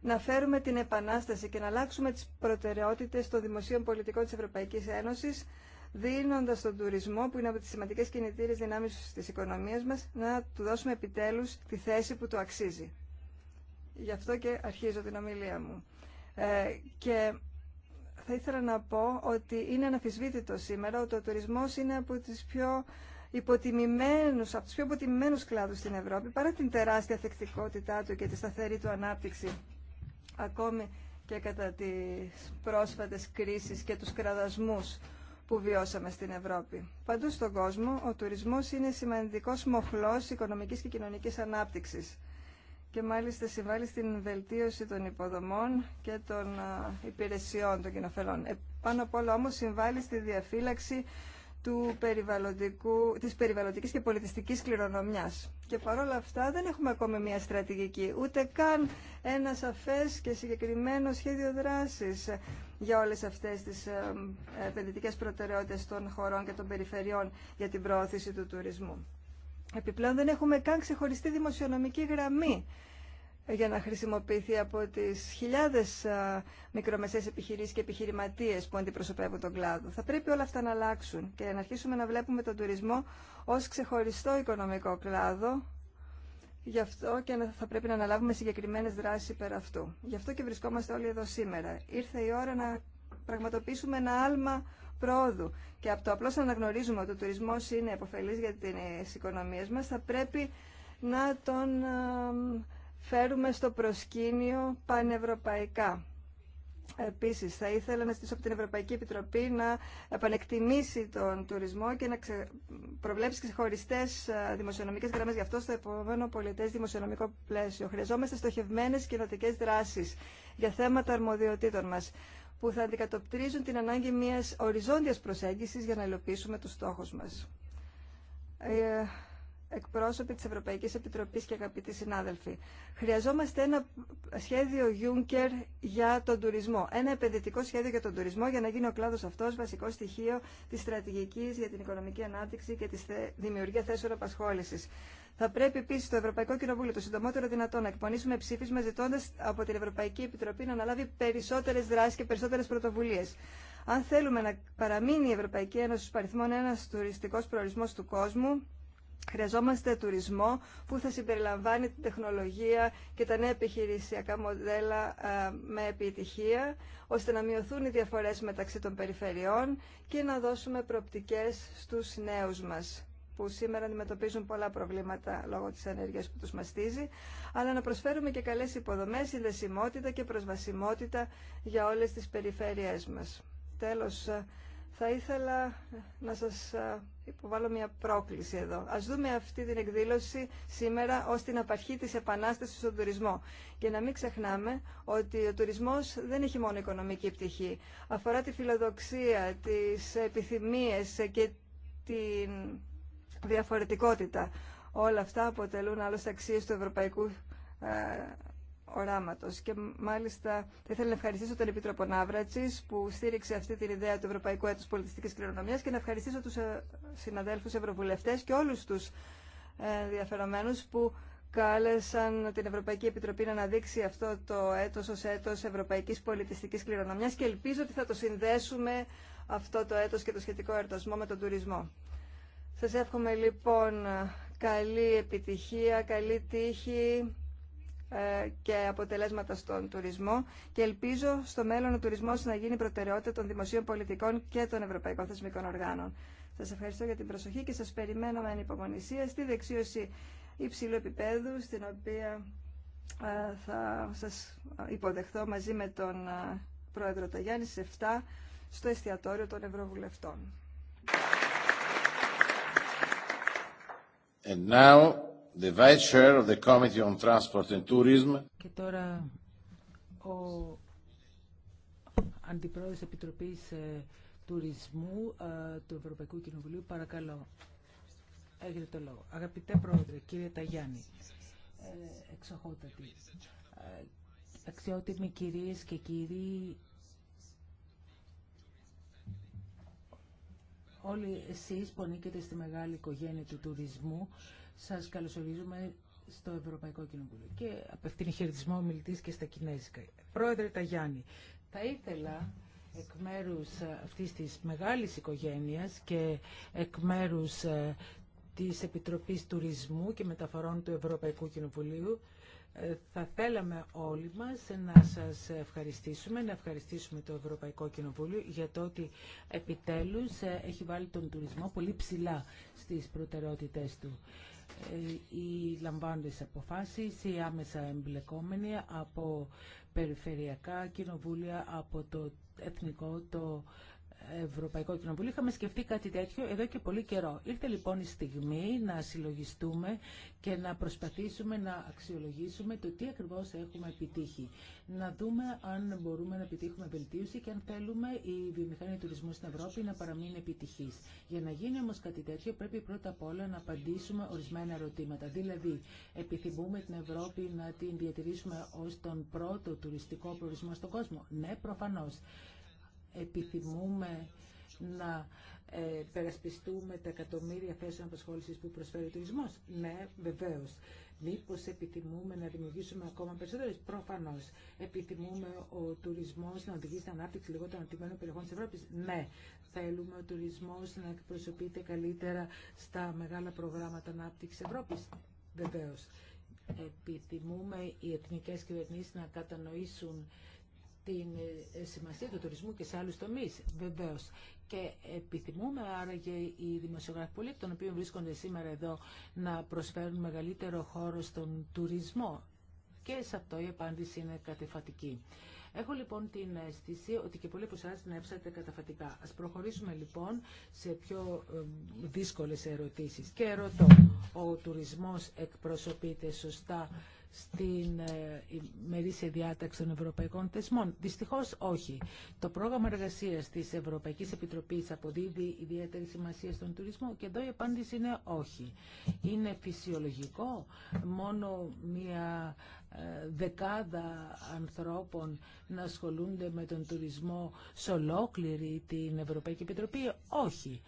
να φέρουμε την επανάσταση και να αλλάξουμε τις προτεραιότητες των δημοσίων πολιτικών της Ευρωπαϊκής Ένωσης, δίνοντας τον τουρισμό, που είναι από τις σημαντικές κινητήρες δυνάμεις της οικονομίας μας, να του δώσουμε επιτέλους τη θέση που του αξίζει. Γι' αυτό και αρχίζω την ομιλία μου. Ε, και θα ήθελα να πω ότι είναι αναφυσβήτητο σήμερα ότι ο τουρισμός είναι από τις πιο υποτιμημένους, από τους πιο υποτιμημένους κλάδους στην Ευρώπη, παρά την τεράστια θεκτικότητά του και τη σταθερή του ανάπτυξη, ακόμη και κατά τις πρόσφατες κρίσεις και τους κραδασμούς που βιώσαμε στην Ευρώπη. Παντού στον κόσμο, ο τουρισμός είναι σημαντικός μοχλός οικονομικής και κοινωνικής ανάπτυξης και μάλιστα συμβάλλει στην βελτίωση των υποδομών και των υπηρεσιών των κοινοφελών. Ε, πάνω απ' όλα όμως συμβάλλει στη διαφύλαξη του περιβαλλοντικού, της περιβαλλοντικής και πολιτιστικής κληρονομιάς. Και παρόλα αυτά δεν έχουμε ακόμη μια στρατηγική, ούτε καν ένα σαφές και συγκεκριμένο σχέδιο δράσης για όλες αυτές τις ε, ε, επενδυτικές προτεραιότητες των χωρών και των περιφερειών για την προώθηση του τουρισμού. Επιπλέον δεν έχουμε καν ξεχωριστή δημοσιονομική γραμμή για να χρησιμοποιηθεί από τις χιλιάδες μικρομεσαίες επιχειρήσεις και επιχειρηματίες που αντιπροσωπεύουν τον κλάδο. Θα πρέπει όλα αυτά να αλλάξουν και να αρχίσουμε να βλέπουμε τον τουρισμό ως ξεχωριστό οικονομικό κλάδο Γι' αυτό και θα πρέπει να αναλάβουμε συγκεκριμένες δράσεις υπέρ αυτού. Γι' αυτό και βρισκόμαστε όλοι εδώ σήμερα. Ήρθε η ώρα να πραγματοποιήσουμε ένα άλμα πρόοδου και από το απλώς αναγνωρίζουμε ότι ο τουρισμός είναι επωφελής για τις οικονομίες μας, θα πρέπει να τον ε, φέρουμε στο προσκήνιο πανευρωπαϊκά. Επίσης, θα ήθελα να ζητήσω από την Ευρωπαϊκή Επιτροπή να επανεκτιμήσει τον τουρισμό και να ξε... προβλέψει ξεχωριστέ ε, δημοσιονομικέ γραμμέ γι' αυτό στο επόμενο πολιτέ δημοσιονομικό πλαίσιο. Χρειαζόμαστε στοχευμένε κοινοτικέ δράσει για θέματα αρμοδιοτήτων μα που θα αντικατοπτρίζουν την ανάγκη μιας οριζόντιας προσέγγισης για να υλοποιήσουμε τους στόχους μας. Ε, εκπρόσωποι της Ευρωπαϊκής Επιτροπής και αγαπητοί συνάδελφοι, χρειαζόμαστε ένα σχέδιο Juncker για τον τουρισμό. Ένα επενδυτικό σχέδιο για τον τουρισμό για να γίνει ο κλάδος αυτός βασικό στοιχείο της στρατηγικής για την οικονομική ανάπτυξη και τη δημιουργία θέσεων απασχόλησης. Θα πρέπει επίση το Ευρωπαϊκό Κοινοβούλιο το συντομότερο δυνατό να εκπονήσουμε ψήφισμα ζητώντα από την Ευρωπαϊκή Επιτροπή να αναλάβει περισσότερε δράσει και περισσότερε πρωτοβουλίε. Αν θέλουμε να παραμείνει η Ευρωπαϊκή Ένωση στου παριθμών ένα τουριστικό προορισμό του κόσμου, Χρειαζόμαστε τουρισμό που θα συμπεριλαμβάνει την τεχνολογία και τα νέα επιχειρησιακά μοντέλα ε, με επιτυχία, ώστε να μειωθούν οι διαφορές μεταξύ των περιφερειών και να δώσουμε προοπτικές στους νέους μας που σήμερα αντιμετωπίζουν πολλά προβλήματα λόγω της ανεργίας που τους μαστίζει, αλλά να προσφέρουμε και καλές υποδομές, συνδεσιμότητα και προσβασιμότητα για όλες τις περιφέρειές μας. Τέλος, θα ήθελα να σας υποβάλω μια πρόκληση εδώ. Ας δούμε αυτή την εκδήλωση σήμερα ως την απαρχή της επανάστασης στον τουρισμό. Και να μην ξεχνάμε ότι ο τουρισμός δεν έχει μόνο οικονομική πτυχή. Αφορά τη φιλοδοξία, τις επιθυμίες και την διαφορετικότητα. Όλα αυτά αποτελούν άλλωστε αξίες του ευρωπαϊκού ε, οράματος. Και μάλιστα θα ήθελα να ευχαριστήσω τον Επίτροπο Ναύρατσης που στήριξε αυτή την ιδέα του Ευρωπαϊκού Έτου Πολιτιστικής Κληρονομιάς και να ευχαριστήσω τους ε, συναδέλφους ευρωβουλευτές και όλους τους ε, ενδιαφερομένους που κάλεσαν την Ευρωπαϊκή Επιτροπή να αναδείξει αυτό το έτος ως έτος Ευρωπαϊκής Πολιτιστικής Κληρονομιάς και ελπίζω ότι θα το συνδέσουμε αυτό το έτος και το σχετικό ερτασμό με τον τουρισμό. Σας εύχομαι λοιπόν καλή επιτυχία, καλή τύχη ε, και αποτελέσματα στον τουρισμό και ελπίζω στο μέλλον ο τουρισμός να γίνει προτεραιότητα των δημοσίων πολιτικών και των ευρωπαϊκών θεσμικών οργάνων. Σας ευχαριστώ για την προσοχή και σας περιμένω με ανυπομονησία στη δεξίωση υψηλού επίπεδου στην οποία ε, θα σας υποδεχθώ μαζί με τον ε, Πρόεδρο Ταγιάννη σε 7 στο εστιατόριο των Ευρωβουλευτών. And now the Vice Chair of the Committee on Transport and Tourism. Και τώρα ο Αντιπρόεδρος Επιτροπής ε, Τουρισμού ε, του Ευρωπαϊκού Κοινοβουλίου. Παρακαλώ, έχετε το λόγο. Αγαπητέ Πρόεδρε, κύριε Ταγιάννη, ε, εξοχότατη, αξιότιμοι κυρίες και κύριοι όλοι εσείς που ανήκετε στη μεγάλη οικογένεια του τουρισμού, σας καλωσορίζουμε στο Ευρωπαϊκό Κοινοβούλιο. Και απευθύνει χαιρετισμό ο μιλητής και στα Κινέζικα. Πρόεδρε Ταγιάννη, θα ήθελα εκ μέρους ε, αυτής της μεγάλης οικογένειας και εκ μέρους ε, της Επιτροπής Τουρισμού και Μεταφορών του Ευρωπαϊκού Κοινοβουλίου θα θέλαμε όλοι μας να σας ευχαριστήσουμε, να ευχαριστήσουμε το Ευρωπαϊκό Κοινοβούλιο για το ότι επιτέλους ε, έχει βάλει τον τουρισμό πολύ ψηλά στις προτεραιότητες του. Ε, οι λαμβάνοντες αποφάσεις, οι άμεσα εμπλεκόμενοι από περιφερειακά κοινοβούλια, από το εθνικό, το Ευρωπαϊκό Κοινοβούλιο είχαμε σκεφτεί κάτι τέτοιο εδώ και πολύ καιρό. Ήρθε λοιπόν η στιγμή να συλλογιστούμε και να προσπαθήσουμε να αξιολογήσουμε το τι ακριβώς έχουμε επιτύχει. Να δούμε αν μπορούμε να επιτύχουμε βελτίωση και αν θέλουμε η βιομηχανία τουρισμού στην Ευρώπη να παραμείνει επιτυχής. Για να γίνει όμως κάτι τέτοιο πρέπει πρώτα απ' όλα να απαντήσουμε ορισμένα ερωτήματα. Δηλαδή, επιθυμούμε την Ευρώπη να την διατηρήσουμε ως τον πρώτο τουριστικό προορισμό στον κόσμο. Ναι, προφανώς επιθυμούμε να ε, περασπιστούμε τα εκατομμύρια θέσεων απασχόλησης που προσφέρει ο τουρισμός. Ναι, βεβαίως. Μήπως επιθυμούμε να δημιουργήσουμε ακόμα περισσότερες. Προφανώς. Επιθυμούμε ο τουρισμός να οδηγεί στην ανάπτυξη λιγότερων αντιμένων περιοχών της Ευρώπης. Ναι. Θέλουμε ο τουρισμός να εκπροσωπείται καλύτερα στα μεγάλα προγράμματα ανάπτυξης Ευρώπης. Βεβαίως. Επιθυμούμε οι εθνικές κυβερνήσεις να κατανοήσουν την ε, σημασία του τουρισμού και σε άλλους τομείς, βεβαίως. Και επιθυμούμε άραγε οι δημοσιογράφοι πολλοί, των οποίων βρίσκονται σήμερα εδώ, να προσφέρουν μεγαλύτερο χώρο στον τουρισμό. Και σε αυτό η απάντηση είναι κατεφατική. Έχω λοιπόν την αίσθηση ότι και πολλοί από εσά την καταφατικά. Α προχωρήσουμε λοιπόν σε πιο δύσκολε ερωτήσει. Και ρωτώ, ο τουρισμό εκπροσωπείται σωστά στην ε, μερίσια διάταξη των ευρωπαϊκών θεσμών. Δυστυχώ, όχι. Το πρόγραμμα εργασία τη Ευρωπαϊκή Επιτροπή αποδίδει ιδιαίτερη σημασία στον τουρισμό και εδώ η απάντηση είναι όχι. Είναι φυσιολογικό μόνο μια ε, δεκάδα ανθρώπων να ασχολούνται με τον τουρισμό σε ολόκληρη την Ευρωπαϊκή Επιτροπή. Όχι.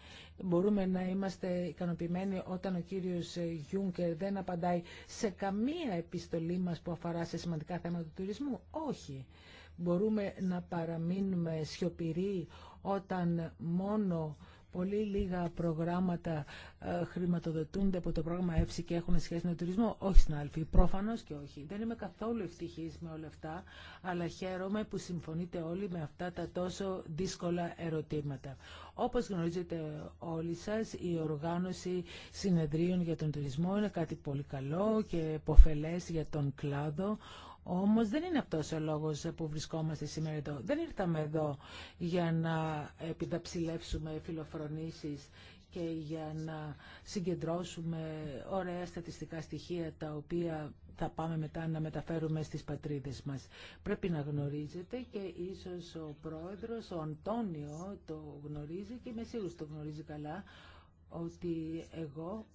Μπορούμε να είμαστε ικανοποιημένοι όταν ο κύριος Γιούνκερ δεν απαντάει σε καμία επιστολή μας που αφορά σε σημαντικά θέματα του τουρισμού. Όχι. Μπορούμε να παραμείνουμε σιωπηροί όταν μόνο Πολύ λίγα προγράμματα ε, χρηματοδοτούνται από το πρόγραμμα ΕΦΣΙ και έχουν σχέση με τον τουρισμό. Όχι, στην αλφή, προφανώς και όχι. Δεν είμαι καθόλου ευτυχής με όλα αυτά, αλλά χαίρομαι που συμφωνείτε όλοι με αυτά τα τόσο δύσκολα ερωτήματα. Όπως γνωρίζετε όλοι σας, η οργάνωση συνεδρίων για τον τουρισμό είναι κάτι πολύ καλό και υποφελές για τον κλάδο. Όμως δεν είναι αυτός ο λόγος που βρισκόμαστε σήμερα εδώ. Δεν ήρθαμε εδώ για να επιταψιλεύσουμε φιλοφρονήσεις και για να συγκεντρώσουμε ωραία στατιστικά στοιχεία τα οποία θα πάμε μετά να μεταφέρουμε στις πατρίδες μας. Πρέπει να γνωρίζετε και ίσως ο πρόεδρος, ο Αντώνιο, το γνωρίζει και είμαι σίγουρο το γνωρίζει καλά, ότι εγώ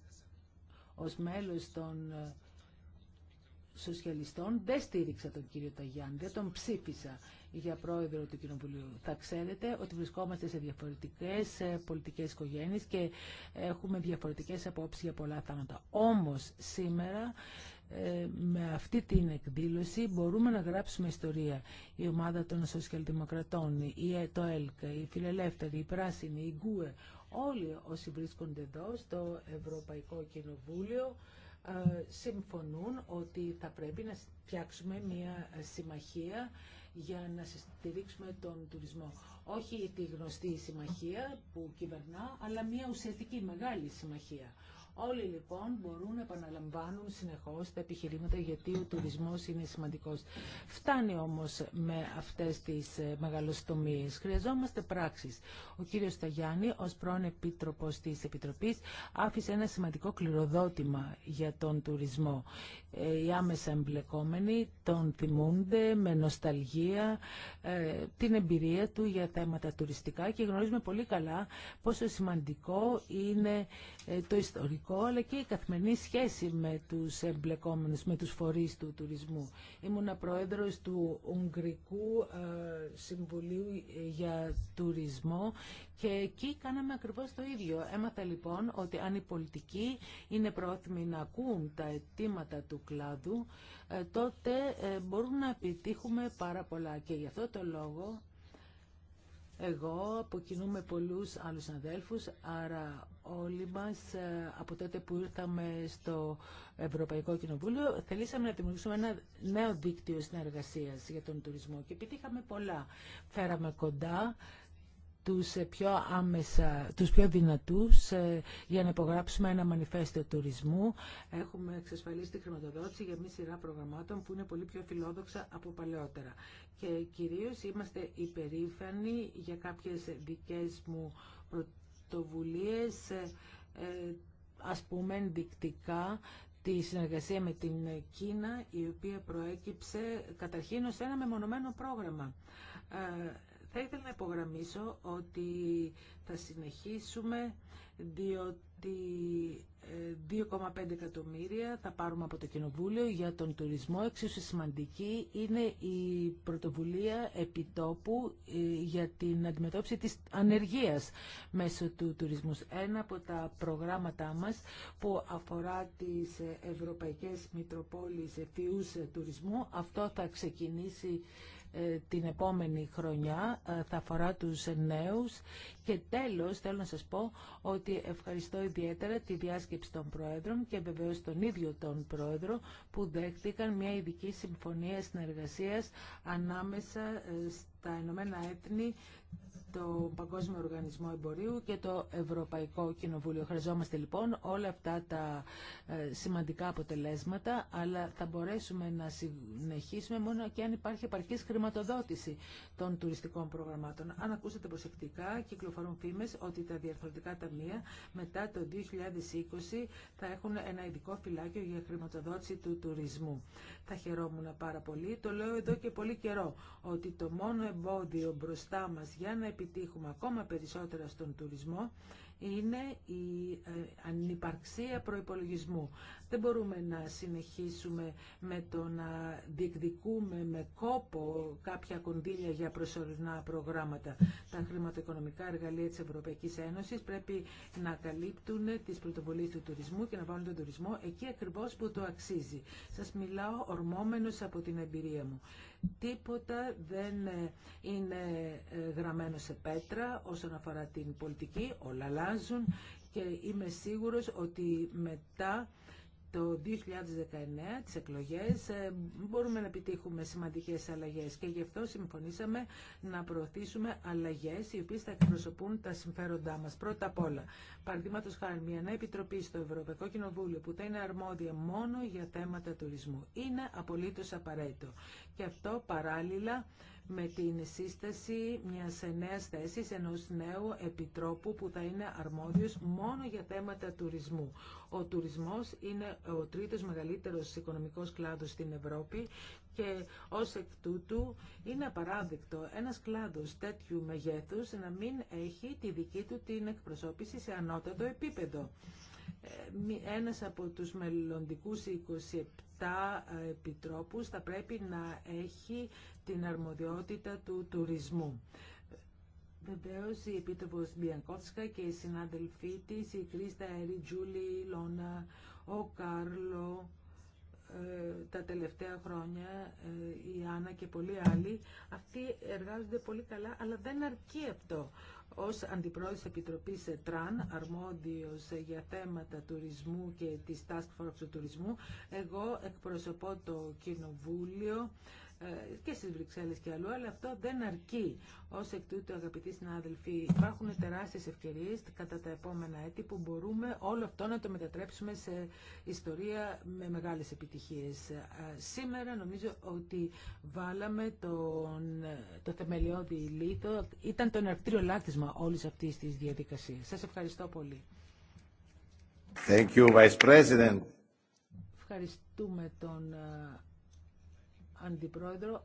ως μέλος των σοσιαλιστών δεν στήριξα τον κύριο Ταγιάν, δεν τον ψήφισα για πρόεδρο του Κοινοβουλίου. Θα ξέρετε ότι βρισκόμαστε σε διαφορετικές ε, πολιτικές οικογένειες και έχουμε διαφορετικές απόψεις για πολλά θέματα. Όμως σήμερα ε, με αυτή την εκδήλωση μπορούμε να γράψουμε ιστορία. Η ομάδα των σοσιαλδημοκρατών, η ε, το η Φιλελεύθερη, η Πράσινη, η Γκουε, όλοι όσοι βρίσκονται εδώ στο Ευρωπαϊκό Κοινοβούλιο ε, συμφωνούν ότι θα πρέπει να φτιάξουμε μια συμμαχία για να στηρίξουμε τον τουρισμό. Όχι τη γνωστή συμμαχία που κυβερνά, αλλά μια ουσιαστική μεγάλη συμμαχία. Όλοι λοιπόν μπορούν να επαναλαμβάνουν συνεχώς τα επιχειρήματα γιατί ο τουρισμός είναι σημαντικός. Φτάνει όμως με αυτές τις ε, μεγαλοστομίες. Χρειαζόμαστε πράξεις. Ο κύριος Σταγιάννη ως πρώην επίτροπος της Επιτροπής άφησε ένα σημαντικό κληροδότημα για τον τουρισμό ε, οι άμεσα εμπλεκόμενοι τον θυμούνται με νοσταλγία ε, την εμπειρία του για θέματα τουριστικά και γνωρίζουμε πολύ καλά πόσο σημαντικό είναι ε, το ιστορικό αλλά και η καθημερινή σχέση με τους εμπλεκόμενους, με τους φορείς του τουρισμού. Ήμουνα πρόεδρος του Ουγγρικού Συμβουλίου για Τουρισμό και εκεί κάναμε ακριβώς το ίδιο. Έμαθα λοιπόν ότι αν οι πολιτικοί είναι πρόθυμοι να ακούν τα αιτήματα του κλάδου, ε, τότε ε, μπορούν να επιτύχουμε πάρα πολλά. Και γι' αυτό το λόγο εγώ αποκοινούμε πολλούς άλλους αδέλφους, άρα όλοι μας ε, από τότε που ήρθαμε στο Ευρωπαϊκό Κοινοβούλιο θελήσαμε να δημιουργήσουμε ένα νέο δίκτυο συνεργασίας για τον τουρισμό και επιτύχαμε πολλά. Φέραμε κοντά τους ε, πιο άμεσα, τους πιο δυνατούς ε, για να υπογράψουμε ένα μανιφέστο τουρισμού. Έχουμε εξασφαλίσει τη χρηματοδότηση για μια σειρά προγραμμάτων που είναι πολύ πιο φιλόδοξα από παλαιότερα. Και κυρίως είμαστε υπερήφανοι για κάποιες δικές μου πρωτοβουλίες, ε, ας πούμε ενδεικτικά, τη συνεργασία με την Κίνα, η οποία προέκυψε καταρχήν ως ένα μεμονωμένο πρόγραμμα θα ήθελα να υπογραμμίσω ότι θα συνεχίσουμε διότι 2,5 ε, εκατομμύρια θα πάρουμε από το Κοινοβούλιο για τον τουρισμό. Εξίσου σημαντική είναι η πρωτοβουλία επιτόπου ε, για την αντιμετώπιση της ανεργίας μέσω του τουρισμού. Ένα από τα προγράμματά μας που αφορά τις ευρωπαϊκές μητροπόλεις ευθύους τουρισμού, αυτό θα ξεκινήσει ε, την επόμενη χρονιά ε, θα αφορά τους νέους. Και τέλος θέλω να σας πω ότι ευχαριστώ ιδιαίτερα τη διάσκεψη των Πρόεδρων και βεβαίως τον ίδιο τον Πρόεδρο που δέχτηκαν μια ειδική συμφωνία συνεργασίας ανάμεσα ε, στα Ηνωμένα Έθνη το Παγκόσμιο Οργανισμό Εμπορίου και το Ευρωπαϊκό Κοινοβούλιο. Χρειαζόμαστε λοιπόν όλα αυτά τα ε, σημαντικά αποτελέσματα, αλλά θα μπορέσουμε να συνεχίσουμε μόνο και αν υπάρχει επαρκή χρηματοδότηση των τουριστικών προγραμμάτων. Αν ακούσετε προσεκτικά, κυκλοφορούν φήμε ότι τα διαρθρωτικά ταμεία μετά το 2020 θα έχουν ένα ειδικό φυλάκιο για χρηματοδότηση του τουρισμού. Θα χαιρόμουν πάρα πολύ. Το λέω εδώ και πολύ καιρό ότι το μόνο εμπόδιο μπροστά μα για να επιτύχουμε ακόμα περισσότερα στον τουρισμό είναι η ε, ανυπαρξία προϋπολογισμού. Δεν μπορούμε να συνεχίσουμε με το να διεκδικούμε με κόπο κάποια κονδύλια για προσωρινά προγράμματα. Τα χρηματοοικονομικά εργαλεία της Ευρωπαϊκής Ένωσης πρέπει να καλύπτουν τις πρωτοβολίες του τουρισμού και να βάλουν τον τουρισμό εκεί ακριβώς που το αξίζει. Σας μιλάω ορμόμενος από την εμπειρία μου. Τίποτα δεν είναι ε, γραμμένο σε πέτρα όσον αφορά την πολιτική. Όλα αλλάζουν και είμαι σίγουρος ότι μετά το 2019, τις εκλογές, ε, μπορούμε να επιτύχουμε σημαντικές αλλαγές και γι' αυτό συμφωνήσαμε να προωθήσουμε αλλαγές οι οποίες θα εκπροσωπούν τα συμφέροντά μας. Πρώτα απ' όλα, παραδείγματος χάρη μια νέα επιτροπή στο Ευρωπαϊκό Κοινοβούλιο που θα είναι αρμόδια μόνο για θέματα τουρισμού. Είναι απολύτως απαραίτητο. Και αυτό παράλληλα με την σύσταση μιας νέας θέσης ενός νέου επιτρόπου που θα είναι αρμόδιος μόνο για θέματα τουρισμού. Ο τουρισμός είναι ο τρίτος μεγαλύτερος οικονομικός κλάδος στην Ευρώπη και ως εκ τούτου είναι απαράδεκτο ένας κλάδος τέτοιου μεγέθους να μην έχει τη δική του την εκπροσώπηση σε ανώτατο επίπεδο. Ε, ένας από τους μελλοντικού 27 ε, επιτρόπους θα πρέπει να έχει την αρμοδιότητα του τουρισμού. Βεβαίω η Επίτροπο Μπιανκόφσκα και οι συνάδελφοί τη, η Κρίστα Ερή, Τζούλη, η Λόνα, ο Κάρλο, ε, τα τελευταία χρόνια ε, η Άννα και πολλοί άλλοι αυτοί εργάζονται πολύ καλά αλλά δεν αρκεί αυτό ως Αντιπρόεδρος επιτροπή ΤΡΑΝ, αρμόδιος για θέματα τουρισμού και τη Task Force του τουρισμού, εγώ εκπροσωπώ το Κοινοβούλιο ε, και στις Βρυξέλλες και αλλού, αλλά αυτό δεν αρκεί. Ως εκ τούτου, αγαπητοί συνάδελφοι, υπάρχουν τεράστιες ευκαιρίες κατά τα επόμενα έτη που μπορούμε όλο αυτό να το μετατρέψουμε σε ιστορία με μεγάλες επιτυχίες. Ε, σήμερα νομίζω ότι βάλαμε τον, το θεμελιώδη λίθο. Ήταν το εναρκτήριο λάκτισμα όλης αυτής της διαδικασίας. Σας ευχαριστώ πολύ. Thank you, Vice President. Ευχαριστούμε τον ε, αντιπρόεδρο.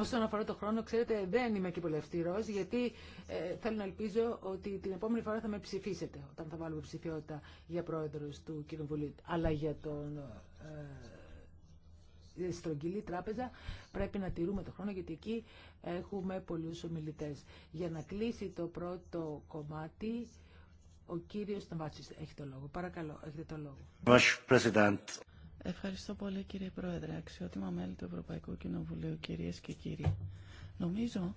Όσον αφορά το χρόνο, ξέρετε, δεν είμαι και αυστηρό, γιατί ε, θέλω να ελπίζω ότι την επόμενη φορά θα με ψηφίσετε, όταν θα βάλουμε ψηφιότητα για πρόεδρο του Κοινοβουλίου. Αλλά για τον ε, στρογγυλή τράπεζα πρέπει να τηρούμε το χρόνο, γιατί εκεί έχουμε πολλού ομιλητέ. Για να κλείσει το πρώτο κομμάτι, ο κύριο Ναβάτσης έχει το λόγο. Παρακαλώ, έχετε το λόγο. Ευχαριστώ πολύ κύριε Πρόεδρε, αξιότιμα μέλη του Ευρωπαϊκού Κοινοβουλίου, κυρίες και κύριοι. Νομίζω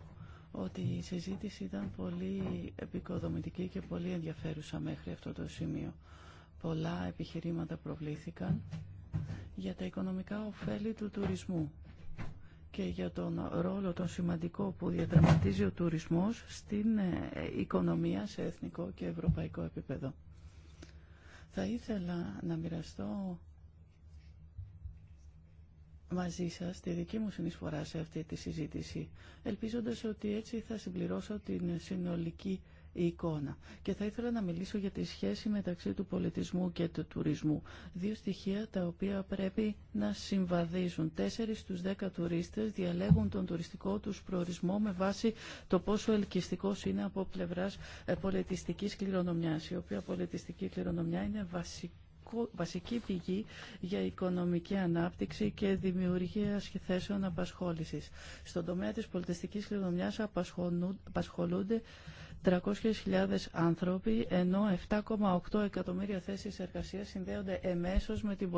ότι η συζήτηση ήταν πολύ επικοδομητική και πολύ ενδιαφέρουσα μέχρι αυτό το σημείο. Πολλά επιχειρήματα προβλήθηκαν για τα οικονομικά ωφέλη του τουρισμού και για τον ρόλο τον σημαντικό που διαδραματίζει ο τουρισμός στην ε, οικονομία σε εθνικό και ευρωπαϊκό επίπεδο. Θα ήθελα να μοιραστώ μαζί σας τη δική μου συνεισφορά σε αυτή τη συζήτηση, ελπίζοντας ότι έτσι θα συμπληρώσω την συνολική εικόνα. Και θα ήθελα να μιλήσω για τη σχέση μεταξύ του πολιτισμού και του τουρισμού. Δύο στοιχεία τα οποία πρέπει να συμβαδίζουν. Τέσσερις στους δέκα τουρίστες διαλέγουν τον τουριστικό τους προορισμό με βάση το πόσο ελκυστικός είναι από πλευράς ε, πολιτιστικής κληρονομιάς, η οποία πολιτιστική κληρονομιά είναι βασική βασικό, βασική πηγή για οικονομική ανάπτυξη και δημιουργία θέσεων απασχόλησης. Στον τομέα της πολιτιστικής κληρονομιάς απασχολούνται 300.000 άνθρωποι, ενώ 7,8 εκατομμύρια θέσεις εργασίας συνδέονται εμέσως με την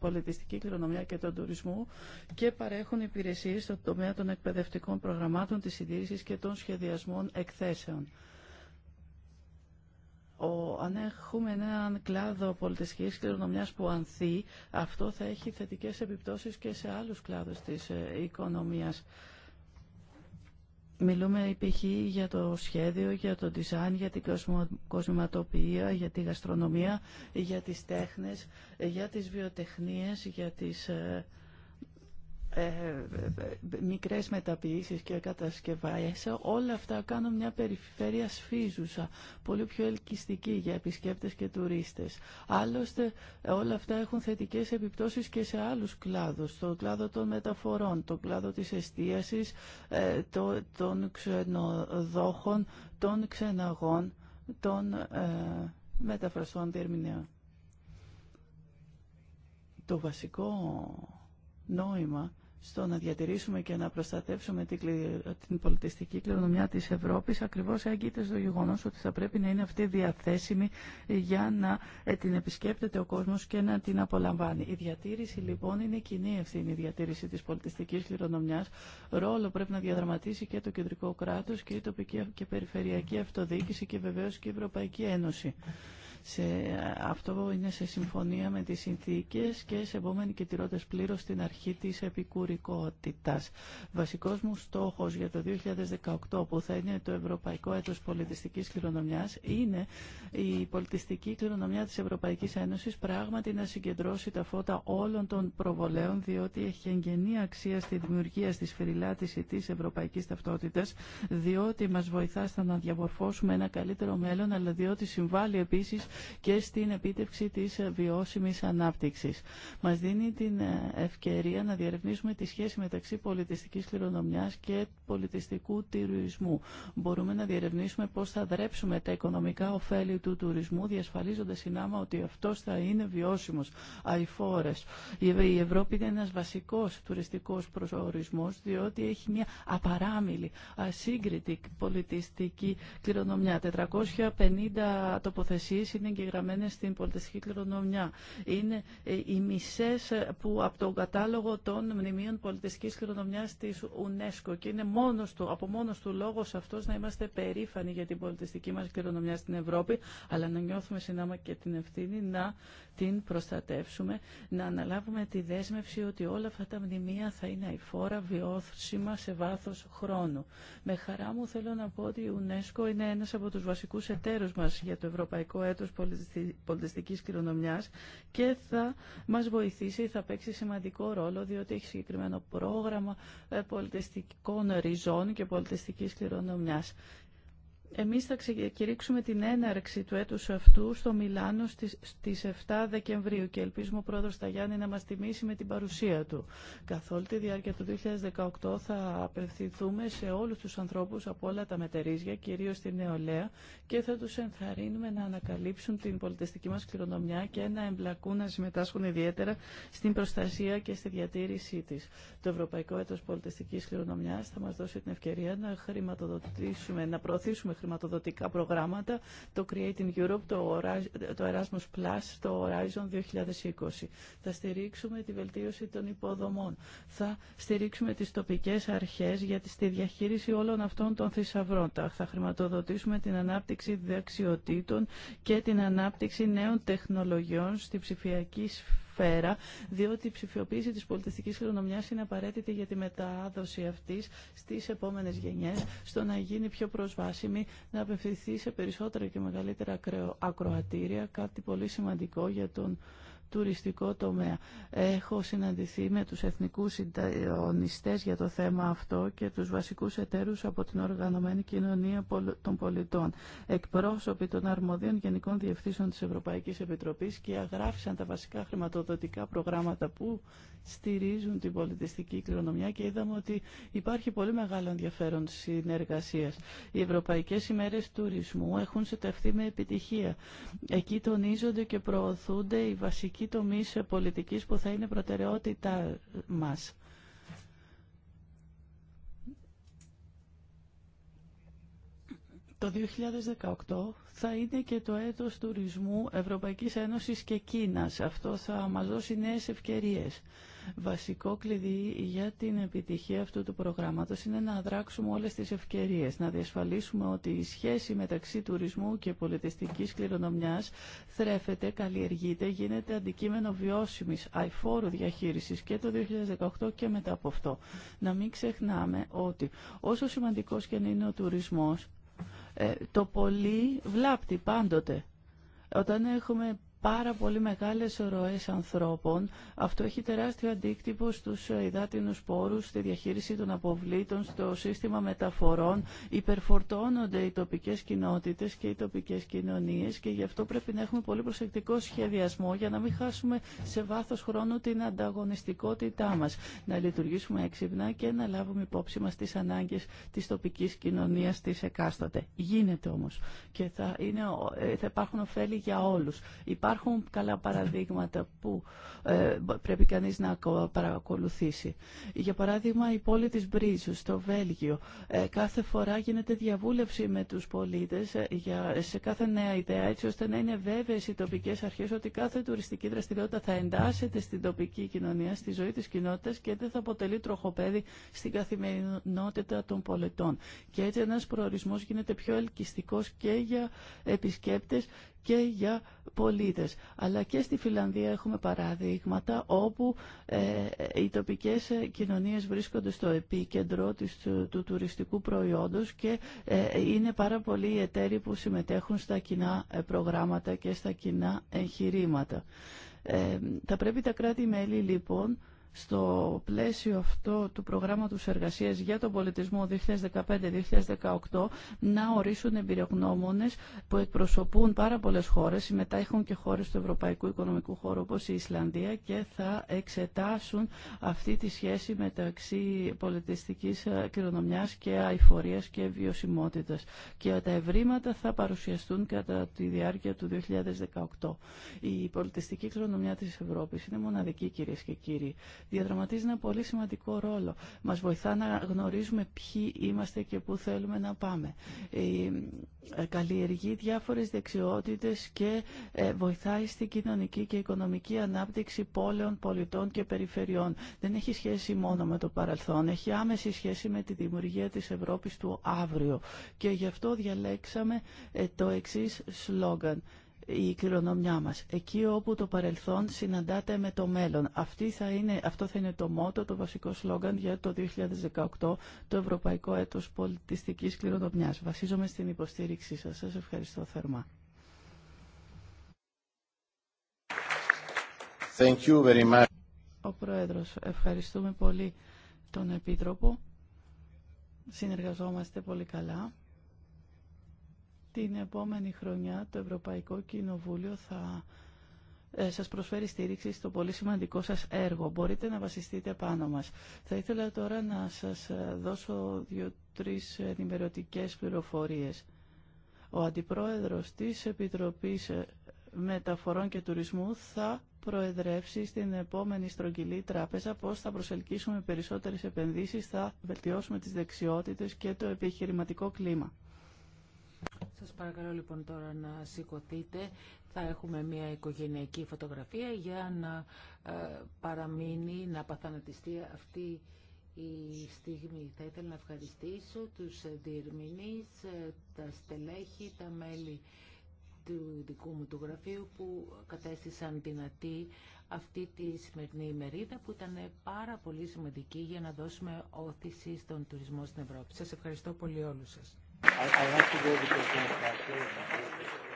πολιτιστική κληρονομιά και τον τουρισμό και παρέχουν υπηρεσίες στον τομέα των εκπαιδευτικών προγραμμάτων, της συντήρησης και των σχεδιασμών εκθέσεων. Ο, αν έχουμε έναν κλάδο πολιτιστικής κληρονομιάς που ανθεί, αυτό θα έχει θετικές επιπτώσεις και σε άλλους κλάδους της ε, οικονομίας. Μιλούμε π.χ. για το σχέδιο, για το design, για την κοσμηματοποιία, για τη γαστρονομία, για τις τέχνες, ε, για τις βιοτεχνίες, για τις ε, ε, ε, μικρές μεταποιήσεις και κατασκευές. Όλα αυτά κάνουν μια περιφέρεια σφίζουσα, πολύ πιο ελκυστική για επισκέπτες και τουρίστες. Άλλωστε όλα αυτά έχουν θετικές επιπτώσεις και σε άλλους κλάδους, στον κλάδο των μεταφορών, τον κλάδο της εστίασης, ε, των ξενοδόχων, των ξεναγών, των μεταφραστών διερμηνέων. Το βασικό νόημα στο να διατηρήσουμε και να προστατεύσουμε την πολιτιστική κληρονομιά της Ευρώπης ακριβώς έγκυται στο γεγονός ότι θα πρέπει να είναι αυτή διαθέσιμη για να ε, την επισκέπτεται ο κόσμος και να την απολαμβάνει. Η διατήρηση λοιπόν είναι κοινή ευθύνη η διατήρηση της πολιτιστικής κληρονομιάς. Ρόλο πρέπει να διαδραματίσει και το κεντρικό κράτος και η τοπική και περιφερειακή αυτοδιοίκηση και βεβαίως και η Ευρωπαϊκή Ένωση. Σε, αυτό είναι σε συμφωνία με τις συνθήκες και σε επόμενη και τηρώντας πλήρως την αρχή της επικουρικότητας. Βασικός μου στόχος για το 2018 που θα είναι το Ευρωπαϊκό Έτος Πολιτιστικής Κληρονομιάς είναι η πολιτιστική κληρονομιά της Ευρωπαϊκής Ένωσης πράγματι να συγκεντρώσει τα φώτα όλων των προβολέων διότι έχει εγγενή αξία στη δημιουργία, στη σφυριλάτηση της ευρωπαϊκής ταυτότητας διότι μας βοηθά στο να διαμορφώσουμε ένα καλύτερο μέλλον αλλά διότι συμβάλλει επίσης και στην επίτευξη της βιώσιμης ανάπτυξης. Μας δίνει την ευκαιρία να διαρευνήσουμε τη σχέση μεταξύ πολιτιστικής κληρονομιάς και πολιτιστικού τουρισμού. Μπορούμε να διαρευνήσουμε πώς θα δρέψουμε τα οικονομικά ωφέλη του τουρισμού, διασφαλίζοντας συνάμα ότι αυτό θα είναι βιώσιμο αηφόρες. Η Ευρώπη είναι ένας βασικός τουριστικός προσορισμός, διότι έχει μια απαράμιλη, ασύγκριτη πολιτιστική κληρονομιά. 450 τοποθεσίες είναι εγγεγραμμένες στην πολιτιστική κληρονομιά. Είναι ε, οι μισές ε, που από τον κατάλογο των μνημείων πολιτιστικής κληρονομιάς της UNESCO και είναι μόνος του, από μόνος του λόγος αυτός να είμαστε περήφανοι για την πολιτιστική μας κληρονομιά στην Ευρώπη, αλλά να νιώθουμε συνάμα και την ευθύνη να την προστατεύσουμε, να αναλάβουμε τη δέσμευση ότι όλα αυτά τα μνημεία θα είναι αηφόρα, βιώσιμα σε βάθος χρόνου. Με χαρά μου θέλω να πω ότι η UNESCO είναι ένας από τους βασικούς εταίρους μας για το Ευρωπαϊκό Έτο τους πολιτιστικής κληρονομιάς και θα μας βοηθήσει, θα παίξει σημαντικό ρόλο διότι έχει συγκεκριμένο πρόγραμμα ε, πολιτιστικών ριζών και πολιτιστικής κληρονομιάς. Εμείς θα ξεκηρύξουμε την έναρξη του έτους αυτού στο Μιλάνο στις 7 Δεκεμβρίου και ελπίζουμε ο πρόεδρος Ταγιάννη να μας τιμήσει με την παρουσία του. Καθ' όλη τη διάρκεια του 2018 θα απευθυνθούμε σε όλους τους ανθρώπους από όλα τα μετερίζια, κυρίως τη νεολαία, και θα τους ενθαρρύνουμε να ανακαλύψουν την πολιτιστική μας κληρονομιά και να εμπλακούν, να συμμετάσχουν ιδιαίτερα στην προστασία και στη διατήρησή της. Το Ευρωπαϊκό Έτος Πολιτιστικής Κληρονομιάς θα μας δώσει την ευκαιρία να χρηματοδοτήσουμε, να προωθήσουμε χρηματοδοτικά προγράμματα, το Creating Europe, το Erasmus Plus, το Horizon 2020. Θα στηρίξουμε τη βελτίωση των υποδομών. Θα στηρίξουμε τις τοπικές αρχές για τη διαχείριση όλων αυτών των θησαυρών. Θα χρηματοδοτήσουμε την ανάπτυξη δεξιοτήτων και την ανάπτυξη νέων τεχνολογιών στη ψηφιακή σφαίρα διότι η ψηφιοποίηση τη πολιτιστική χρονομιά είναι απαραίτητη για τη μετάδοση αυτή στις επόμενες γενιές, στο να γίνει πιο προσβάσιμη, να απευθυνθεί σε περισσότερα και μεγαλύτερα ακροατήρια, κάτι πολύ σημαντικό για τον τουριστικό τομέα. Έχω συναντηθεί με τους εθνικούς συντονιστές για το θέμα αυτό και τους βασικούς εταίρους από την Οργανωμένη Κοινωνία των Πολιτών. Εκπρόσωποι των αρμοδίων Γενικών Διευθύνσεων της Ευρωπαϊκής Επιτροπής και αγράφησαν τα βασικά χρηματοδοτικά προγράμματα που στηρίζουν την πολιτιστική κληρονομιά και είδαμε ότι υπάρχει πολύ μεγάλο ενδιαφέρον συνεργασίας. Οι Ευρωπαϊκές ημέρες τουρισμού έχουν συντευθεί με επιτυχία. Εκεί τονίζονται και προωθούνται οι βασικοί σημαντικοί τομείς πολιτικής που θα είναι προτεραιότητα μας. Το 2018 θα είναι και το έτος τουρισμού Ευρωπαϊκής Ένωσης και Κίνας. Αυτό θα μας δώσει νέες ευκαιρίες. Βασικό κλειδί για την επιτυχία αυτού του προγράμματος είναι να δράξουμε όλες τις ευκαιρίες, να διασφαλίσουμε ότι η σχέση μεταξύ τουρισμού και πολιτιστικής κληρονομιάς θρέφεται, καλλιεργείται, γίνεται αντικείμενο βιώσιμης αηφόρου διαχείρισης και το 2018 και μετά από αυτό. Να μην ξεχνάμε ότι όσο σημαντικός και αν είναι ο τουρισμός, ε, το πολύ βλάπτει πάντοτε. Όταν έχουμε πάρα πολύ μεγάλες ροές ανθρώπων. Αυτό έχει τεράστιο αντίκτυπο στους ε, υδάτινους πόρους, στη διαχείριση των αποβλήτων, στο σύστημα μεταφορών. Υπερφορτώνονται οι τοπικές κοινότητες και οι τοπικές κοινωνίες και γι' αυτό πρέπει να έχουμε πολύ προσεκτικό σχεδιασμό για να μην χάσουμε σε βάθος χρόνου την ανταγωνιστικότητά μας. Να λειτουργήσουμε έξυπνα και να λάβουμε υπόψη μας τις ανάγκες της τοπικής κοινωνίας της εκάστοτε. Γίνεται όμως και θα, είναι, ε, θα υπάρχουν ωφέλη για όλους. Υπάρχουν καλά παραδείγματα που ε, πρέπει κανείς να παρακολουθήσει. Για παράδειγμα, η πόλη της Μπρίζου στο Βέλγιο. Ε, κάθε φορά γίνεται διαβούλευση με τους πολίτες ε, για, σε κάθε νέα ιδέα, έτσι ώστε να είναι βέβαιες οι τοπικές αρχές ότι κάθε τουριστική δραστηριότητα θα εντάσσεται στην τοπική κοινωνία, στη ζωή της κοινότητας και δεν θα αποτελεί τροχοπέδι στην καθημερινότητα των πολιτών. Και έτσι ένας προορισμός γίνεται πιο ελκυστικός και για επισκέπτες και για πολίτες. Αλλά και στη Φιλανδία έχουμε παραδείγματα όπου ε, οι τοπικές ε, κοινωνίες βρίσκονται στο επίκεντρο της, του, τουριστικού προϊόντος και ε, είναι πάρα πολλοί οι εταίροι που συμμετέχουν στα κοινά προγράμματα και στα κοινά εγχειρήματα. Ε, θα πρέπει τα κράτη-μέλη λοιπόν στο πλαίσιο αυτό του προγράμματος εργασίας για τον πολιτισμό 2015-2018 να ορίσουν εμπειρογνώμονες που εκπροσωπούν πάρα πολλές χώρες, συμμετέχουν και χώρες του Ευρωπαϊκού Οικονομικού Χώρου όπως η Ισλανδία και θα εξετάσουν αυτή τη σχέση μεταξύ πολιτιστικής κληρονομιάς και αηφορίας και βιωσιμότητας. Και τα ευρήματα θα παρουσιαστούν κατά τη διάρκεια του 2018. Η πολιτιστική κληρονομιά της Ευρώπης είναι μοναδική κυρίες και κύριοι διαδραματίζει ένα πολύ σημαντικό ρόλο. Μας βοηθά να γνωρίζουμε ποιοι είμαστε και πού θέλουμε να πάμε. Ε, ε, καλλιεργεί διάφορες δεξιότητες και ε, βοηθάει στην κοινωνική και οικονομική ανάπτυξη πόλεων, πολιτών και περιφερειών. Δεν έχει σχέση μόνο με το παρελθόν, έχει άμεση σχέση με τη δημιουργία της Ευρώπης του αύριο. Και γι' αυτό διαλέξαμε το εξή σλόγγαν η κληρονομιά μας. Εκεί όπου το παρελθόν συναντάται με το μέλλον. Αυτή θα είναι, αυτό θα είναι το μότο, το βασικό σλόγγαν για το 2018, το Ευρωπαϊκό Έτος Πολιτιστικής Κληρονομιάς. Βασίζομαι στην υποστήριξή σας. Σας ευχαριστώ θερμά. Thank you very much. Ο Πρόεδρος, ευχαριστούμε πολύ τον Επίτροπο. Συνεργαζόμαστε πολύ καλά την επόμενη χρονιά το Ευρωπαϊκό Κοινοβούλιο θα ε, σας προσφέρει στήριξη στο πολύ σημαντικό σας έργο. Μπορείτε να βασιστείτε πάνω μας. Θα ήθελα τώρα να σας ε, δώσω δύο-τρεις ενημερωτικές πληροφορίες. Ο Αντιπρόεδρος της Επιτροπής ε, Μεταφορών και Τουρισμού θα προεδρεύσει στην επόμενη στρογγυλή τράπεζα πώς θα προσελκύσουμε περισσότερες επενδύσεις, θα βελτιώσουμε τις δεξιότητες και το επιχειρηματικό κλίμα. Σας παρακαλώ λοιπόν τώρα να σηκωθείτε. Θα έχουμε μια οικογενειακή φωτογραφία για να ε, παραμείνει, να παθανατιστεί αυτή η στιγμή. Θα ήθελα να ευχαριστήσω τους διερμηνείς, ε, τα στελέχη, τα μέλη του δικού μου του γραφείου που κατέστησαν δυνατή αυτή τη σημερινή ημερίδα που ήταν πάρα πολύ σημαντική για να δώσουμε όθηση στον τουρισμό στην Ευρώπη. Σας ευχαριστώ πολύ όλους σας. I, I have to go because